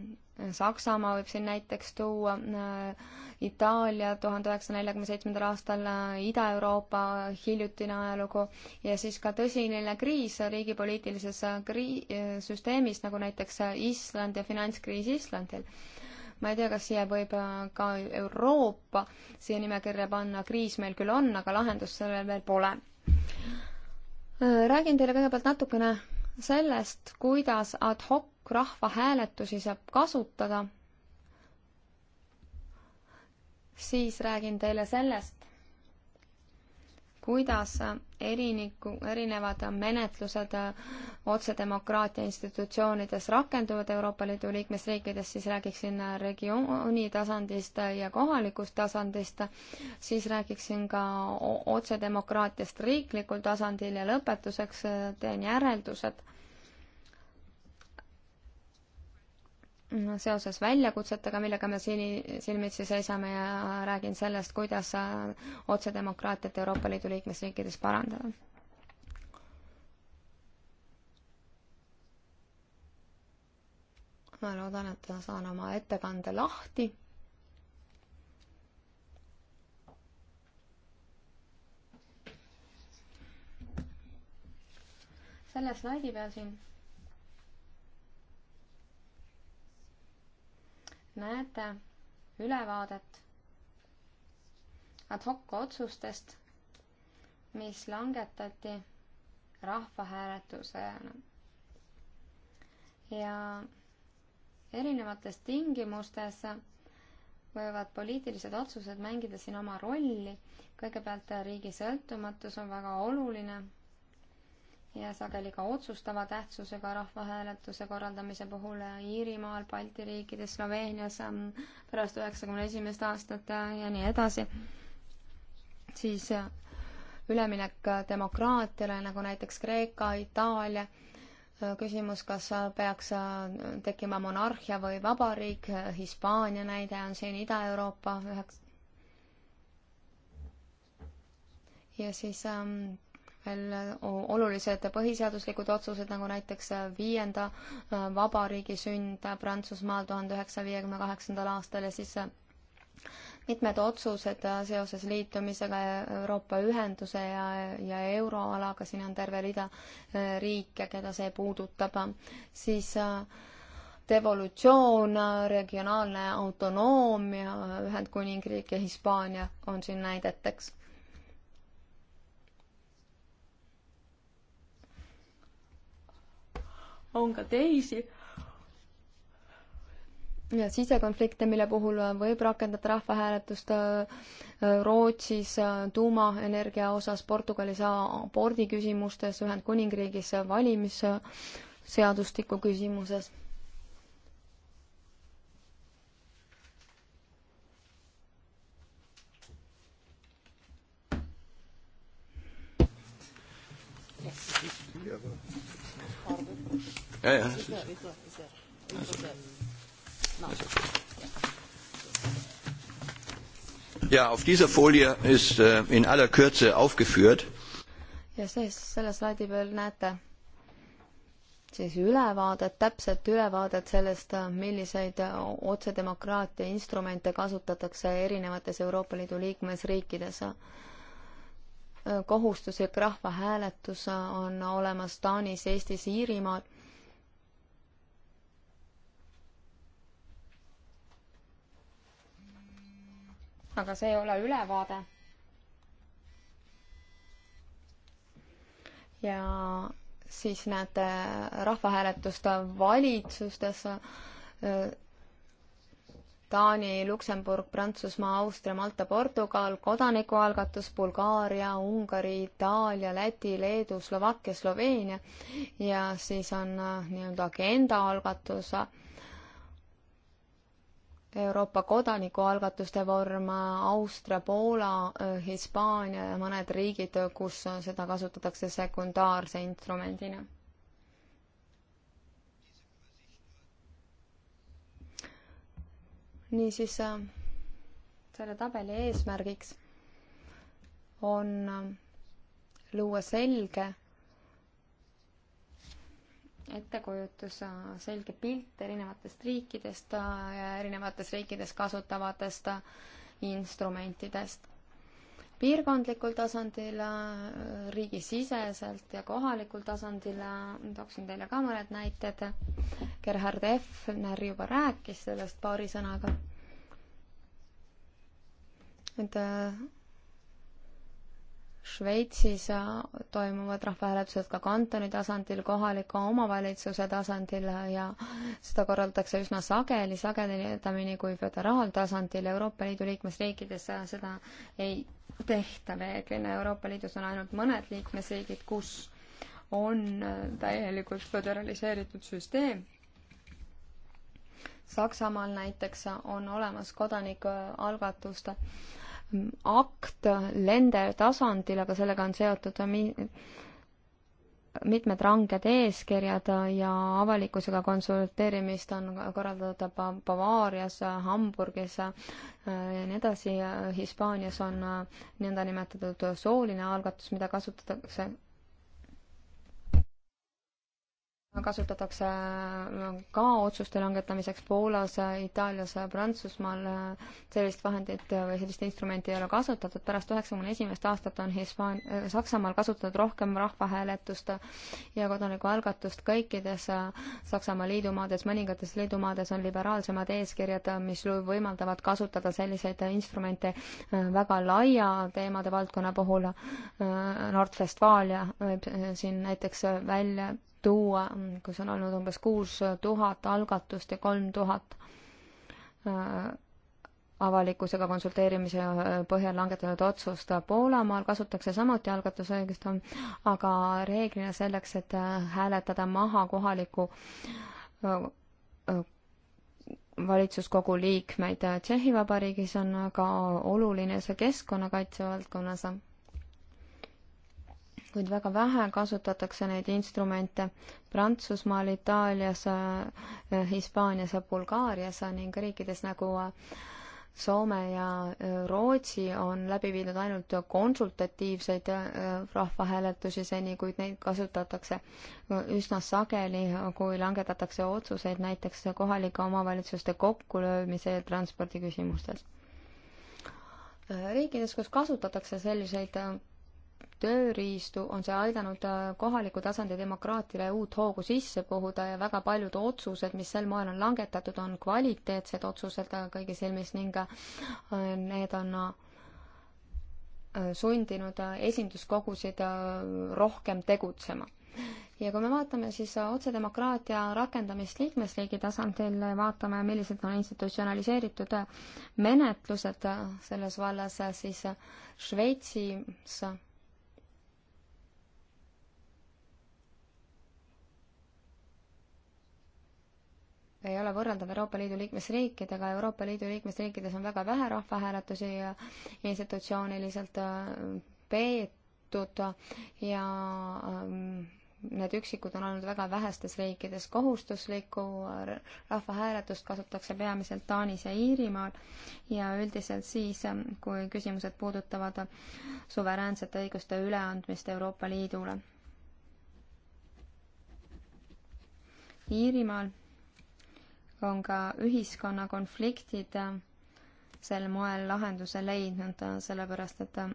Saksamaa võib siin näiteks tuua, äh, Itaalia tuhande üheksasaja neljakümne seitsmendal aastal, äh, Ida-Euroopa hiljutine ajalugu ja siis ka tõsine kriis riigi poliitilises äh, krii-, süsteemis, nagu näiteks Island ja finantskriis Islandil. ma ei tea, kas siia võib ka Euroopa siia nimekirja panna, kriis meil küll on, aga lahendust sellel veel pole. räägin teile kõigepealt natukene sellest, kuidas ad hoc rahvahääletusi saab kasutada, siis räägin teile sellest, kuidas eriniku, erinevad menetlused otsedemokraatia institutsioonides rakenduvad Euroopa Liidu liikmesriikides, siis räägiksin regiooni tasandist ja kohalikust tasandist, siis räägiksin ka otsedemokraatiast riiklikul tasandil ja lõpetuseks teen järeldused seoses väljakutsetega, millega me siin silmitsi seisame ja räägin sellest, kuidas otsedemokraatiat Euroopa Liidu liikmesriikides parandada. ma loodan, et saan oma ettekande lahti. selle slaidi peal siin näete ülevaadet ad hoc otsustest, mis langetati rahvahääletusena. ja erinevates tingimustes võivad poliitilised otsused mängida siin oma rolli. kõigepealt riigi sõltumatus on väga oluline ja sageli ka otsustava tähtsusega rahvahääletuse korraldamise puhul Iirimaal, Balti riikides, Sloveenias ähm, pärast üheksakümne esimest aastat äh, ja nii edasi, siis äh, üleminek äh, demokraatiale, nagu näiteks Kreeka, Itaalia, küsimus, kas peaks tekkima monarhia või vabariik, Hispaania näide on siin Ida-Euroopa üheks ja siis ähm, veel olulised põhiseaduslikud otsused, nagu näiteks viienda äh, vabariigi sünd Prantsusmaal tuhande üheksasaja viiekümne kaheksandal aastal ja siis äh, mitmed otsused äh, seoses liitumisega Euroopa ühenduse ja, ja euroalaga, siin on terve rida riike, keda see puudutab, siis devolutsioon, regionaalne autonoomia, Ühendkuningriik ja Hispaania on siin näideteks on ka teisi ja sisekonflikte, mille puhul võib rakendada rahvahääletust äh, äh, Rootsis äh, tuumaenergia osas, Portugalis abordiküsimustes, Ühendkuningriigis valimisseadustiku küsimuses ja, ja. Ja, auf dieser Folie ist äh, in aller Kürze aufgeführt. ja siis selle slaidi peal näete siis ülevaadet, täpset ülevaadet sellest, äh, milliseid äh, otsedemokraatia instrumente kasutatakse erinevates Euroopa Liidu liikmesriikides. Äh, kohustuslik rahvahääletus on olemas Taanis, Eestis, Iirimaal aga see ei ole ülevaade. ja siis näete rahvahääletust valitsustes. Taani, Luksemburg, Prantsusmaa, Austria, Malta, Portugal, kodanikualgatus, Bulgaaria, Ungari, Itaalia, Läti, Leedu, Slovakkia, Sloveenia ja siis on äh, nii-öelda agenda algatus Euroopa kodanikualgatuste vorm, Austria, Poola, eh, Hispaania ja mõned riigid, kus seda kasutatakse sekundaarse instrumendina. niisiis, eh, selle tabeli eesmärgiks on eh, luua selge ettekujutus, äh, selge pilt erinevatest riikidest äh, ja erinevates riikides kasutavatest äh, instrumentidest. piirkondlikul tasandil, riigisiseselt ja kohalikul tasandil tooksin teile ka mõned näited. Gerhard Effner juba rääkis sellest paari sõnaga. et Šveitsis äh, toimuvad rahvahääletused ka kantoni tasandil, kohaliku omavalitsuse tasandil ja seda korraldatakse üsna sageli, sagedamini kui föderaaltasandil. Euroopa Liidu liikmesriikides äh, seda ei tehta reeglina. Euroopa Liidus on ainult mõned liikmesriigid, kus on äh, täielikult föderaliseeritud süsteem. Saksamaal näiteks on olemas kodanikualgatuste äh, akt lende tasandil, aga sellega on seotud mitmed ranged eeskirjad ja avalikkusega konsulteerimist on korraldatud Bavaarias, Hamburgis äh, ja nii edasi. Hispaanias on äh, nõndanimetatud sooline algatus, mida kasutatakse kasutatakse äh, ka otsuste langetamiseks Poolas, Itaalias, Prantsusmaal, äh, sellist vahendit või sellist instrumenti ei ole kasutatud, pärast üheksakümne esimest aastat on Hispaan-, äh, Saksamaal kasutatud rohkem rahvahääletust ja kodanikualgatust kõikides Saksamaa liidumaades, mõningates liidumaades on liberaalsemad eeskirjad, mis võimaldavad kasutada selliseid instrumente väga laia teemade valdkonna puhul, Nordfestvalia võib siin näiteks välja tuua, kus on olnud umbes kuus tuhat algatust ja kolm tuhat äh, avalikkusega konsulteerimise äh, põhjal langetatud otsust. Poolamaal kasutatakse samuti algatusõigust, aga reeglina selleks, et äh, hääletada maha kohaliku valitsuskogu liikmeid. Tšehhi Vabariigis on aga oluline see keskkonnakaitse valdkonnas kuid väga vähe kasutatakse neid instrumente Prantsusmaal, Itaalias, eh, Hispaanias ja Bulgaarias ning riikides nagu eh, Soome ja eh, Rootsi on läbi viidud ainult konsultatiivseid rahvahääletusi seni, kuid neid kasutatakse üsna sageli, kui langetatakse otsuseid näiteks kohalike omavalitsuste kokkulöömise ja transpordiküsimustes. riikides, kus kasutatakse selliseid tööriistu, on see aidanud äh, kohaliku tasandi demokraatiale uut hoogu sisse puhuda ja väga paljud otsused, mis sel moel on langetatud, on kvaliteetsed otsused äh, kõigi silmis ning äh, need on sundinud esinduskogusid rohkem tegutsema ja kui me vaatame siis otsedemokraatia rakendamist liikmesriigi tasandil, vaatame, millised on institutsionaliseeritud menetlused selles vallas, siis Šveitsis ei ole võrreldav Euroopa Liidu liikmesriikidega, Euroopa Liidu liikmesriikides on väga vähe rahvahääletusi ja institutsiooniliselt äh, peetud ja ähm, need üksikud on olnud väga vähestes riikides kohustuslikku, äh, rahvahääletust kasutatakse peamiselt Taanis ja Iirimaal ja üldiselt siis, äh, kui küsimused puudutavad suveräänsete õiguste üleandmist Euroopa Liidule. Iirimaal on ka ühiskonna konfliktid äh, sel moel lahenduse leidnud, äh, sellepärast et äh,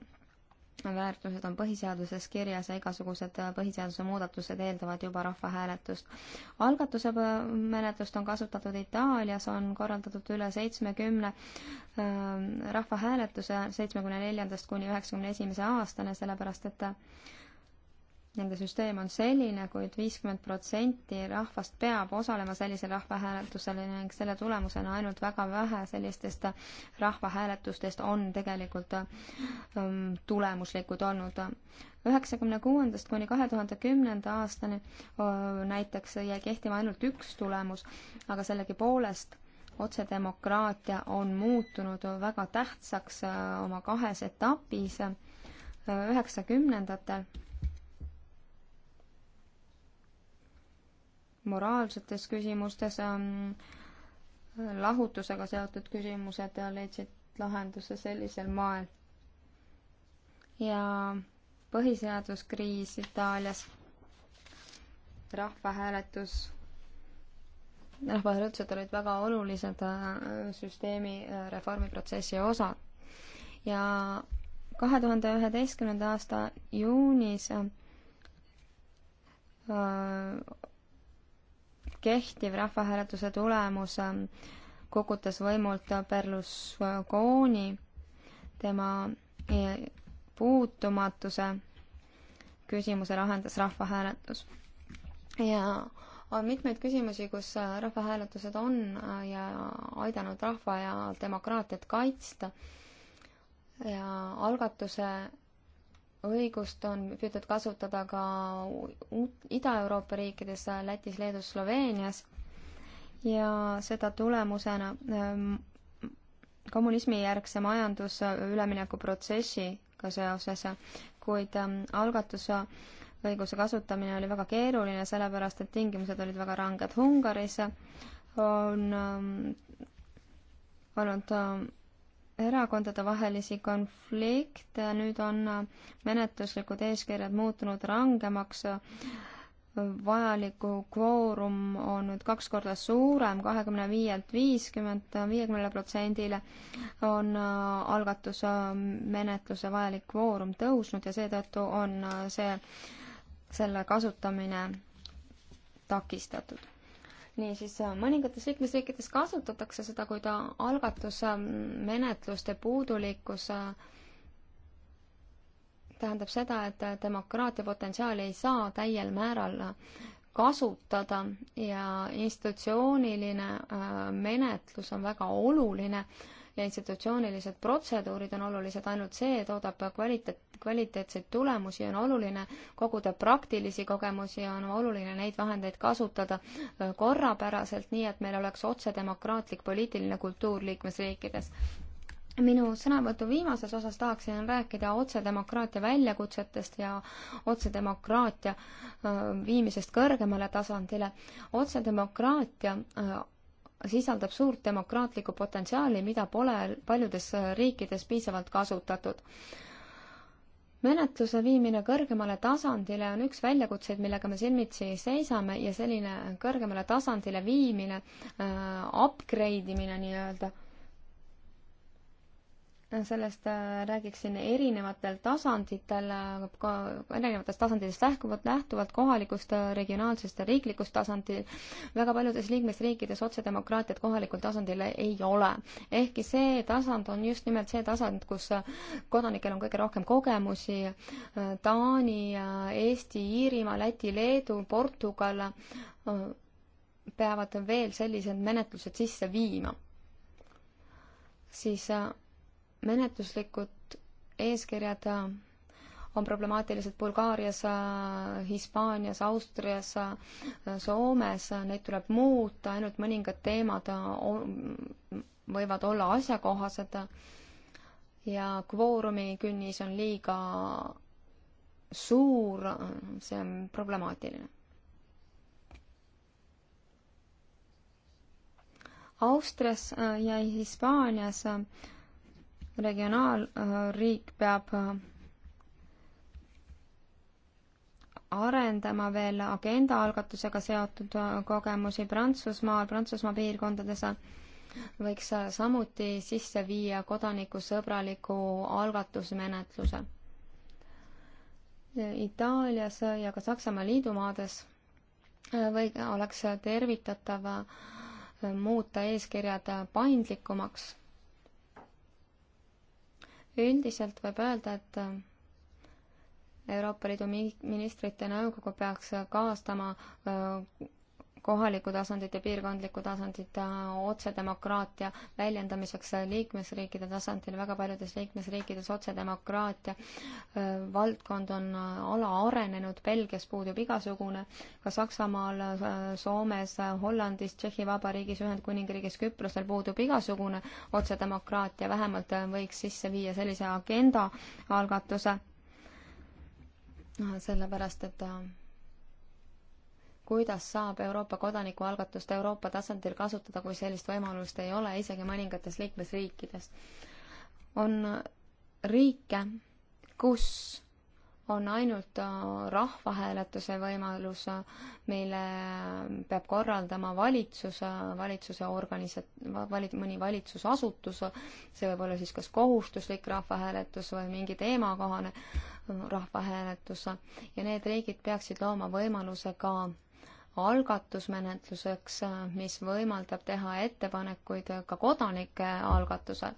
väärtused on põhiseaduses kirjas ja igasugused põhiseaduse muudatused eeldavad juba rahvahääletust. algatuse menetlust on kasutatud Itaalias, on korraldatud üle seitsmekümne rahvahääletuse seitsmekümne neljandast kuni üheksakümne esimese aastane, sellepärast et nende süsteem on selline kuid, kuid viiskümmend protsenti rahvast peab osalema sellisel rahvahääletusel ning selle tulemusena ainult väga vähe sellistest rahvahääletustest on tegelikult ähm, tulemuslikud olnud. üheksakümne kuuendast kuni kahe tuhande kümnenda aastani öö, näiteks jäi kehtima ainult üks tulemus, aga sellegipoolest otsedemokraatia on muutunud väga tähtsaks öö, oma kahes etapis üheksakümnendatel moraalsetes küsimustes ähm, lahutusega seotud küsimused leidsid lahenduse sellisel moel. ja põhiseaduskriis Itaalias, rahvahääletus, rahvahääletused olid väga olulised äh, süsteemi äh, reformiprotsessi osad. ja kahe tuhande üheteistkümnenda aasta juunis öö, äh, kehtiv rahvahääletuse tulemus ähm, kukutas võimult Berlusconi, tema e, puutumatuse küsimuse lahendas rahvahääletus. ja on mitmeid küsimusi, kus äh, rahvahääletused on äh, ja aidanud rahva ja demokraatiat kaitsta ja algatuse õigust on püütud kasutada ka Ida-Euroopa riikides, Lätis, Leedus, Sloveenias ja seda tulemusena ähm, kommunismijärgse majanduse ülemineku protsessiga seoses, kuid ähm, algatuse õiguse kasutamine oli väga keeruline, sellepärast et tingimused olid väga ranged. Ungaris on ähm, olnud erakondadevahelisi konflikte, nüüd on menetluslikud eeskirjad muutunud rangemaks, vajaliku kvoorum on nüüd kaks korda suurem, kahekümne viielt viiskümmend, viiekümnele protsendile on algatusmenetluse vajalik kvoorum tõusnud ja seetõttu on see, selle kasutamine takistatud niisiis, äh, mõningates liikmesriikides kasutatakse seda, kuid algatusmenetluste puudulikkus äh, tähendab seda, et äh, demokraatia potentsiaali ei saa täiel määral kasutada ja institutsiooniline menetlus on väga oluline ja institutsioonilised protseduurid on olulised, ainult see toodab kvaliteet, kvaliteetseid tulemusi, on oluline koguda praktilisi kogemusi, on oluline neid vahendeid kasutada äh, korrapäraselt, nii et meil oleks otsedemokraatlik poliitiline kultuur liikmesriikides minu sõnavõtu viimases osas tahaksin rääkida otsedemokraatia väljakutsetest ja otsedemokraatia äh, viimisest kõrgemale tasandile. otsedemokraatia äh, sisaldab suurt demokraatlikku potentsiaali, mida pole paljudes riikides piisavalt kasutatud. menetluse viimine kõrgemale tasandile on üks väljakutseid, millega me silmitsi seisame ja selline kõrgemale tasandile viimine äh,, upgrade imine nii-öelda äh, sellest äh, räägiksin erinevatel tasanditel, ka erinevatest tasanditest lähtuvalt, lähtuvalt kohalikust, äh, regionaalsest ja riiklikust tasandil. väga paljudes liikmesriikides otsedemokraatiat kohalikul tasandil ei ole. ehkki see tasand on just nimelt see tasand, kus äh, kodanikel on kõige rohkem kogemusi. Taani, Eesti, Iirimaa, Läti, Leedu, Portugal peavad veel sellised menetlused sisse viima siis menetluslikud eeskirjad äh, on problemaatilised Bulgaarias, äh, Hispaanias, Austrias, äh, Soomes, neid tuleb muuta, ainult mõningad teemad võivad olla asjakohased ja kvoorumi künnis on liiga suur, see on problemaatiline. Austrias ja Hispaanias äh, regionaalriik peab äh, arendama veel agenda algatusega seotud äh, kogemusi Prantsusmaal, Prantsusmaa piirkondades võiks äh, samuti sisse viia kodanikusõbraliku algatusmenetluse. Itaalias ja ka Saksamaa liidumaades või oleks tervitatav muuta eeskirjad paindlikumaks üldiselt võib öelda, et Euroopa Liidu ministrite nõukogu peaks kaastama äh, kohalikku tasandit ja piirkondlikku tasandit äh, otsedemokraatia väljendamiseks äh, liikmesriikide tasandil, väga paljudes liikmesriikides otsedemokraatia äh, valdkond on alaarenenud, Belgias puudub igasugune, ka Saksamaal, Soomes, Hollandis, Tšehhi Vabariigis, Ühendkuningriigis, Küprosel puudub igasugune otsedemokraatia, vähemalt võiks sisse viia sellise agenda algatuse, sellepärast et kuidas saab Euroopa kodanikualgatust Euroopa tasandil kasutada, kui sellist võimalust ei ole isegi mõningates liikmesriikides. on riike, kus on ainult äh, rahvahääletuse võimalus, äh, mille peab korraldama valitsus, äh, valitsuse organisa-, vali-, mõni valitsusasutus, see võib olla siis kas kohustuslik rahvahääletus või mingi teemakohane rahvahääletus, ja need riigid peaksid looma võimaluse ka algatusmenetluseks, mis võimaldab teha ettepanekuid ka kodanike algatusel.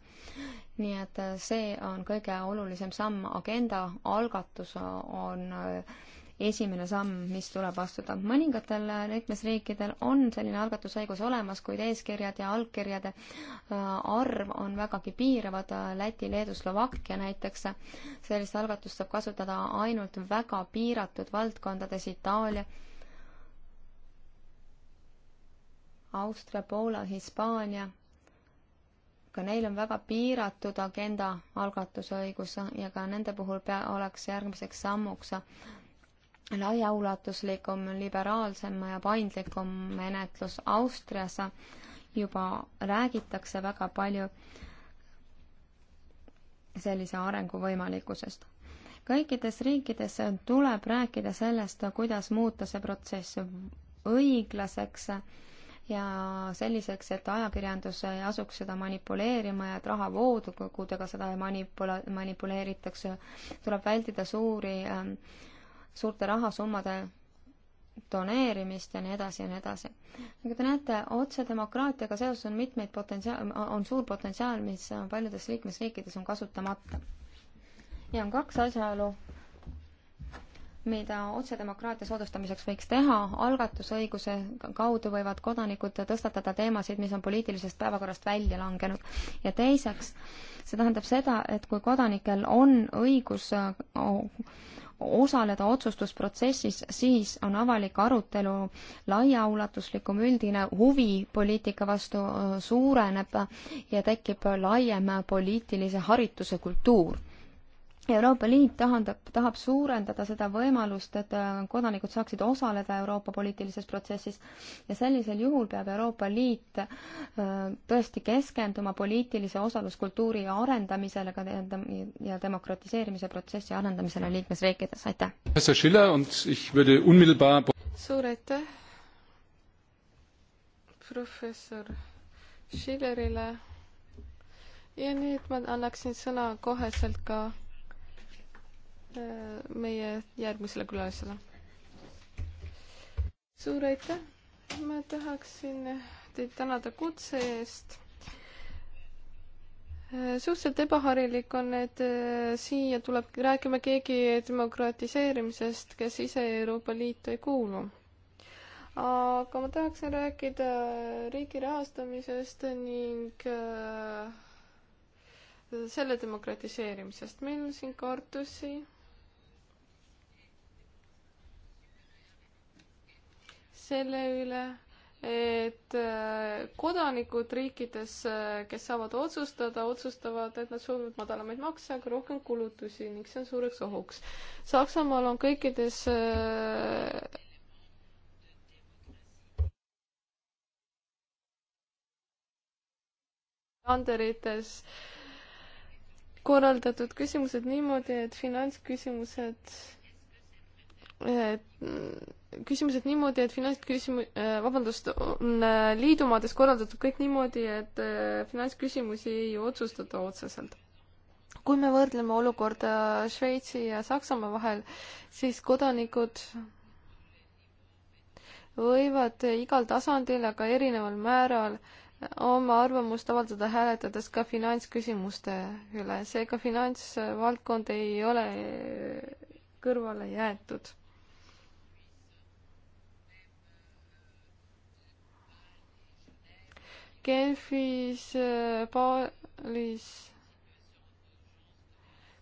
nii et see on kõige olulisem samm, agenda algatus on esimene samm, mis tuleb astuda. mõningatel liikmesriikidel on selline algatusõigus olemas, kuid eeskirjad ja allkirjade äh, arv on vägagi piiravad. Läti, Leedu, Slovakkia näiteks, sellist algatust saab kasutada ainult väga piiratud valdkondades, Itaalia Austria, Poola, Hispaania, ka neil on väga piiratud agenda algatusõigus ja ka nende puhul pea, oleks järgmiseks sammuks laiaulatuslikum, liberaalsem ja paindlikum menetlus Austrias. juba räägitakse väga palju sellise arengu võimalikkusest. kõikides riikides tuleb rääkida sellest, kuidas muuta see protsess õiglaseks ja selliseks, et ajakirjandus ei asuks seda manipuleerima ja et rahavoodukogudega seda manipula-, manipuleeritakse, tuleb vältida suuri, ähm, suurte rahasummade doneerimist ja nii edasi ja nii edasi. nagu te näete, otsedemokraatiaga seoses on mitmeid potentsiaal, on suur potentsiaal, mis paljudes liikmesriikides on kasutamata. ja on kaks asjaolu, mida otsedemokraatia soodustamiseks võiks teha, algatusõiguse kaudu võivad kodanikud tõstatada teemasid, mis on poliitilisest päevakorrast välja langenud. ja teiseks, see tähendab seda, et kui kodanikel on õigus äh, osaleda otsustusprotsessis, siis on avalik arutelu laiaulatuslikum, üldine huvi poliitika vastu äh, suureneb ja tekib laiem poliitilise harituse kultuur Euroopa Liit tahandab, tahab suurendada seda võimalust, et äh, kodanikud saaksid osaleda Euroopa poliitilises protsessis ja sellisel juhul peab Euroopa Liit äh, tõesti keskenduma poliitilise osaluskultuuri arendamisele ka ja demokratiseerimise protsessi arendamisele liikmesriikides, aitäh! suur aitäh professor Schillerile ja nüüd ma annaksin sõna koheselt ka Äh, meie järgmisele külalisele. suur aitäh, ma tahaksin teid tänada kutse eest. Äh, suhteliselt ebaharilik on, et äh, siia tuleb rääkima keegi demokratiseerimisest, kes ise Euroopa Liitu ei kuulu aga ma tahaksin rääkida riigi rahastamisest ning selle demokratiseerimisest. meil on siin kartusi selle üle, et äh, kodanikud riikides, äh, kes saavad otsustada, otsustavad, et nad soovivad madalamaid makse, aga rohkem kulutusi ning see on suureks ohuks. Saksamaal on kõikides landerites äh, korraldatud küsimused niimoodi, et finantsküsimused et küsimused niimoodi, et finantsküsimus, äh, vabandust, on äh, liidumaades korraldatud kõik niimoodi, et äh, finantsküsimusi ei otsustata otseselt. kui me võrdleme olukorda Šveitsi ja Saksamaa vahel, siis kodanikud võivad igal tasandil, aga erineval määral oma arvamust avaldada, hääletades ka finantsküsimuste üle, seega finantsvaldkond ei ole kõrvale jäetud Genfis, äh, Palis,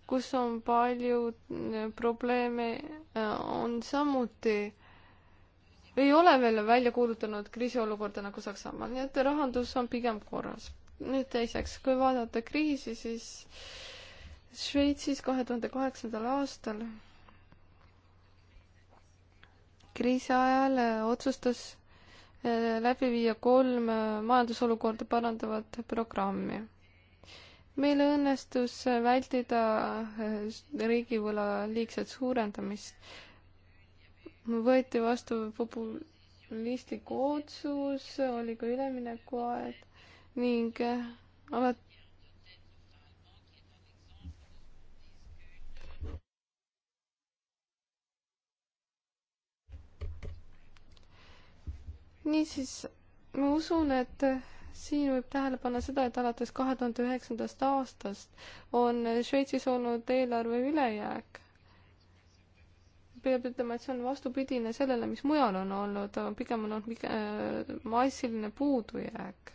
kus on palju äh, probleeme, äh, on samuti ei ole veel välja kuulutanud kriisiolukorda nagu Saksamaal, nii et rahandus on pigem korras. nüüd teiseks, kui vaadata kriisi, siis Šveitsis kahe tuhande kaheksandal aastal kriisi ajal otsustas Äh, läbi viia kolm äh, majandusolukorda parandavat programmi. meil õnnestus äh, vältida riigivõla liigset suurendamist. võeti vastu populistlik otsus, oli ka üleminekuaeg ning alati niisiis, ma usun, et siin võib tähele panna seda, et alates kahe tuhande üheksandast aastast on Šveitsis olnud eelarve ülejääk. peab ütlema, et see on vastupidine sellele, mis mujal on olnud, pigem on olnud äh, massiline puudujääk.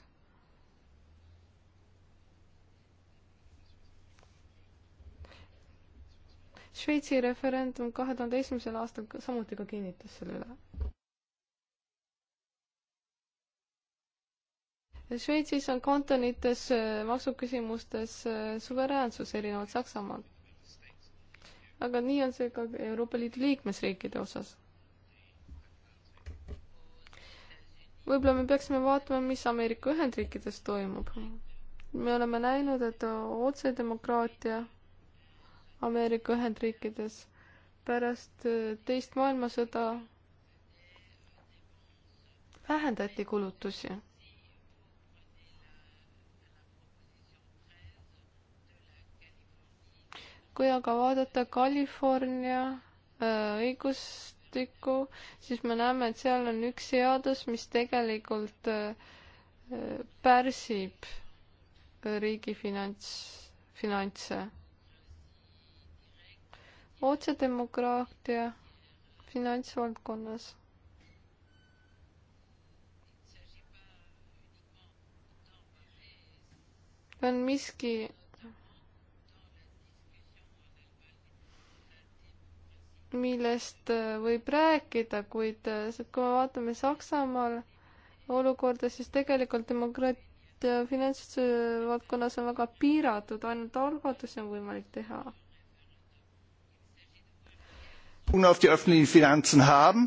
Šveitsi referendum kahe tuhande esimesel aastal samuti ka kinnitas selle üle. Šveitsis on kantonites äh, maksuküsimustes äh, suveräänsus erinevalt Saksamaalt. aga nii on see ka Euroopa Liidu liikmesriikide osas. võib-olla me peaksime vaatama, mis Ameerika Ühendriikides toimub. me oleme näinud, et otsedemokraatia Ameerika Ühendriikides pärast äh, teist maailmasõda vähendati kulutusi kui aga vaadata California äh, õigustikku, siis me näeme, et seal on üks seadus, mis tegelikult äh, äh, pärsib riigi finants, finantse. otsedemokraatia finantsvaldkonnas on miski, millest äh, võib rääkida, kuid äh, kui me vaatame Saksamaal olukorda, siis tegelikult demokraatia finantsvaldkonnas on väga piiratud, ainult algatusi on võimalik teha auf die öffentlichen Finanzen haben.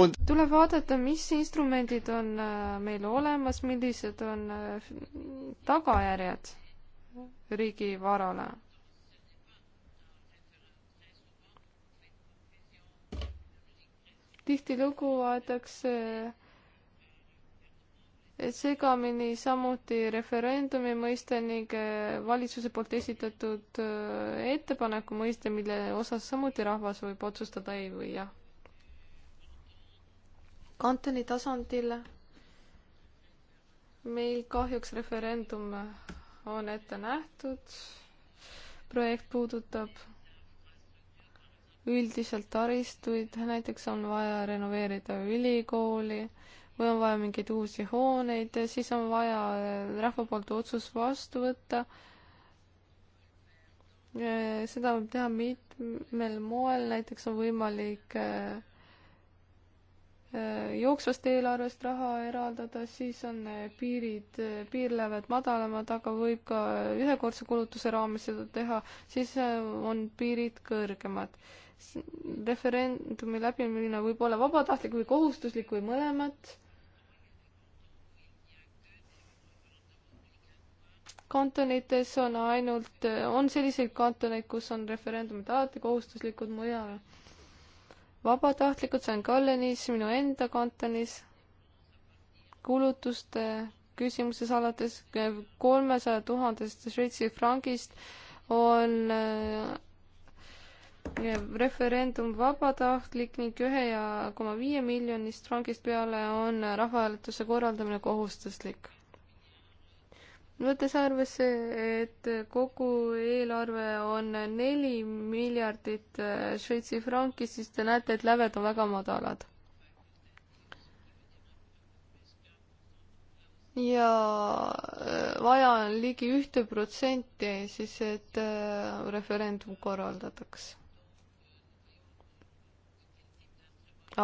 Und tuleb vaadata, mis instrumendid on äh, meil olemas, millised on tagajärjed riigi varale tihtilugu aetakse segamini samuti referendumi mõiste ning eh, valitsuse poolt esitatud eh, ettepaneku mõiste, mille osas samuti rahvas võib otsustada ei või jah. kantoni tasandil meil kahjuks referendum on ette nähtud. projekt puudutab üldiselt taristuid, näiteks on vaja renoveerida ülikooli või on vaja mingeid uusi hooneid, siis on vaja eh, rahva poolt otsus vastu võtta. Eh, seda võib teha mitmel moel, näiteks on võimalik eh, jooksvast eelarvest raha eraldada, siis on piirid, piirläved madalamad, aga võib ka ühekordse kulutuse raames seda teha, siis on piirid kõrgemad referendumi läbimine võib olla vabatahtlik või kohustuslik või mõlemat. kantonites on ainult, on selliseid kantoneid, kus on referendumid alati kohustuslikud, mujal vabatahtlikud, see on Kallenis, minu enda kantonis, kulutuste küsimuses alates kolmesaja tuhandest Šveitsi frangist on referendum vabatahtlik ning ühe ja koma viie miljonist frangist peale on rahvahääletuse korraldamine kohustuslik. võttes arvesse, et kogu eelarve on neli miljardit Šveitsi franki, siis te näete, et läved on väga madalad. ja äh, vaja on ligi ühte protsenti siis, et äh, referendum korraldataks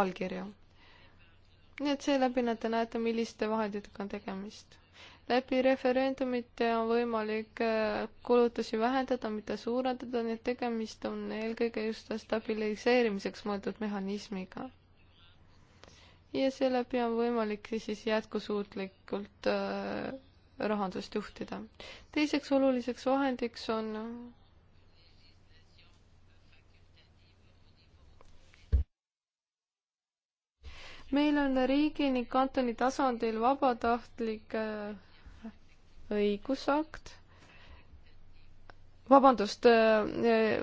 allkirju. nii et seeläbi te näete, milliste vahenditega on tegemist. läbi referendumite on võimalik äh, kulutusi vähendada, mitte suurendada, nii et tegemist on eelkõige just stabiliseerimiseks mõeldud mehhanismiga. ja seeläbi on võimalik siis jätkusuutlikult äh, rahandust juhtida. teiseks oluliseks vahendiks on meil on riigi ning kantoni tasandil vabatahtlik äh, õigusakt, vabandust, äh,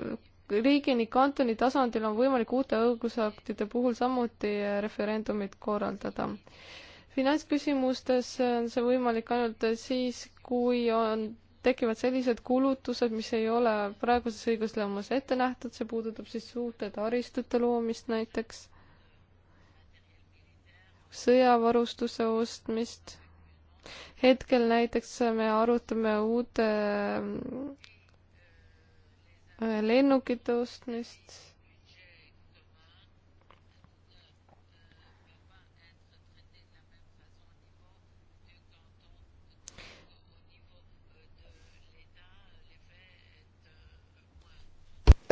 riigi ning kantoni tasandil on võimalik uute õigusaktide puhul samuti äh, referendumit korraldada. finantsküsimustes on see võimalik ainult siis, kui on, tekivad sellised kulutused, mis ei ole praeguses õigusloomes ette nähtud, see puudutab siis suurte taristute loomist näiteks sõjavarustuse ostmist. hetkel näiteks me arutame uute äh, lennukite ostmist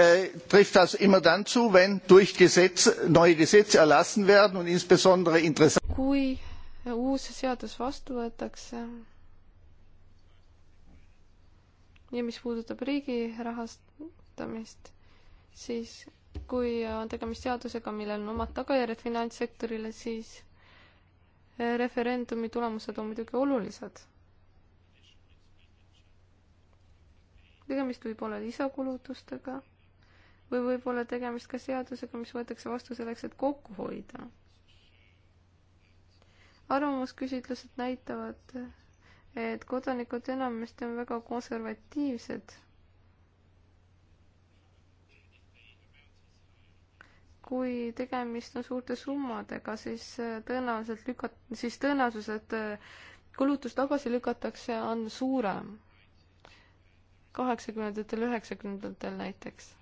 Äh, trifft das immer dann zu, wenn durch Gesetz, neue Gesetze erlassen werden und insbesondere interessant. kui uus seadus vastu võetakse ja mis puudutab riigi rahastamist, siis kui on tegemist seadusega, millel on omad tagajärjed finantssektorile, siis referendumi tulemused on muidugi olulised. tegemist võib olla lisakulutustega või võib olla tegemist ka seadusega, mis võetakse vastu selleks, et kokku hoida. arvamusküsitlused näitavad, et kodanikud enamasti on väga konservatiivsed. kui tegemist on suurte summadega, siis tõenäoliselt lükat-, siis tõenäosus, et äh, kulutus tagasi lükatakse, on suurem. kaheksakümnendatel, üheksakümnendatel näiteks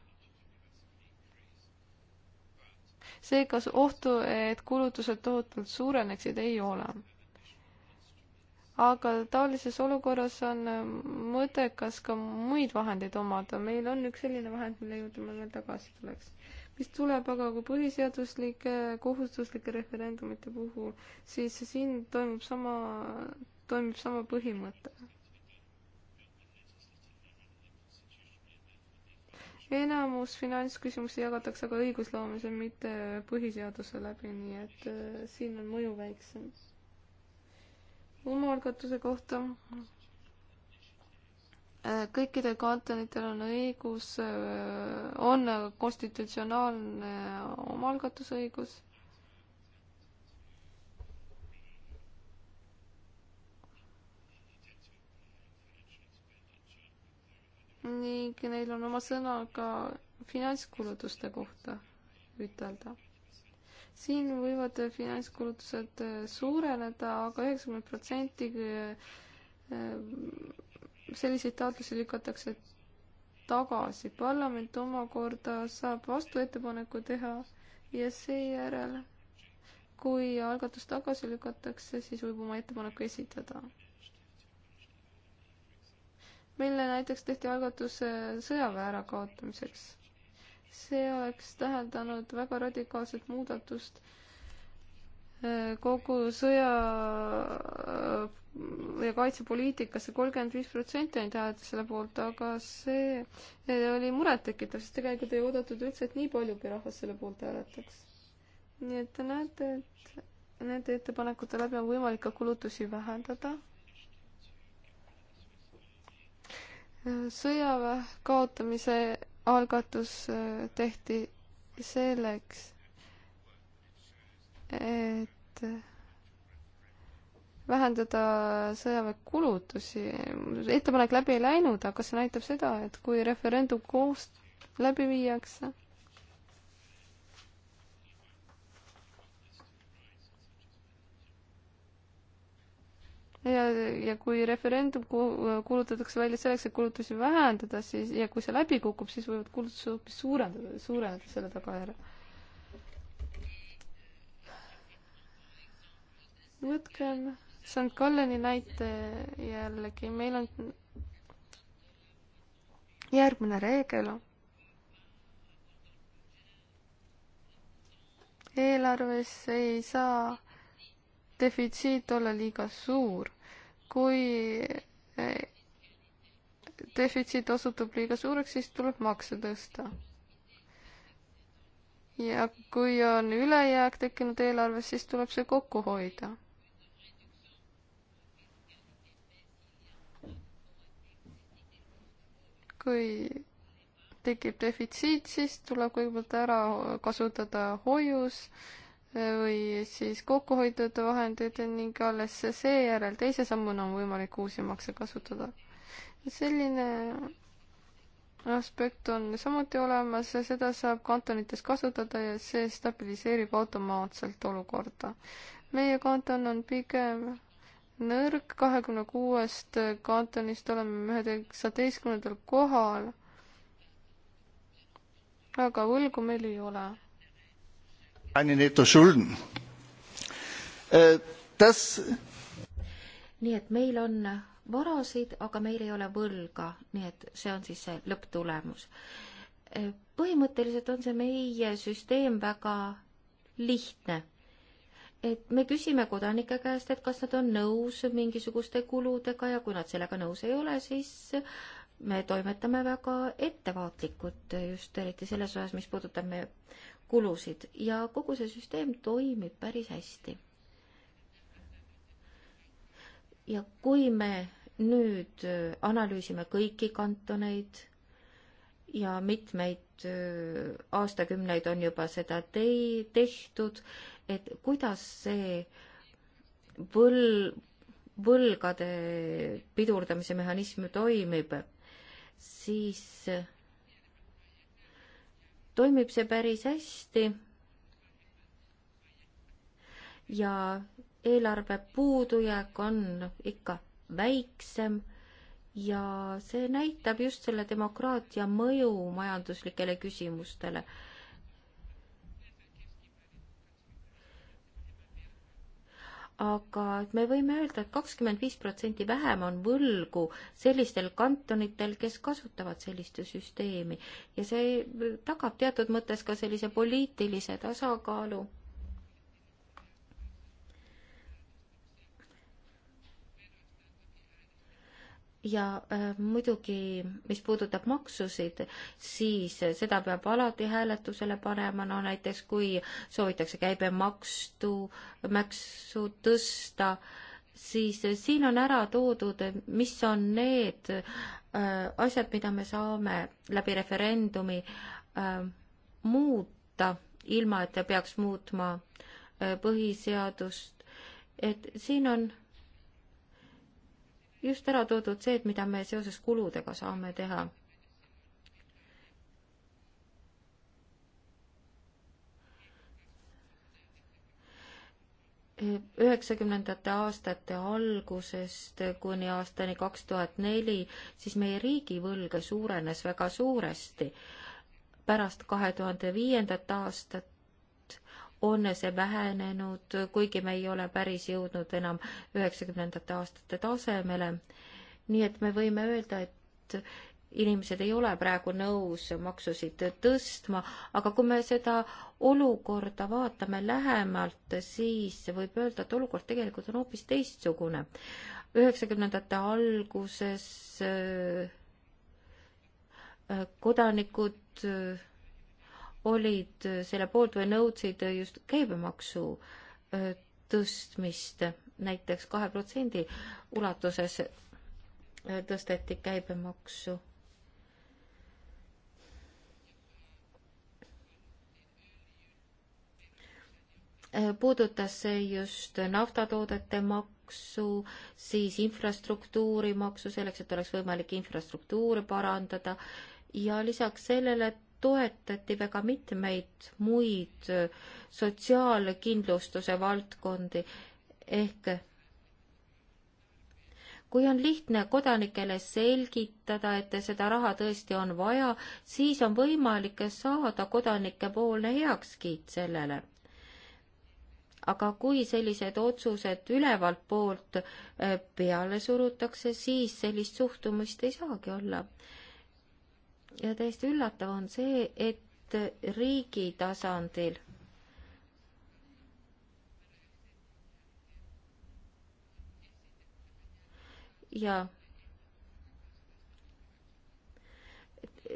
seega ohtu, et kulutused tohutult suureneksid, ei ole. aga taolises olukorras on mõttekas ka muid vahendeid omada, meil on üks selline vahend, mille juurde ma veel tagasi tuleks mis tuleb aga kui põhiseaduslike kohustuslike referendumite puhul, siis siin toimub sama, toimib sama põhimõte. enamus finantsküsimusi jagatakse aga õigusloomise, mitte põhiseaduse läbi, nii et äh, siin on mõju väiksem. omaalgatuse kohta. Äh, kõikidel kantonitel on õigus, äh, on konstitutsionaalne omaalgatusõigus ning neil on oma sõna ka finantskulutuste kohta ütelda. siin võivad finantskulutused äh, suureneda aga, aga üheksakümmend protsenti äh, selliseid taotlusi lükatakse tagasi. parlament omakorda saab vastuettepaneku teha ja seejärel, kui algatus tagasi lükatakse, siis võib oma ettepaneku esitada mille näiteks tehti algatus sõjaväe ärakaotamiseks. see oleks tähendanud väga radikaalset muudatust äh, kogu sõja äh, ja kaitsepoliitikasse kolmkümmend viis protsenti ainult hääletas selle poolt, aga see, see äh, oli murettekitav, sest tegelikult ei oodatud üldse, et nii paljugi rahvast selle poolt hääletaks. nii et te näete, et nende ettepanekute läbi on võimalik ka kulutusi vähendada sõjaväe kaotamise algatus äh, tehti selleks, et vähendada sõjaväekulutusi. ettepanek läbi ei läinud, aga see näitab seda, et kui referendum koos läbi viiakse, ja, ja kui referendum kuulutatakse välja selleks, et kulutusi vähendada, siis ja kui see läbi kukub, siis võivad kulutused hoopis suurendada, suureneda selle tagajärjel. võtkem St Galleni näite jällegi, meil on järgmine reegel. eelarves ei saa defitsiit olla liiga suur. kui eh, defitsiit osutub liiga suureks, siis tuleb makse tõsta. ja kui on ülejääk tekkinud eelarves, siis tuleb see kokku hoida. kui tekib defitsiit, siis tuleb kõigepealt ära kasutada hoius või siis kokku hoitud vahendid ning alles seejärel teise sammuna on võimalik uusi makse kasutada. selline aspekt on samuti olemas, seda saab kantonites kasutada ja see stabiliseerib automaatselt olukorda. meie kanton on pigem nõrk, kahekümne kuuest kantonist oleme üheksateistkümnendal kohal. aga võlgu meil ei ole Eine netoschulden. Äh, das... nii et meil on varasid, aga meil ei ole võlga, nii et see on siis see lõpptulemus. Äh, põhimõtteliselt on see meie süsteem väga lihtne et me küsime kodanike käest, et kas nad on nõus mingisuguste kuludega ja kui nad sellega nõus ei ole, siis me toimetame väga ettevaatlikult just eriti selles osas, mis puudutab meie kulusid ja kogu see süsteem toimib päris hästi. ja kui me nüüd äh, analüüsime kõiki kantoneid ja mitmeid äh, aastakümneid on juba seda tei-, tehtud, et kuidas see võl-, võlgade pidurdamise mehhanism toimib, siis äh, toimib see päris hästi. ja eelarve puudujääk on ikka väiksem ja see näitab just selle demokraatia mõju majanduslikele küsimustele aga et me võime öelda et, et kakskümmend viis protsenti vähem on võlgu sellistel kantonitel, kes kasutavad sellist süsteemi ja see tagab teatud mõttes ka sellise poliitilise tasakaalu ja äh, muidugi, mis puudutab maksusid, siis äh, seda peab alati hääletusele panema, no näiteks kui soovitakse käibemaksu, maksu tõsta, siis äh, siin on ära toodud, äh, mis on need äh, asjad, mida me saame läbi referendumi äh, muuta, ilma et peaks muutma põhiseadust. et siin on just ära toodud see, et mida me seoses kuludega saame teha. üheksakümnendate aastate algusest kuni aastani kaks tuhat neli, siis meie riigivõlg suurenes väga suuresti. pärast kahe tuhande viiendat aastat on see vähenenud, kuigi me ei ole päris jõudnud enam üheksakümnendate aastate tasemele. nii et me võime öelda, et inimesed ei ole praegu nõus maksusid tõstma, aga kui me seda olukorda vaatame lähemalt, siis võib öelda, et olukord tegelikult on hoopis teistsugune. üheksakümnendate alguses äh, kodanikud äh, olid äh, selle poolt või nõudsid just käibemaksu äh, tõstmist näiteks kahe protsendi ulatuses äh, tõsteti käibemaksu. puudutas see just naftatoodete maksu, siis infrastruktuuri maksu, selleks et oleks võimalik infrastruktuuri parandada ja lisaks sellele toetati väga mitmeid muid sotsiaalkindlustuse valdkondi ehk kui on lihtne kodanikele selgitada, et seda raha tõesti on vaja, siis on võimalik saada kodanike poolne heakskiit sellele. aga kui sellised otsused ülevalt poolt eh, peale surutakse, siis sellist suhtumist ei saagi olla ja täiesti üllatav on see, et riigi tasandil ja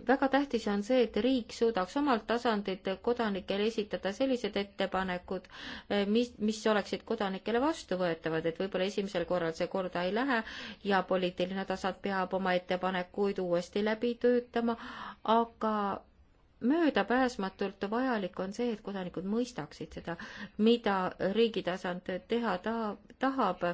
väga tähtis on see, et riik suudaks omalt tasandilt kodanikele esitada sellised ettepanekud, eh, mis, mis oleksid kodanikele vastuvõetavad, et võib-olla esimesel korral see korda ei lähe ja poliitiline tasand peab oma ettepanekuid uuesti läbi töötama, aga möödapääsmatult vajalik on see, et kodanikud mõistaksid seda, mida riigi tasand teha ta-, tahab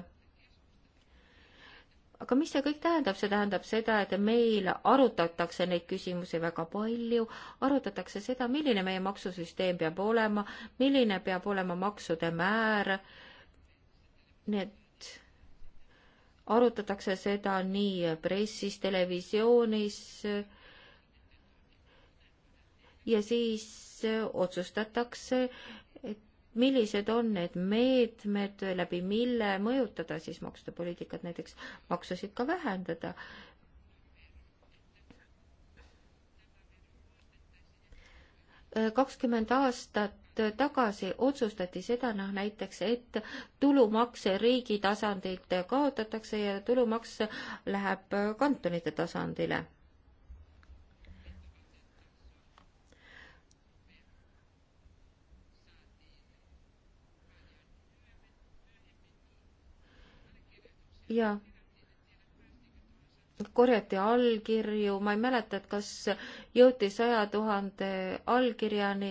aga mis see kõik tähendab, see tähendab seda, et meil arutatakse neid küsimusi väga palju, arutatakse seda, milline meie maksusüsteem peab olema, milline peab olema maksude määr, nii et arutatakse seda nii pressis, televisioonis ja siis otsustatakse, et millised on need meetmed, läbi mille mõjutada siis maksude poliitikat, näiteks maksusid ka vähendada. kakskümmend aastat tagasi otsustati seda noh näiteks, et tulumaks riigi tasandilt kaotatakse ja tulumaks läheb kantonite tasandile ja korjati allkirju, ma ei mäleta, et kas jõuti saja tuhande allkirjani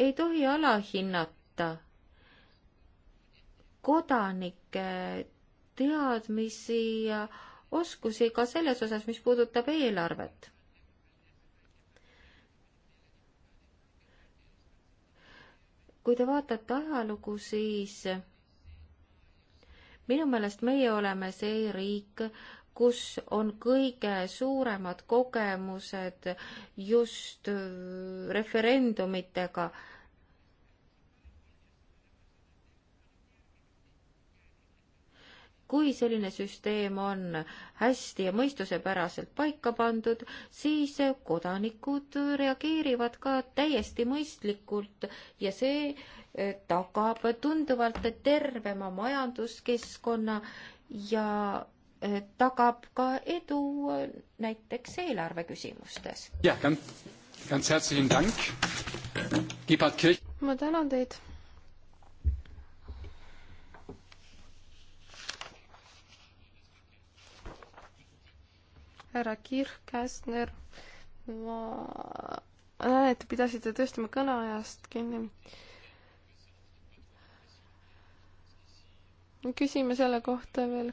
ei tohi alahinnata kodanike teadmisi ja oskusi ka selles osas, mis puudutab eelarvet. kui te vaatate ajalugu, siis minu meelest meie oleme see riik, kus on kõige suuremad kogemused just referendumitega kui selline süsteem on hästi ja mõistusepäraselt paika pandud, siis kodanikud reageerivad ka täiesti mõistlikult ja see eh, tagab tunduvalt tervema majanduskeskkonna ja eh, tagab ka edu eh, näiteks eelarve küsimustes. jah, ganz herzlichen Dank, Gibert Kirch. ma tänan teid härra Kirk-Käsner, ma näen, et te pidasite tõesti oma kõneajast kinni. küsime selle kohta veel.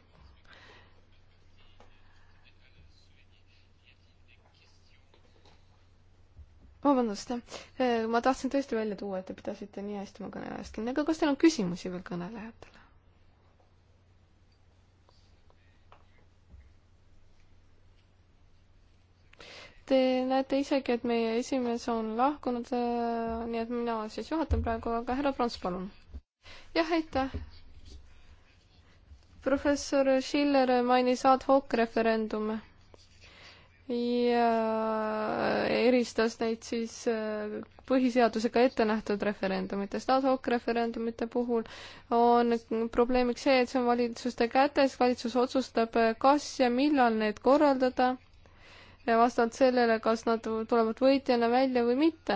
vabandust, äh, ma tahtsin tõesti välja tuua, et te pidasite nii hästi oma kõneajast kinni, aga kas teil on küsimusi veel kõnelejatele? Te näete isegi, et meie esimees on lahkunud, äh, nii et mina siis juhatan praegu, aga härra Prants, palun. jah, aitäh. professor Schiller mainis ad hoc referendume ja eristas neid siis äh, põhiseadusega ette nähtud referendumitest. ad hoc referendumite puhul on probleemiks see, et see on valitsuste kätes, valitsus otsustab, kas ja millal need korraldada ja vastavalt sellele, kas nad tulevad võitjana välja või mitte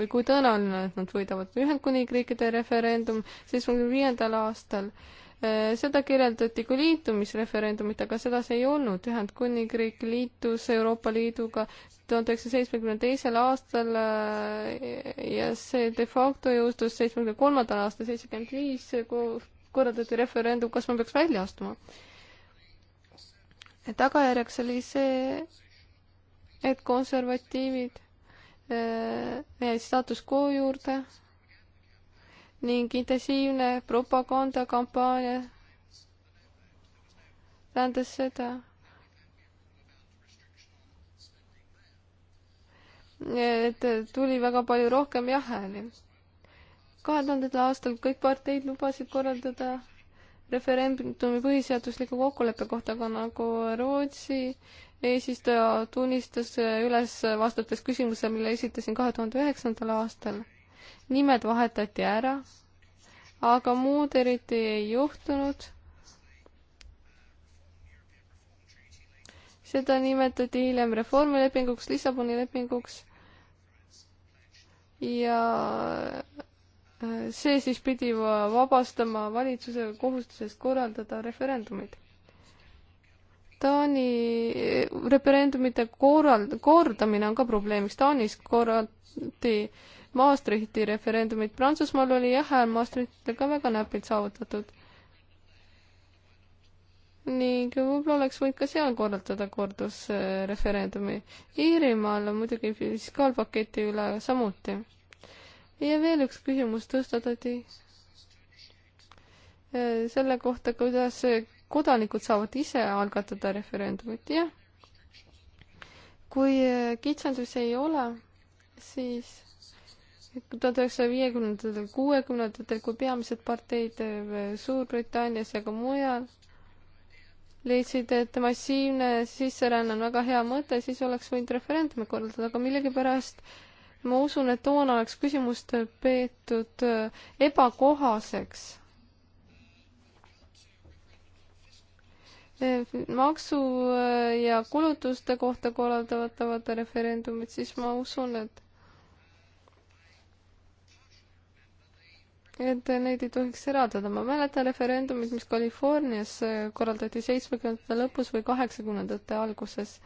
või kui tõenäoline, et nad võidavad Ühendkuningriikide referendum seitsmekümne viiendal aastal. Äh, seda kirjeldati kui liitumisreferendumit, aga sedasi ei olnud. Ühendkuningriik liitus Euroopa Liiduga tuhande üheksasaja seitsmekümne teisel aastal äh, ja see de facto jõustus seitsmekümne kolmandal aastal, seitsekümmend viis korraldati referendum, kas ma peaks välja astuma tagajärjeks oli see, et konservatiivid äh, jäid status quo juurde ning intensiivne propagandakampaania tähendas seda, et tuli väga palju rohkem jah-hääli. kahe tuhandendal aastal kõik parteid lubasid korraldada referendumi põhiseadusliku kokkuleppe kohta, aga nagu Rootsi eesistuja tunnistas üles, vastates küsimusele, mille esitasin kahe tuhande üheksandal aastal. nimed vahetati ära, aga muud eriti ei juhtunud seda nimetati hiljem reformilepinguks, Lissaboni lepinguks ja see siis pidi vabastama valitsuse kohustusest korraldada referendumeid. Taani referendumite korral-, kordamine on ka probleemiks, Taanis korraldati Maastrichti referendumit, Prantsusmaal oli jah hääl Maastrichtile ka väga näpilt saavutatud. ning võib-olla oleks võinud ka seal korraldada kordusreferendumi. Iirimaal on muidugi fiskaalpaketi üle samuti ja veel üks küsimus tõstatati eh, selle kohta, kuidas kodanikud saavad ise algatada referendumit, jah. kui eh, kitsendusi ei ole, siis tuhat üheksasaja viiekümnendatel, kuuekümnendatel, kui peamised parteid eh, Suurbritannias ja ka mujal leidsid, et massiivne sisseränne on väga hea mõte, siis oleks võinud referendumi korraldada, aga millegipärast äh, ma usun, et toona oleks küsimust peetud äh, ebakohaseks. Äh, maksu äh, ja kulutuste kohta korraldatavad referendumid, siis ma usun, et et neid ei tohiks eraldada. ma mäletan referendumit, mis Californias korraldati seitsmekümnendate lõpus või kaheksakümnendate alguses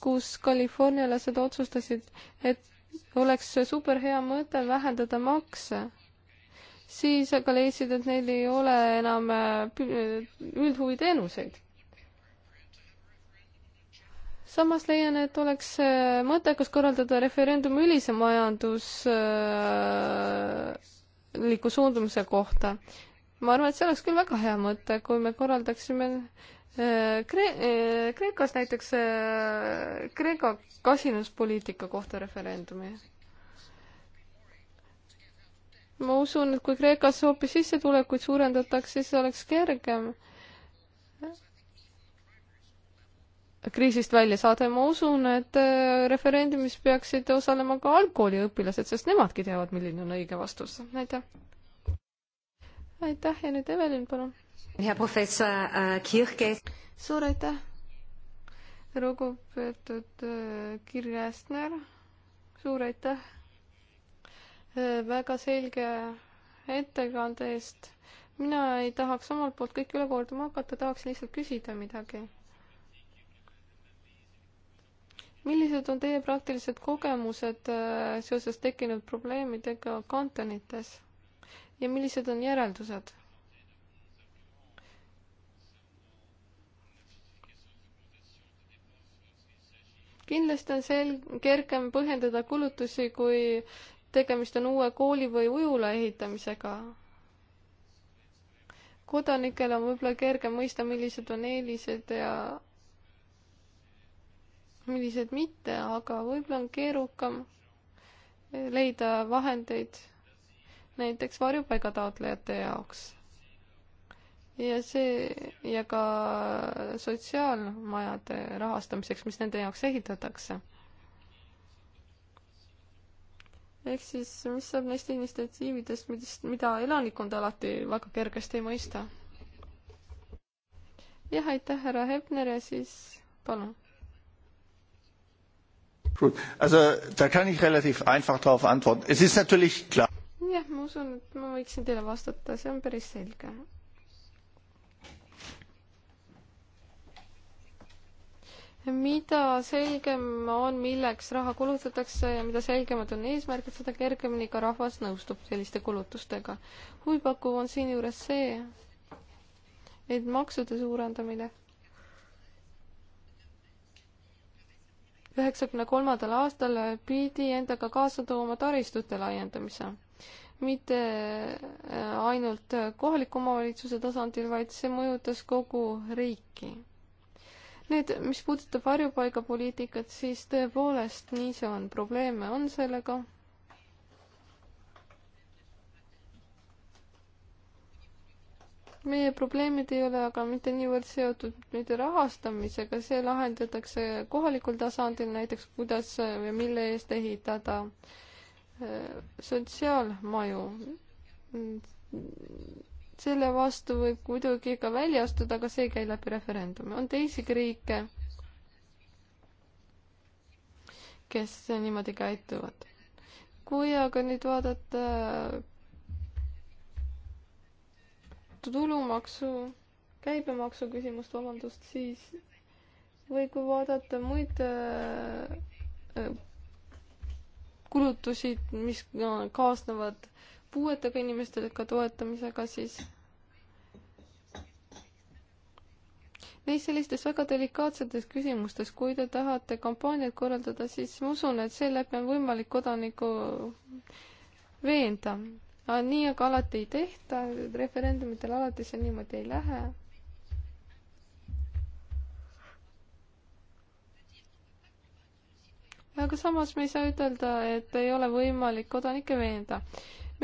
kus Californialased otsustasid, et oleks super hea mõte vähendada makse, siis aga leidsid, et neil ei ole enam äh, üldhuviteenuseid. samas leian, et oleks äh, mõttekas korraldada referendum ülise majandusliku äh, suundumise kohta. ma arvan, et see oleks küll väga hea mõte, kui me korraldaksime Kre-, Kreekas näiteks äh, Kreeka kasinuspoliitika kohta referendumi. ma usun, et kui Kreekas hoopis sissetulekuid suurendatakse, siis oleks kergem kriisist välja saada ja ma usun, et äh, referendumis peaksid osalema ka algkooliõpilased, sest nemadki teavad, milline on õige vastus. aitäh! aitäh ja nüüd Evelin, palun! hea professor äh, Kirke. suur aitäh, lugupeetud äh, Kirje Äsner, suur aitäh äh, väga selge ettekande eest. mina ei tahaks omalt poolt kõike üle kordama hakata, tahaks lihtsalt küsida midagi. millised on teie praktilised kogemused seoses tekkinud probleemidega kantonites ja millised on järeldused? kindlasti on sel-, kergem põhjendada kulutusi, kui tegemist on uue kooli või ujula ehitamisega. kodanikel on võib-olla kergem mõista, millised on eelised ja millised mitte, aga võib-olla on keerukam leida vahendeid näiteks varjupaigataotlejate jaoks ja see ja ka sotsiaalmajade rahastamiseks, mis nende jaoks ehitatakse. ehk siis, mis saab neist initsiatiividest, mis, mida elanikkond alati väga kergesti ei mõista? jah, aitäh, härra Hepner ja siis palun. Gut, also da kann ich relativ einfach darauf antworten. Es ist natürlich klar. jah, ma usun, et ma võiksin teile vastata, see on päris selge mida selgem on, milleks raha kulutatakse ja mida selgemad on eesmärgid, seda kergemini ka rahvas nõustub selliste kulutustega. huvipakkuv on siinjuures see, et maksude suurendamine üheksakümne kolmandal aastal pidi endaga kaasa tooma taristute laiendamise. mitte äh, ainult kohaliku omavalitsuse tasandil, vaid see mõjutas kogu riiki nüüd, mis puudutab varjupaigapoliitikat, siis tõepoolest nii see on, probleeme on sellega. meie probleemid ei ole aga mitte niivõrd seotud mitte rahastamisega, see lahendatakse kohalikul tasandil, näiteks kuidas või mille eest ehitada äh, sotsiaalmaju selle vastu võib muidugi ka välja astuda, aga see ei käi läbi referendumi. on teisigi riike, kes niimoodi käituvad. kui aga nüüd vaadata tulumaksu, käibemaksu küsimust, vabandust, siis või kui vaadata muid äh, kulutusi, mis kaasnevad äh, puuetega inimestele ka toetamisega, siis neis sellistes väga delikaatsetes küsimustes, kui te tahate kampaaniat korraldada, siis ma usun, et seeläbi on võimalik kodanikku veenda. nii aga alati ei tehta, referendumitel alati see niimoodi ei lähe aga samas me ei saa ütelda, et ei ole võimalik kodanikke veenda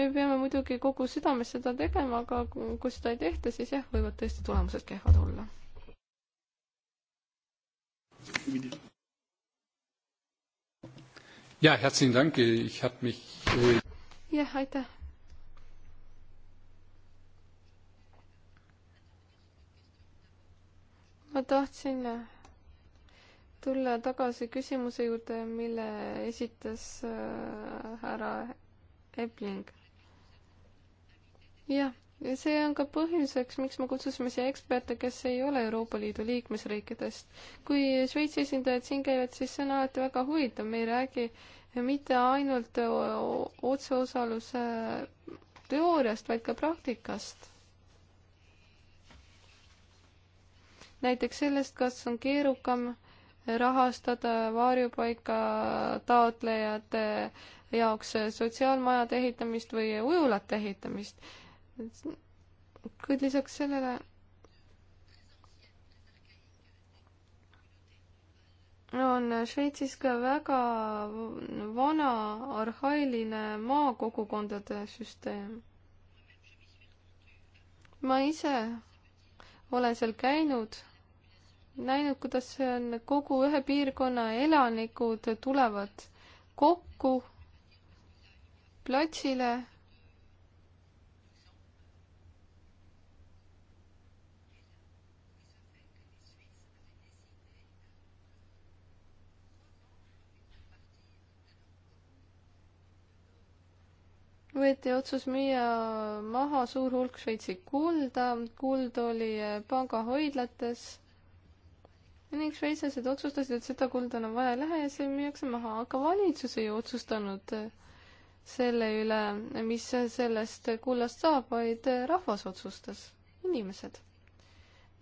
me peame muidugi kogu südames seda tegema, aga kui seda ei tehta, siis jah, võivad tõesti tulemused kehvad olla. ja, herzlichen Dank, ich hab mich. Äh, jah, aitäh. ma tahtsin tulla tagasi küsimuse juurde, mille esitas äh, härra Ebling jah, ja see on ka põhjuseks, miks me kutsusime siia eksperte, kes ei ole Euroopa Liidu liikmesriikidest. kui Šveitsi esindajad siin käivad, siis see on alati väga huvitav, me ei räägi mitte ainult otseosaluse teooriast, vaid ka praktikast. näiteks sellest, kas on keerukam rahastada varjupaika taotlejate jaoks sotsiaalmajade ehitamist või ujulate ehitamist kuid lisaks sellele on Šveitsis ka väga vana arhailine maakogukondade süsteem. ma ise olen seal käinud, näinud, kuidas on kogu ühe piirkonna elanikud tulevad kokku platsile võeti otsus müüa maha suur hulk Šveitsi kulda, kuld oli eh, pangahoidlates ning šveitslased otsustasid, et seda kulda enam vaja ei lähe ja see müüakse maha, aga valitsus ei otsustanud eh, selle üle, eh, mis sellest kullast saab, vaid rahvas otsustas, inimesed.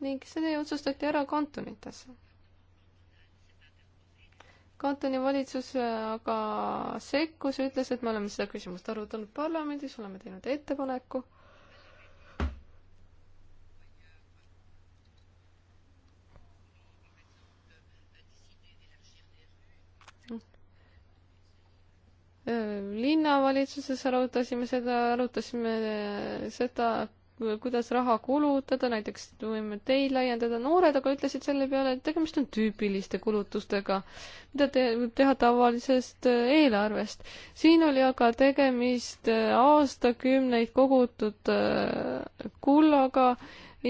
ning see otsustati ära kantonitesse Kantoni valitsus äh, aga sekkus, ütles, et me oleme seda küsimust arutanud parlamendis, oleme teinud ettepaneku. Äh, linnavalitsuses arutasime seda, arutasime seda, kuidas raha kulutada, näiteks võime teid laiendada, noored aga ütlesid selle peale, et tegemist on tüüpiliste kulutustega, mida te, võib teha tavalisest äh, eelarvest. siin oli aga tegemist äh, aastakümneid kogutud äh, kullaga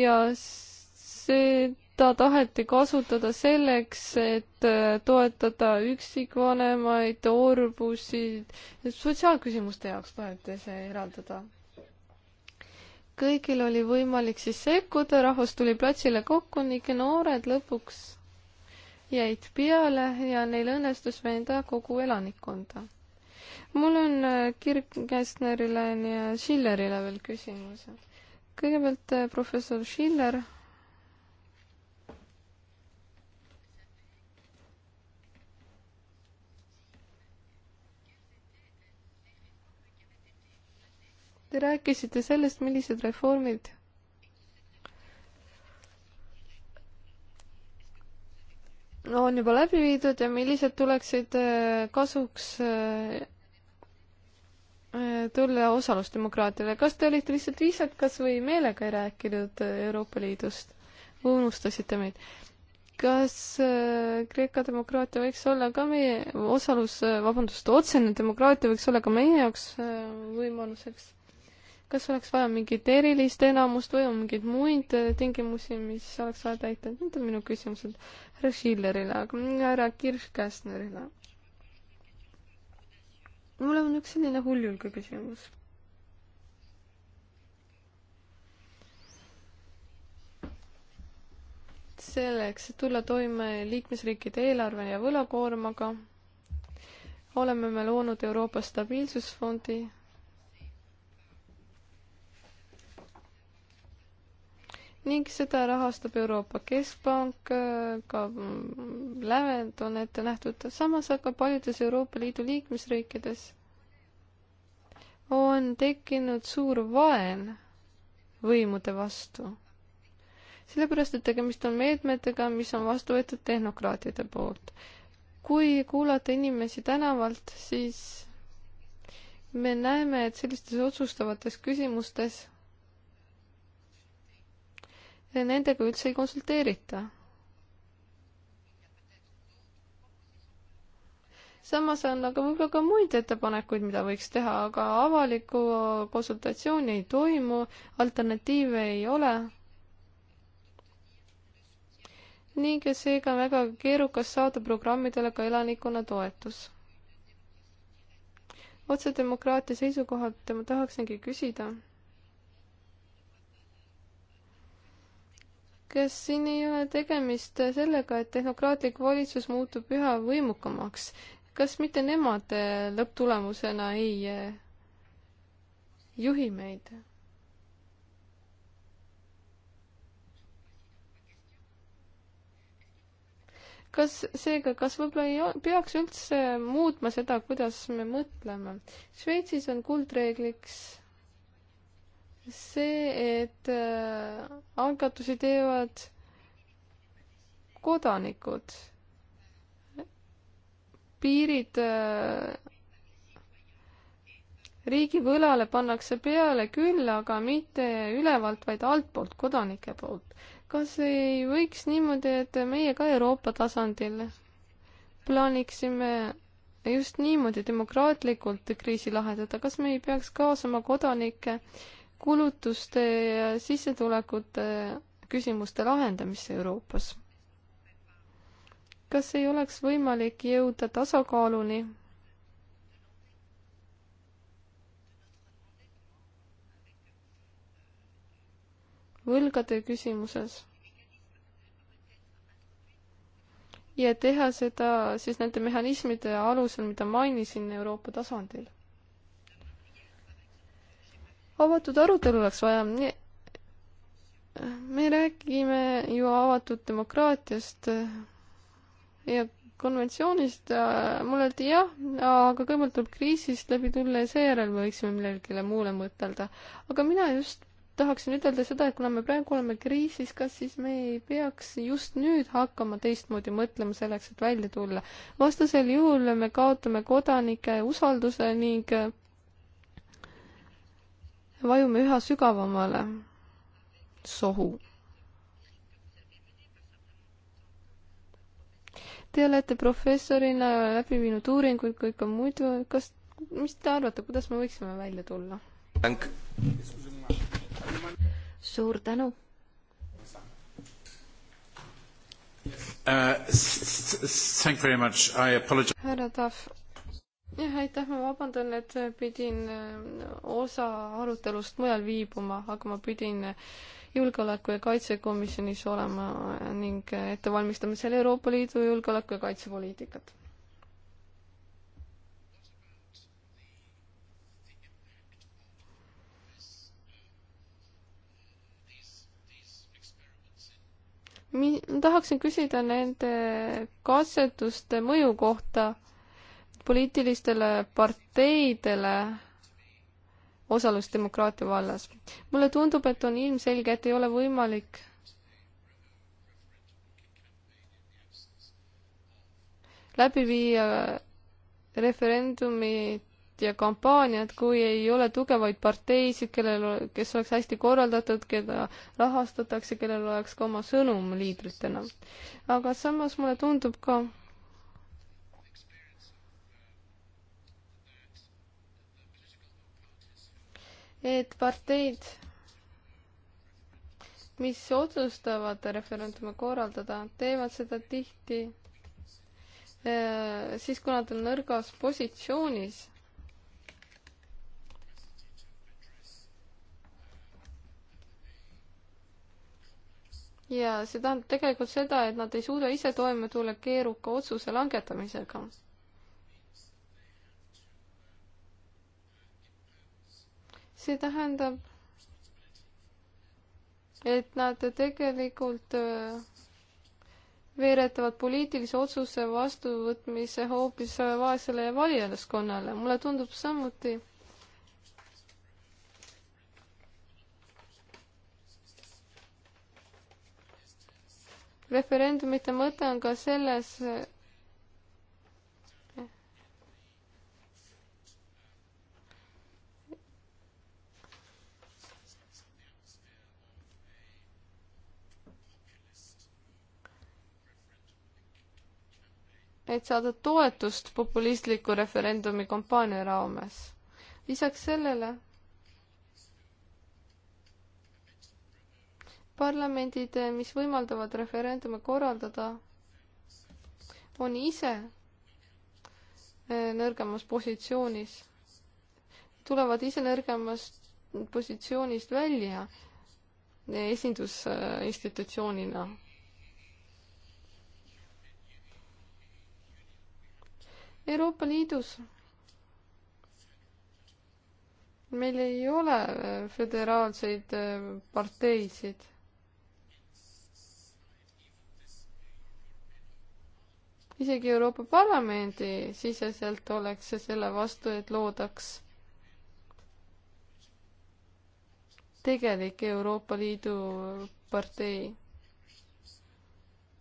ja seda taheti kasutada selleks, et toetada üksikvanemaid, orbusid, sotsiaalküsimuste jaoks taheti see eraldada kõigil oli võimalik siis sekkuda, rahvas tuli platsile kokku ning noored lõpuks jäid peale ja neil õnnestus veenda kogu elanikkonda. mul on äh, Kirk Kästnerile ja Schillerile veel küsimus. kõigepealt äh, professor Schiller Te rääkisite sellest, millised reformid on juba läbi viidud ja millised tuleksid äh, kasuks äh, äh, tulla osalusdemokraatiale. kas te olite lihtsalt viisakas või meelega ei rääkinud Euroopa Liidust? unustasite meid. kas Kreeka demokraatia võiks olla ka meie osalus, vabandust, otsene demokraatia võiks olla ka meie jaoks võimaluseks? kas oleks vaja mingit erilist enamust või on mingeid muid äh, tingimusi, mis oleks vaja täita, need on minu küsimused härra Schillerile, aga mm, härra Kirch-Käsnerile. mul on üks selline hulljulge küsimus. selleks, et tulla toime liikmesriikide eelarve ja võlakoormaga, oleme me loonud Euroopa Stabiilsusfondi ning seda rahastab Euroopa Keskpank, äh, ka mm, lävend on ette nähtud, samas aga paljudes Euroopa Liidu liikmesriikides on tekkinud suur vaen võimude vastu. sellepärast, et tegemist on meetmetega, mis on vastu võetud tehnokraatide poolt. kui kuulata inimesi tänavalt, siis me näeme, et sellistes otsustavates küsimustes nendega üldse ei konsulteerita. samas on aga võib-olla ka muid ettepanekuid, mida võiks teha, aga avalikku konsultatsiooni ei toimu, alternatiive ei ole. ning seega on väga keerukas saada programmidele ka elanikkonna toetus. otsedemokraatia seisukohalt ma tahaksingi küsida kas siin ei ole tegemist sellega, et tehnokraatlik valitsus muutub üha võimukamaks? kas mitte nemad eh, lõpptulemusena ei eh, juhi meid? kas seega, kas võib-olla ei peaks üldse muutma seda, kuidas me mõtleme? Šveitsis on kuldreegliks see, et äh, algatusi teevad kodanikud. piirid äh, riigivõlale pannakse peale küll, aga mitte ülevalt, vaid altpoolt, kodanike poolt. kas ei võiks niimoodi, et meie ka Euroopa tasandil plaaniksime just niimoodi demokraatlikult kriisi lahendada, kas me ei peaks kaasama kodanikke äh, kulutuste ja sissetulekute küsimuste lahendamisse Euroopas. kas ei oleks võimalik jõuda tasakaaluni võlgade küsimuses? ja teha seda siis nende mehhanismide alusel, mida mainisin Euroopa tasandil avatud arutelu oleks vaja. me räägime ju avatud demokraatiast ja konventsioonist mulle öeldi jah, aga kõigepealt tuleb kriisist läbi tulla ja seejärel me võiksime millelegi muule mõtelda. aga mina just tahaksin ütelda seda, et kuna me praegu oleme kriisis, kas siis me ei peaks just nüüd hakkama teistmoodi mõtlema selleks, et välja tulla. vastasel juhul me kaotame kodanike usalduse ning vajume üha sügavamale sohu. Te olete professorina läbi viinud uuringuid kui ka muidu, kas, mis te arvate, kuidas me võiksime välja tulla? suur tänu uh,. härra Tahv jah, aitäh, ma vabandan, et pidin äh, osa arutelust mujal viibuma, aga ma pidin äh, julgeoleku- ja kaitsekomisjonis olema ning äh, ette valmistama seal Euroopa Liidu julgeoleku- ja kaitsepoliitikat. mi-, tahaksin küsida nende katsetuste mõju kohta poliitilistele parteidele osalus demokraatia vallas. mulle tundub, et on ilmselge, et ei ole võimalik läbi viia referendumit ja kampaaniat, kui ei ole tugevaid parteisid, kellel, kes oleks hästi korraldatud, keda rahastatakse, kellel oleks ka oma sõnum liidritena. aga samas mulle tundub ka, et parteid, mis otsustavad referendume korraldada, teevad seda tihti äh, siis, kui nad on nõrgas positsioonis. ja see tähendab tegelikult seda, et nad ei suuda ise toime tulla keeruka otsuse langetamisega see tähendab, et nad tegelikult äh, veeretavad poliitilise otsuse vastuvõtmise hoopis äh, vaesele valijaskonnale. mulle tundub samuti, referendumite mõte on ka selles, et saada toetust populistliku referendumi kampaania raames. lisaks sellele parlamendid, mis võimaldavad referendume korraldada, on ise eh, nõrgemas positsioonis, tulevad ise nõrgemast positsioonist välja eh, esindusinstitutsioonina Euroopa Liidus meil ei ole äh, föderaalseid äh, parteisid. isegi Euroopa Parlamendi siseselt oleks see selle vastu, et loodaks tegelik Euroopa Liidu partei.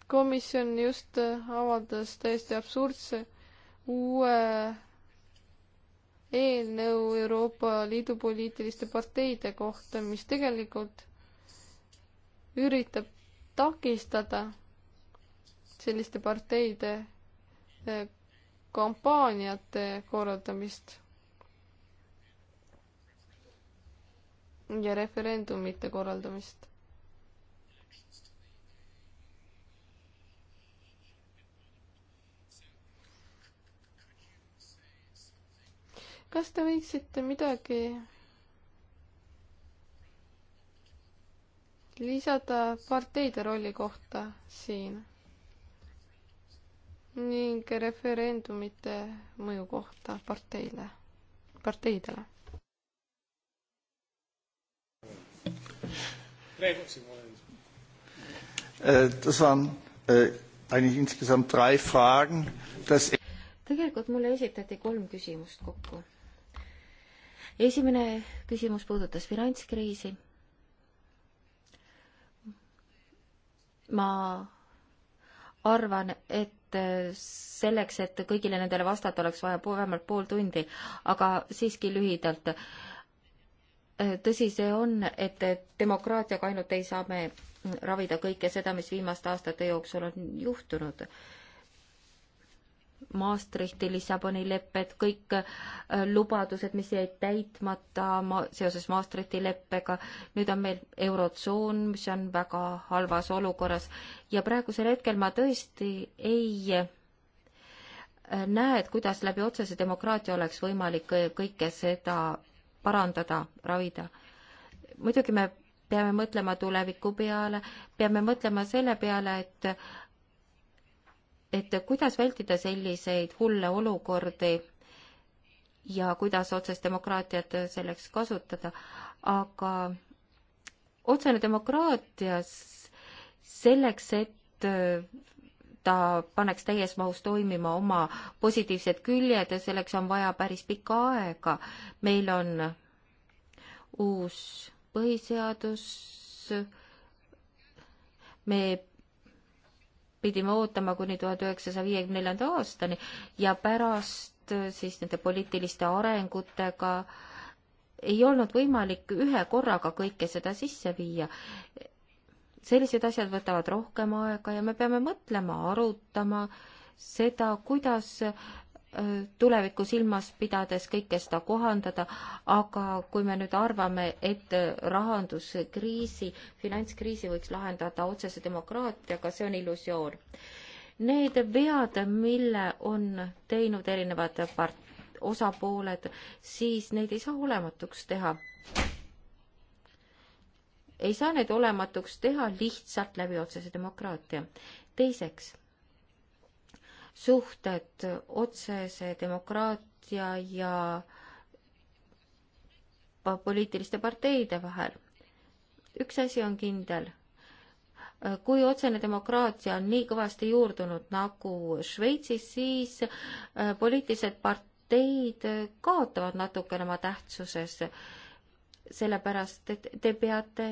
komisjon just äh, avaldas täiesti absurdse uue eelnõu Euroopa Liidu poliitiliste parteide kohta, mis tegelikult üritab takistada selliste parteide eh, kampaaniate korraldamist ja referendumite korraldamist. kas te võiksite midagi lisada parteide rolli kohta siin ning referendumite mõju kohta parteile, parteidele? Äh, das waren äh, eigentlich insgesamt drei Fragen. Das tegelikult mulle esitati kolm küsimust kokku esimene küsimus puudutas finantskriisi. ma arvan, et selleks, et kõigile nendele vastata, oleks vaja vähemalt pool tundi, aga siiski lühidalt. tõsi see on, et demokraatiaga ainult ei saa me ravida kõike seda, mis viimaste aastate jooksul on juhtunud Maastrichti, Lissaboni lepped, kõik äh, lubadused, mis jäid täitmata ma-, seoses Maastrichti leppega, nüüd on meil Eurotsoon, mis on väga halvas olukorras ja praegusel hetkel ma tõesti ei äh, näe, et kuidas läbi otsese demokraatia oleks võimalik äh, kõike seda parandada, ravida. muidugi me peame mõtlema tuleviku peale, peame mõtlema selle peale, et et kuidas vältida selliseid hulle olukordi ja kuidas otsest demokraatiat selleks kasutada, aga otsene demokraatias selleks, et ta paneks täies mahus toimima oma positiivsed küljed ja selleks on vaja päris pikka aega. meil on uus põhiseadus, me pidime ootama kuni tuhande üheksasaja viiekümne neljanda aastani ja pärast äh, siis nende poliitiliste arengutega ei olnud võimalik ühe korraga kõike seda sisse viia. sellised asjad võtavad rohkem aega ja me peame mõtlema, arutama seda, kuidas Äh, tulevikku silmas pidades kõike seda kohandada, aga kui me nüüd arvame, et rahanduskriisi, finantskriisi võiks lahendada otsese demokraatiaga, see on illusioon. Need vead, mille on teinud erinevad part-, osapooled, siis neid ei saa olematuks teha. ei saa neid olematuks teha lihtsalt läbi otsese demokraatia. teiseks suhted otsese demokraatia ja poliitiliste parteide vahel. üks asi on kindel, kui otsene demokraatia on nii kõvasti juurdunud nagu Šveitsis, siis äh, poliitilised parteid kaotavad natukene oma tähtsuses, sellepärast et te peate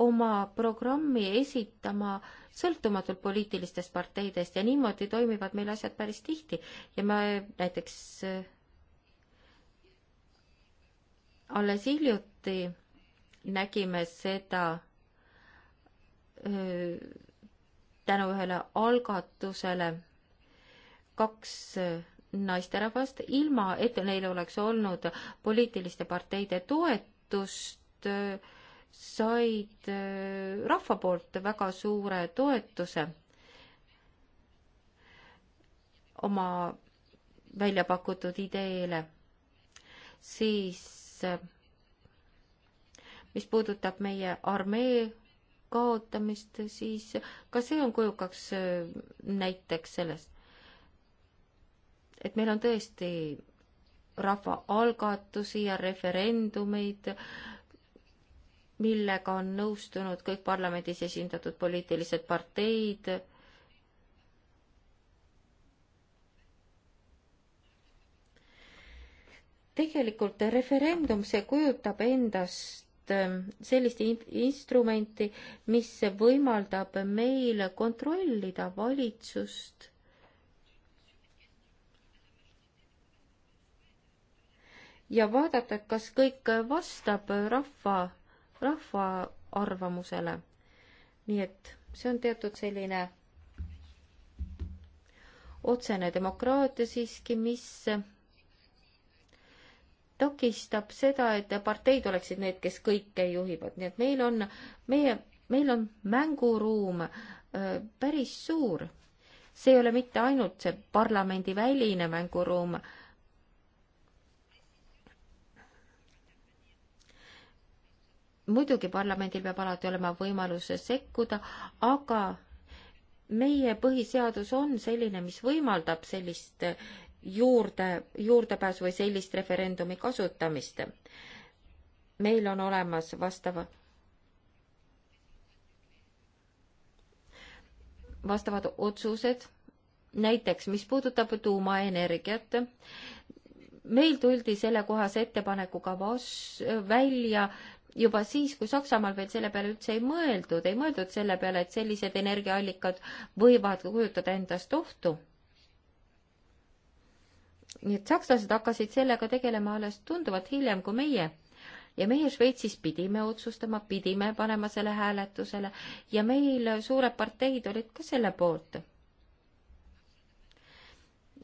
oma programmi esitama sõltumatult poliitilistest parteidest ja niimoodi toimivad meil asjad päris tihti ja ma näiteks äh, alles hiljuti nägime seda öö, äh, tänu ühele algatusele kaks äh, naisterahvast, ilma et neil oleks olnud poliitiliste parteide toetust öö, said äh, rahva poolt väga suure toetuse oma välja pakutud ideele, siis äh, mis puudutab meie armee kaotamist, siis ka see on kujukaks äh, näiteks sellest, et meil on tõesti rahvaalgatusi ja referendumeid, millega on nõustunud kõik parlamendis esindatud poliitilised parteid. tegelikult referendum, see kujutab endast ähm, sellist instrumenti, mis võimaldab meil kontrollida valitsust ja vaadata, kas kõik vastab rahva rahva arvamusele. nii et see on teatud selline otsene demokraatia siiski, mis takistab seda, et parteid oleksid need, kes kõike juhivad, nii et meil on, meie, meil on mänguruum päris suur. see ei ole mitte ainult see parlamendiväline mänguruum muidugi parlamendil peab alati olema võimalus sekkuda, aga meie põhiseadus on selline, mis võimaldab sellist juurde, juurdepääsu või sellist referendumi kasutamist. meil on olemas vastav, vastavad otsused, näiteks mis puudutab tuumaenergiat, meil tuldi sellekohase ettepanekuga vas-, välja juba siis, kui Saksamaal veel selle peale üldse ei mõeldud, ei mõeldud selle peale, et sellised energiaallikad võivad kujutada endast ohtu. nii et sakslased hakkasid sellega tegelema alles tunduvalt hiljem kui meie ja meie Šveitsis pidime otsustama, pidime panema selle hääletusele ja meil suured parteid olid ka selle poolt.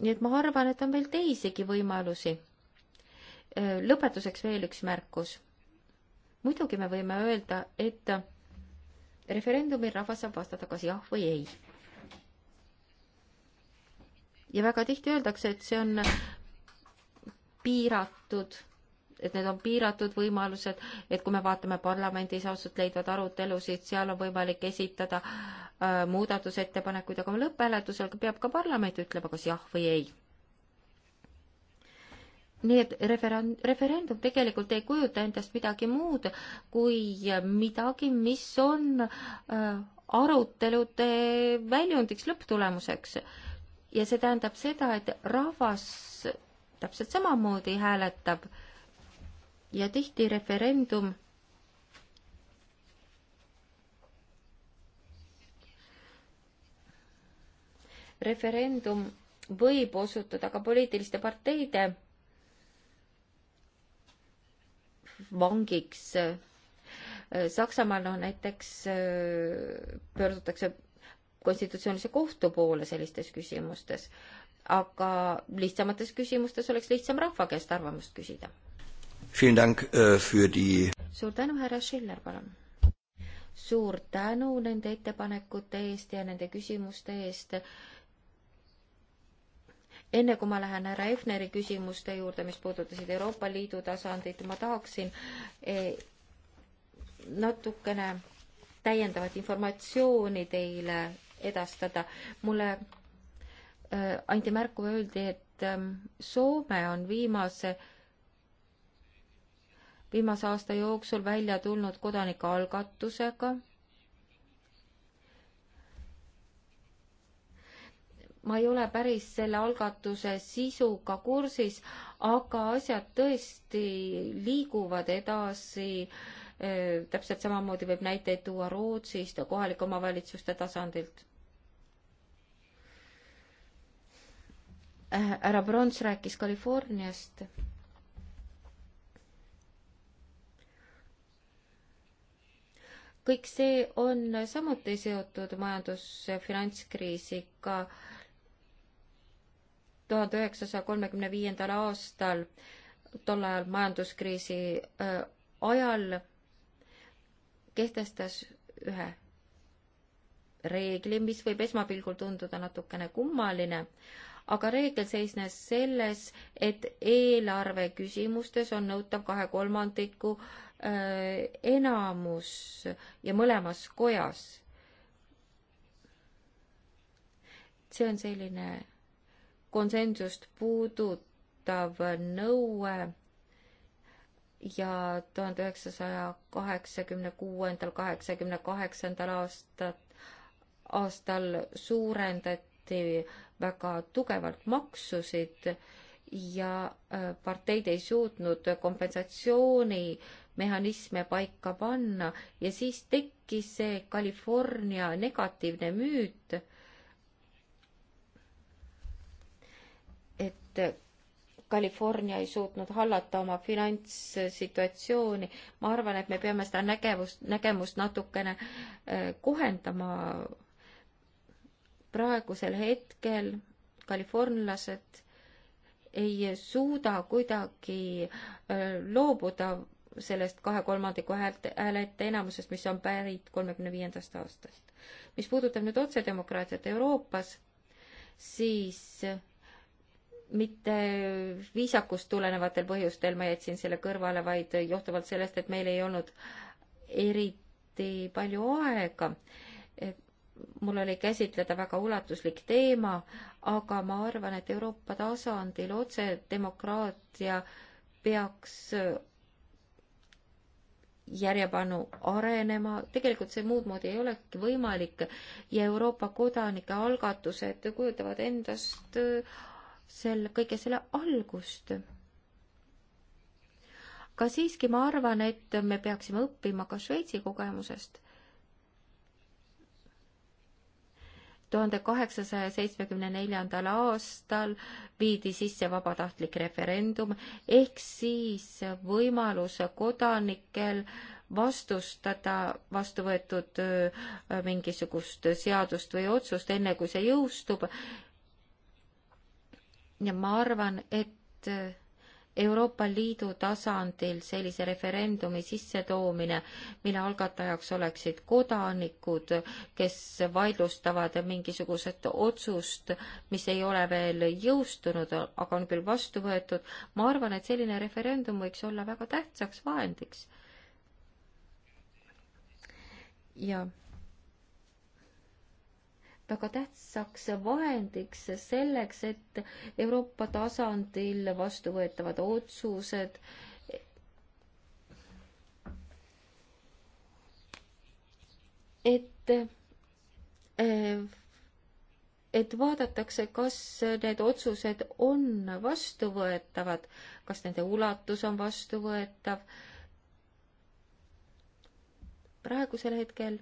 nii et ma arvan, et on veel teisigi võimalusi. lõpetuseks veel üks märkus muidugi me võime öelda, et referendumil rahvas saab vastata kas jah või ei. ja väga tihti öeldakse, et see on piiratud, et need on piiratud võimalused, et kui me vaatame parlamendis ausalt leidvad arutelusid, seal on võimalik esitada äh, muudatusettepanekuid, aga lõpphääletusel peab ka parlament ütlema, kas jah või ei nii et referen-, referendum tegelikult ei kujuta endast midagi muud kui midagi, mis on äh, arutelude väljundiks lõpptulemuseks. ja see tähendab seda, et rahvas täpselt samamoodi hääletab ja tihti referendum referendum võib osutuda ka poliitiliste parteide vangiks. Saksamaal noh näiteks äh, pöördutakse konstitutsioonilise kohtu poole sellistes küsimustes, aga lihtsamates küsimustes oleks lihtsam rahva käest arvamust küsida. Äh, die... suur tänu, härra Schiller, palun. suur tänu nende ettepanekute eest ja nende küsimuste eest enne kui ma lähen härra Efneri küsimuste juurde, mis puudutasid Euroopa Liidu tasandit, ma tahaksin eh, natukene täiendavat informatsiooni teile edastada. mulle eh, anti märku, öeldi, et eh, Soome on viimase viimase aasta jooksul välja tulnud kodanikualgatusega ma ei ole päris selle algatuse sisuga kursis, aga asjad tõesti liiguvad edasi. Äh, täpselt samamoodi võib näiteid tuua Rootsist ja kohalike omavalitsuste tasandilt. Äh, härra Brons rääkis Californiast kõik see on samuti seotud majandus- ja finantskriisiga tuhande üheksasaja kolmekümne viiendal aastal, tol ajal majanduskriisi ajal, kehtestas ühe reegli, mis võib esmapilgul tunduda natukene kummaline, aga reegel seisnes selles, et eelarve küsimustes on nõutav kahe kolmandiku äh, enamus ja mõlemas kojas. see on selline konsensust puudutav nõue ja tuhande üheksasaja kaheksakümne kuuendal, kaheksakümne kaheksandal aastat, aastal suurendati väga tugevalt maksusid ja äh, parteid ei suutnud kompensatsioonimehhanisme paika panna ja siis tekkis see California negatiivne müüt et California ei suutnud hallata oma finantssituatsiooni. ma arvan, et me peame seda nägevust, nägemust natukene äh, kohendama. praegusel hetkel kalifornlased ei suuda kuidagi äh, loobuda sellest kahe kolmandiku häälte, häälete enamusest, mis on pärit kolmekümne viiendast aastast. mis puudutab nüüd otsedemokraatiat Euroopas, siis mitte viisakust tulenevatel põhjustel ma jätsin selle kõrvale, vaid johtuvalt sellest, et meil ei olnud eriti palju aega. mul oli käsitleda väga ulatuslik teema, aga ma arvan, et Euroopa tasandil otsedemokraatia peaks järjepanu arenema, tegelikult see muud moodi ei olegi võimalik ja Euroopa kodanike algatused kujutavad endast sel, kõige selle algust. aga siiski ma arvan, et me peaksime õppima ka Šveitsi kogemusest. tuhande kaheksasaja seitsmekümne neljandal aastal viidi sisse vabatahtlik referendum ehk siis võimalus kodanikel vastustada vastu võetud äh, mingisugust seadust või otsust, enne kui see jõustub ja ma arvan, et Euroopa Liidu tasandil sellise referendumi sissetoomine, mille algatajaks oleksid kodanikud, kes vaidlustavad mingisugust otsust, mis ei ole veel jõustunud, aga on küll vastu võetud, ma arvan, et selline referendum võiks olla väga tähtsaks vahendiks. ja väga tähtsaks vahendiks selleks, et Euroopa tasandil vastu võetavad otsused et et vaadatakse, kas need otsused on vastuvõetavad, kas nende ulatus on vastuvõetav. praegusel hetkel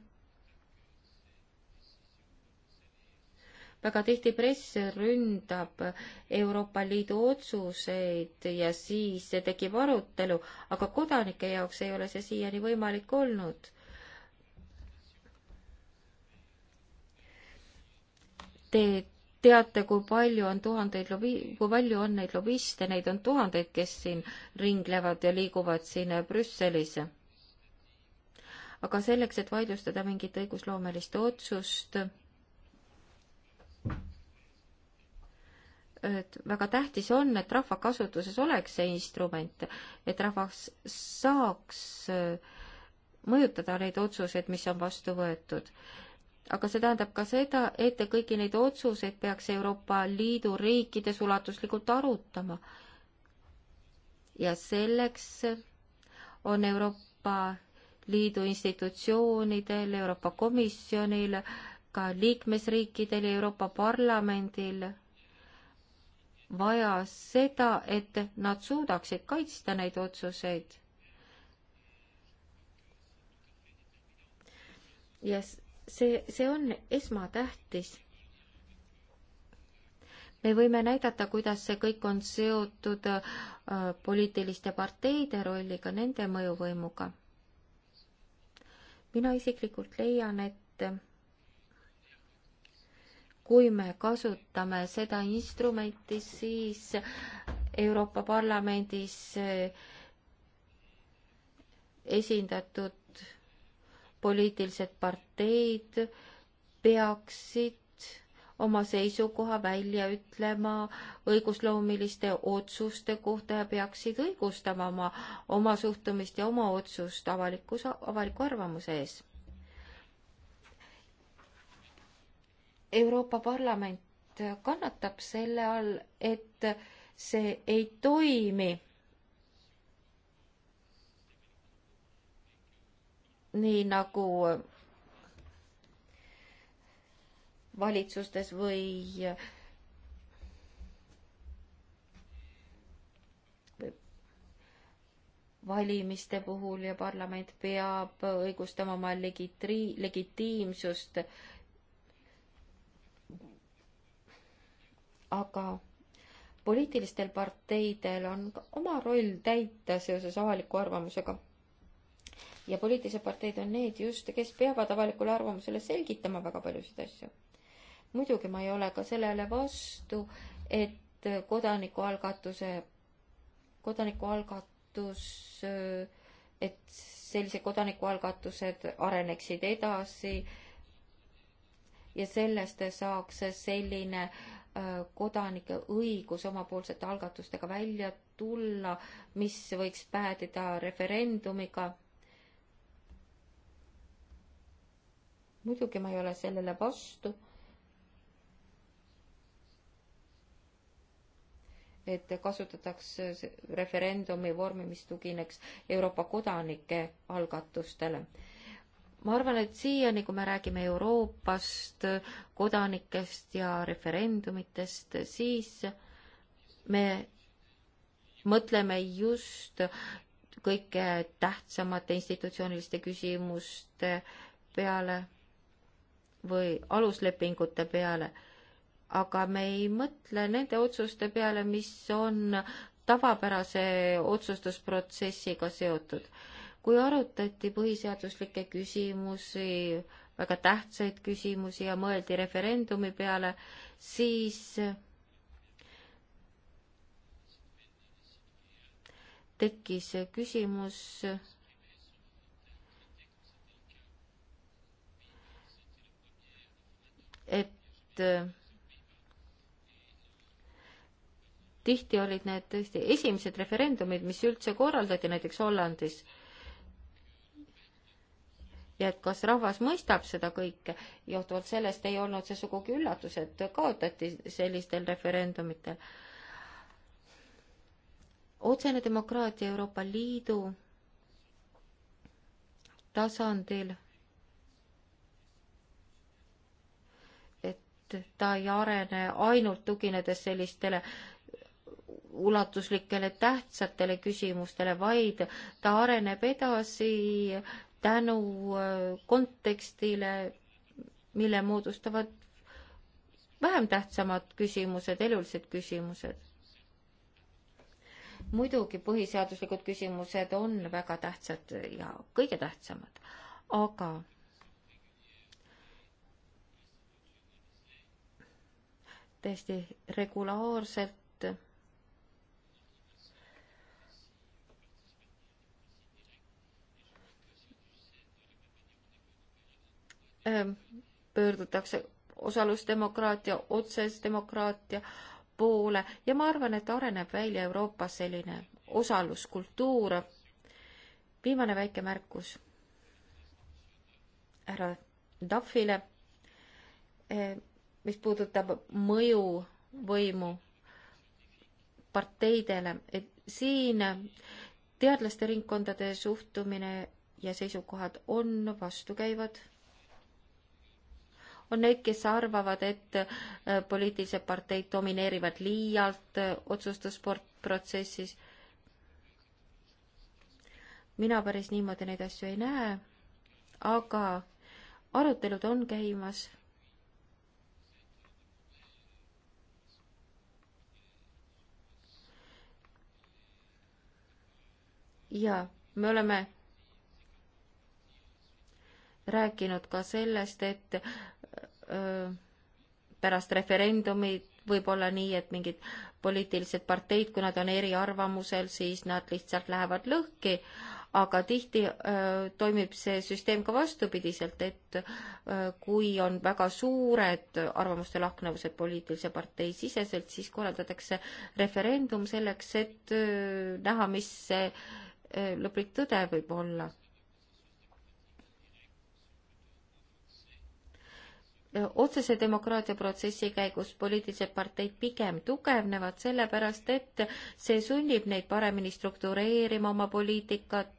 väga tihti press ründab Euroopa Liidu otsuseid ja siis tekib arutelu, aga kodanike jaoks ei ole see siiani võimalik olnud. Te teate, kui palju on tuhandeid lobi-, kui palju on neid lobiste, neid on tuhandeid, kes siin ringlevad ja liiguvad siin Brüsselis. aga selleks, et vaidlustada mingit õigusloomelist otsust, et väga tähtis on, et rahva kasutuses oleks see instrument, et rahvas saaks äh, mõjutada neid otsuseid, mis on vastu võetud. aga see tähendab ka seda, et kõiki neid otsuseid peaks Euroopa Liidu riikides ulatuslikult arutama. ja selleks on Euroopa Liidu institutsioonidel, Euroopa Komisjonil, ka liikmesriikidel ja Euroopa Parlamendil vaja seda, et nad suudaksid kaitsta neid otsuseid. ja see, see on esmatähtis. me võime näidata, kuidas see kõik on seotud äh, poliitiliste parteide rolliga, nende mõjuvõimuga. mina isiklikult leian, et kui me kasutame seda instrumenti, siis Euroopa Parlamendis eh, esindatud poliitilised parteid peaksid oma seisukoha välja ütlema õigusloomiliste otsuste kohta ja peaksid õigustama oma, oma suhtumist ja oma otsust avalikus, avaliku arvamuse ees. Euroopa Parlament kannatab selle all, et see ei toimi. nii nagu valitsustes või valimiste puhul ja parlament peab õigustama oma legitri-, legitiimsust äh, aga poliitilistel parteidel on oma roll täita seoses avaliku arvamusega. ja poliitilised parteid on need just, kes peavad avalikule arvamusele selgitama väga paljusid asju. muidugi ma ei ole ka sellele vastu, et kodanikualgatuse, kodanikualgatus, et sellised kodanikualgatused areneksid edasi ja sellest saaks selline äh, Äh, kodanike õigus omapoolsete algatustega välja tulla, mis võiks päädida referendumiga. muidugi ma ei ole sellele vastu et kasutatakse referendumi vormi, mis tugineks Euroopa kodanike algatustele ma arvan, et siiani, kui me räägime Euroopast, kodanikest ja referendumitest, siis me mõtleme just kõige tähtsamate institutsiooniliste küsimuste peale või aluslepingute peale, aga me ei mõtle nende otsuste peale, mis on tavapärase otsustusprotsessiga seotud kui arutati põhiseaduslikke küsimusi, väga tähtsaid küsimusi ja mõeldi referendumi peale, siis tekkis küsimus et tihti olid need tõesti esimesed referendumid, mis üldse korraldati näiteks Hollandis ja et kas rahvas mõistab seda kõike, johtuvalt sellest ei olnud see sugugi üllatus, et kaotati sellistel referendumitel. otsene demokraatia Euroopa Liidu tasandil, et ta ei arene ainult tuginedes sellistele ulatuslikele tähtsatele küsimustele, vaid ta areneb edasi äh, tänu äh, kontekstile, mille moodustavad vähem tähtsamad küsimused, elulised küsimused. muidugi põhiseaduslikud küsimused on väga tähtsad ja kõige tähtsamad, aga täiesti regulaarselt Ähm, pöördutakse osalusdemokraatia, otsesdemokraatia poole ja ma arvan, et areneb välja Euroopas selline osaluskultuur. viimane väike märkus härra Duffile, eh, mis puudutab mõjuvõimu parteidele, et siin teadlaste ringkondade suhtumine ja seisukohad on vastukäivad on neid, kes arvavad, et äh, poliitilised parteid domineerivad liialt äh, otsustusprotsessis. mina päris niimoodi neid asju ei näe, aga arutelud on käimas. ja me oleme rääkinud ka sellest, et pärast referendumit võib olla nii, et mingid poliitilised parteid, kui nad on eriarvamusel, siis nad lihtsalt lähevad lõhki, aga tihti öö, toimib see süsteem ka vastupidiselt, et öö, kui on väga suured arvamuste lahknevused poliitilise partei siseselt, siis korraldatakse referendum selleks, et öö, näha, mis see öö, lõplik tõde võib olla otsese demokraatia protsessi käigus poliitilised parteid pigem tugevnevad, sellepärast et see sunnib neid paremini struktureerima oma poliitikat,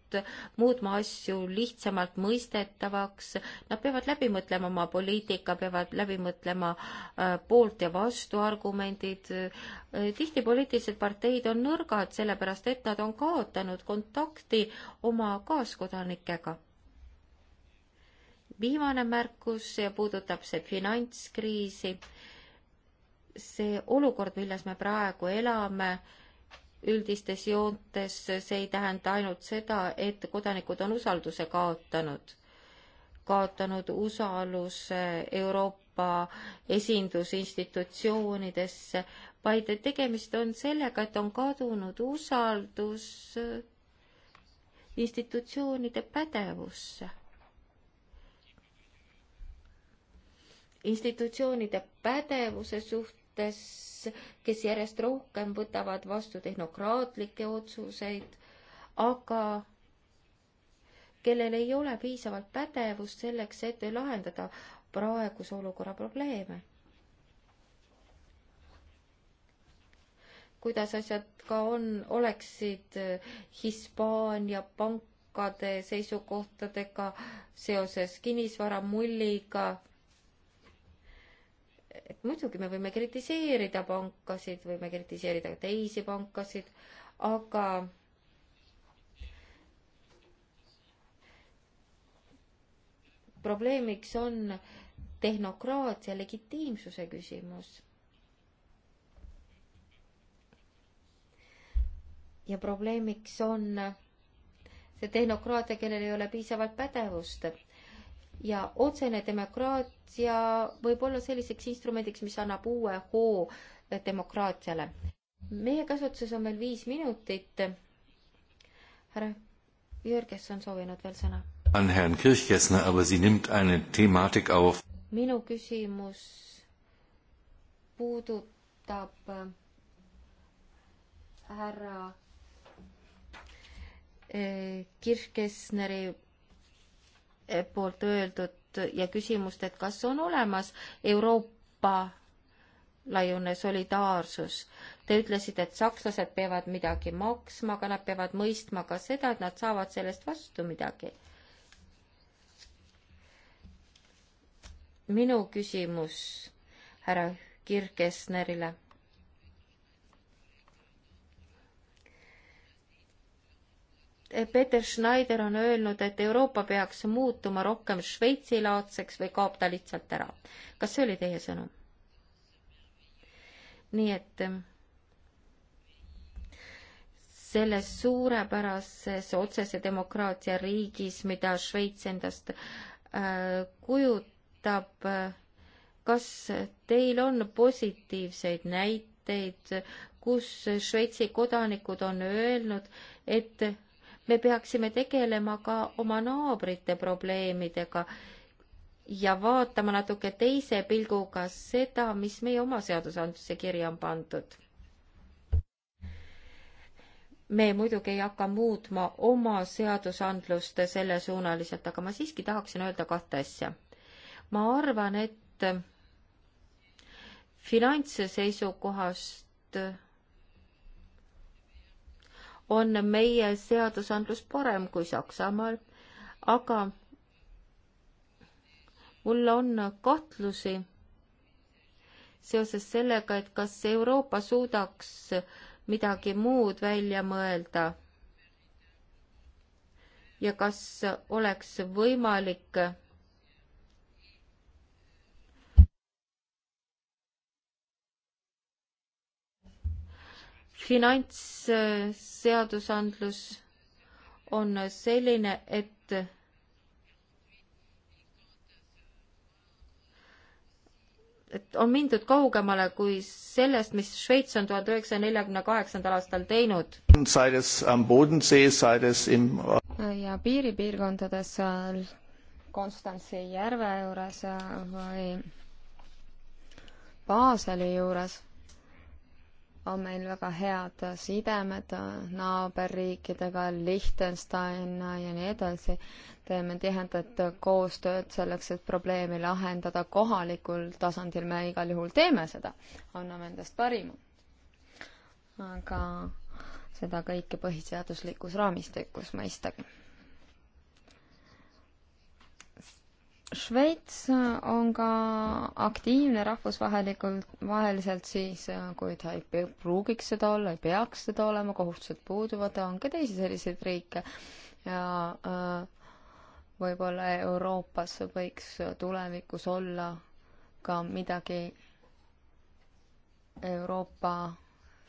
muutma asju lihtsamalt mõistetavaks, nad peavad läbi mõtlema oma poliitika, peavad läbi mõtlema äh, poolt- ja vastuargumendid. Äh, tihti poliitilised parteid on nõrgad, sellepärast et nad on kaotanud kontakti oma kaaskodanikega viimane märkus ja puudutab see finantskriisi. see olukord, milles me praegu elame, üldistes joontes, see ei tähenda ainult seda, et kodanikud on usalduse kaotanud, kaotanud usalduse Euroopa esindusinstitutsioonidesse, vaid tegemist on sellega, et on kadunud usaldus institutsioonide pädevusse institutsioonide pädevuse suhtes, kes järjest rohkem võtavad vastu tehnokraatlikke otsuseid, aga kellel ei ole piisavalt pädevust selleks, et lahendada praeguse olukorra probleeme. kuidas asjad ka on, oleksid Hispaania pankade seisukohtadega seoses kinnisvaramulliga et muidugi me võime kritiseerida pankasid, võime kritiseerida ka teisi pankasid, aga probleemiks on tehnokraatia legitiimsuse küsimus. ja probleemiks on see tehnokraatia, kellel ei ole piisavalt pädevust ja otsene demokraat, instrument ja võib olla selliseks instrumendiks, mis annab uue hoo demokraatiale. meie käsutuses on veel viis minutit. härra Jürges on soovinud veel sõna. minu küsimus puudutab äh, härra äh, Kirchkessneri äh, poolt öeldud teemat ja küsimust, et kas on olemas Euroopa laiune solidaarsus. Te ütlesite, et sakslased peavad midagi maksma, aga nad peavad mõistma ka seda, et nad saavad sellest vastu midagi. minu küsimus härra Kirkesnerile Peter Schneider on öelnud, et Euroopa peaks muutuma rohkem Šveitsi-laadseks või kaob ta lihtsalt ära. kas see oli teie sõnum? nii et ähm, selles suurepärases otsese demokraatia riigis, mida Šveits endast äh, kujutab, äh, kas teil on positiivseid näiteid, kus Šveitsi kodanikud on öelnud, et me peaksime tegelema ka oma naabrite probleemidega ja vaatama natuke teise pilguga seda, mis meie oma seadusandlusse kirja on pandud. me muidugi ei hakka muutma oma seadusandlust sellesuunaliselt, aga ma siiski tahaksin öelda kahte asja. ma arvan, et finants seisukohast on meie seadusandlus parem kui Saksamaal, aga mul on kahtlusi seoses sellega, et kas Euroopa suudaks midagi muud välja mõelda ja kas oleks võimalik finantsseadusandlus on selline, et et on mindud kaugemale kui sellest, mis Šveits on tuhande üheksasaja neljakümne kaheksandal aastal teinud. Äh, ja piiripiirkondades Konstantsi järve juures äh, või Baseli juures on meil väga head sidemed naaberriikidega, Liechtenstein ja nii edasi. teeme tihedat koostööd selleks, et probleemi lahendada kohalikul tasandil, me igal juhul teeme seda, anname endast parima. aga seda kõike põhiseaduslikus raamistikus mõistagi Šveits äh, on ka aktiivne rahvusvahelikult, vaheliselt siis, äh, kui ta ei pruugiks seda olla, ei peaks seda olema, kohustused puuduvad, on ka teisi selliseid riike ja äh, võib-olla Euroopas võiks tulevikus olla ka midagi Euroopa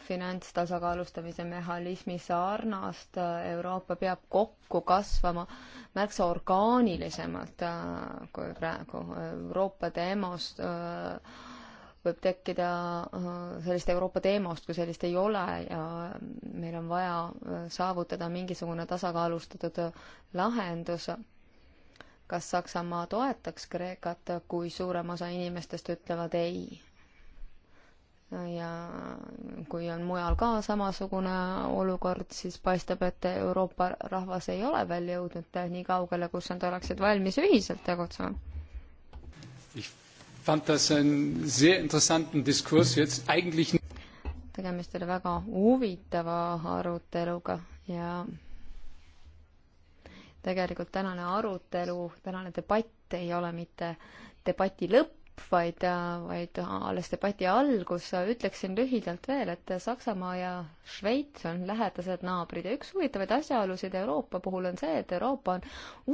finantstasakaalustamise mehhanismi sarnast Euroopa peab kokku kasvama märksa orgaanilisemalt äh, kui praegu. Äh, Euroopa teemast äh, võib tekkida, sellist Euroopa teemast kui sellist ei ole ja meil on vaja saavutada mingisugune tasakaalustatud lahendus. kas Saksamaa toetaks Kreekat, kui suurem osa inimestest ütlevad ei? ja kui on mujal ka samasugune olukord, siis paistab, et Euroopa rahvas ei ole veel jõudnud nii kaugele, kus nad oleksid valmis ühiselt tegutsema. tegemist oli väga huvitava aruteluga ja tegelikult tänane arutelu, tänane debatt ei ole mitte debati lõpp, lõpp, vaid, vaid alles debati algus, ütleksin lühidalt veel, et Saksamaa ja Šveits on lähedased naabrid ja üks huvitavaid asjaolusid Euroopa puhul on see, et Euroopa on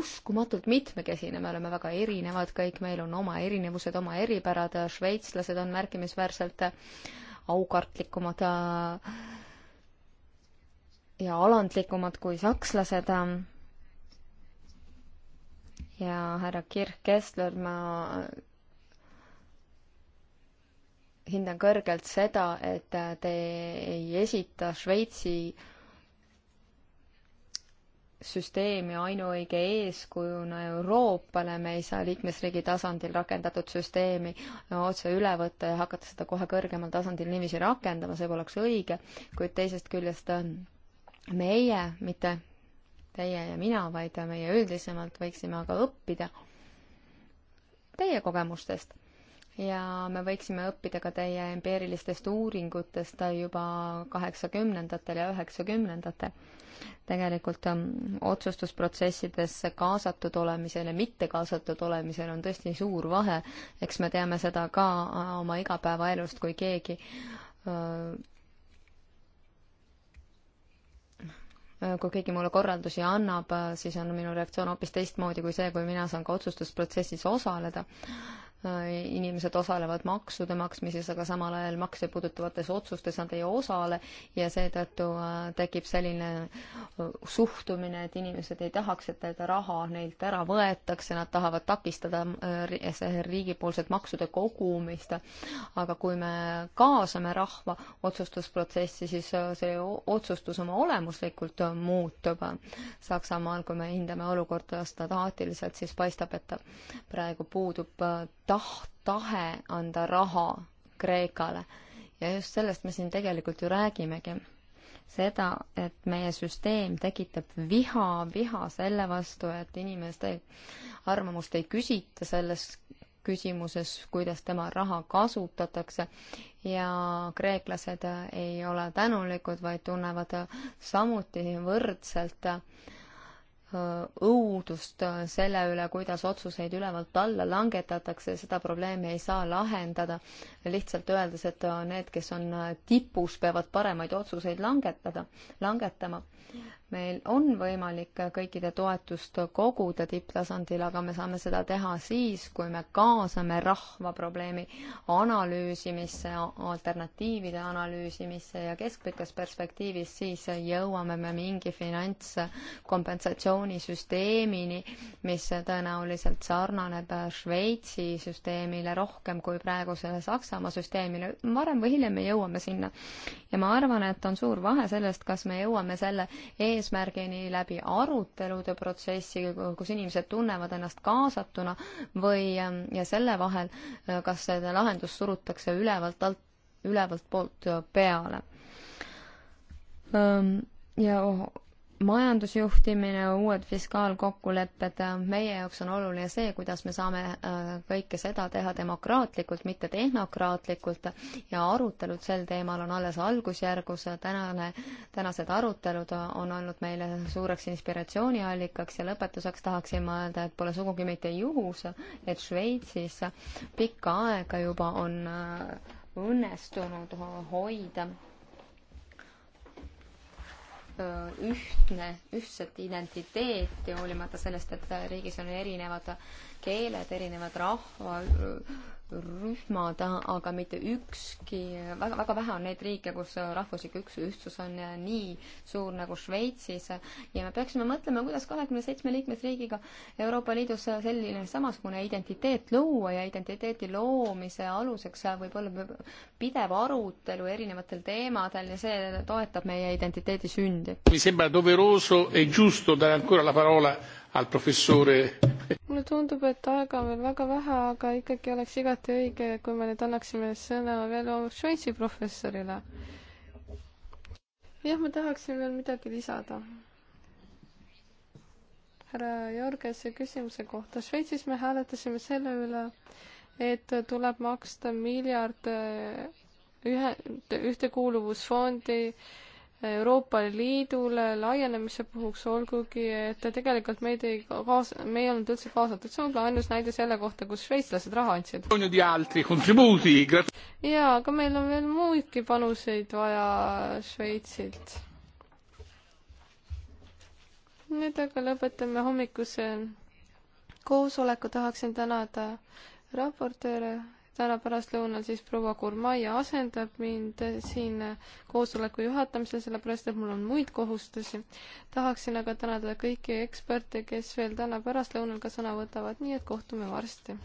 uskumatult mitmekesine, me oleme väga erinevad kõik, meil on oma erinevused, oma eripärad, šveitslased on märkimisväärselt aukartlikumad ja alandlikumad kui sakslased ja härra Kirk Kessler, ma hindan kõrgelt seda, et te ei esita Šveitsi süsteemi ainuõige eeskujuna Euroopale, me ei saa liikmesriigi tasandil rakendatud süsteemi otse üle võtta ja hakata seda kohe kõrgemal tasandil niiviisi rakendama, see poleks õige, kuid teisest küljest ähm, meie, mitte teie ja mina, vaid meie üldisemalt võiksime aga õppida teie kogemustest ja me võiksime õppida ka teie empiirilistest uuringutest juba kaheksakümnendatel ja üheksakümnendatel. tegelikult ähm, otsustusprotsessidesse kaasatud olemisel ja mitte kaasatud olemisel on tõesti suur vahe, eks me teame seda ka äh, oma igapäevaelust, kui keegi äh, äh, kui keegi mulle korraldusi annab, siis on minu reaktsioon hoopis teistmoodi kui see, kui mina saan ka otsustusprotsessis osaleda inimesed osalevad maksude maksmises, aga samal ajal makse puudutavates otsustes nad ei osale ja seetõttu äh, tekib selline äh, suhtumine, et inimesed ei tahaks, et nende raha neilt ära võetakse, nad tahavad takistada äh, riigipoolset maksude kogumist. aga kui me kaasame rahva otsustusprotsessi, siis see otsustus oma olemuslikult muutub. Saksamaal, kui me hindame olukorda staatiiliselt, siis paistab, et praegu puudub ta taht, tahe anda raha Kreekale. ja just sellest me siin tegelikult ju räägimegi. seda, et meie süsteem tekitab viha, viha selle vastu, et inimeste arvamust ei küsita selles küsimuses, kuidas tema raha kasutatakse ja kreeklased ei ole tänulikud, vaid tunnevad samuti võrdselt äh, Äh, õudust äh, selle üle, kuidas otsuseid ülevalt alla langetatakse, seda probleemi ei saa lahendada. lihtsalt öeldes, et äh, need, kes on tipus, peavad paremaid otsuseid langetada, langetama meil on võimalik kõikide toetust koguda tipptasandil, aga me saame seda teha siis, kui me kaasame rahva probleemi analüüsimisse, alternatiivide analüüsimisse ja keskpikas perspektiivis siis jõuame me mingi finantskompensatsioonisüsteemini, mis tõenäoliselt sarnaneb Šveitsi süsteemile rohkem kui praegusele Saksamaa süsteemile. varem või hiljem me jõuame sinna. ja ma arvan, et on suur vahe sellest, kas me jõuame selle eesmärgini läbi arutelude protsessi, kus inimesed tunnevad ennast kaasatuna või, ähm, ja selle vahel, äh, kas seda lahendust surutakse ülevalt alt, ülevalt poolt äh, peale. Ähm, ja oh, majandusjuhtimine, uued fiskaalkokkulepped, meie jaoks on oluline see, kuidas me saame äh, kõike seda teha demokraatlikult, mitte tehnokraatlikult ja arutelud sel teemal on alles algusjärgus, tänane, tänased arutelud on olnud meile suureks inspiratsiooniallikaks ja lõpetuseks tahaksin ma öelda, et pole sugugi mitte juhus, et Šveitsis pikka aega juba on äh, õnnestunud hoida ühtne, ühtset identiteeti, hoolimata sellest, et riigis on erinevad keeled, erinevad rahva, rühmad, aga mitte ükski, väga, väga vähe on neid riike, kus rahvuslik üks, ühtsus on nii suur nagu Šveitsis ja me peaksime mõtlema, kuidas kahekümne seitsme liikmesriigiga Euroopa Liidus selline samasugune identiteet luua ja identiteeti loomise aluseks võib olla pidev arutelu erinevatel teemadel ja see toetab meie identiteedi sündi. Mi sembra doveroso e giusto dare ancora la parola al professore mulle tundub, et aega on veel väga vähe, aga ikkagi oleks igati õige, kui me nüüd annaksime sõna veel Šveitsi professorile. jah, ma tahaksin veel midagi lisada. härra Jorgese küsimuse kohta. Šveitsis me hääletasime selle üle, et tuleb maksta miljard eh, ühe, ühtekuuluvusfondi äh, Euroopa Liidule laienemise puhuks, olgugi et tegelikult meid ei kaas-, me ei olnud üldse kaasatud, see on ka ainus näide selle kohta, kus šveitslased raha andsid. jaa, aga meil on veel muidki panuseid vaja Šveitsilt. nüüd aga lõpetame hommikuse koosoleku, tahaksin tänada raportööre täna pärastlõunal siis proua Kurmaja asendab mind siin koosoleku juhatamisel, sellepärast et mul on muid kohustusi. tahaksin aga tänada kõiki eksperte, kes veel täna pärastlõunal ka sõna võtavad, nii et kohtume varsti.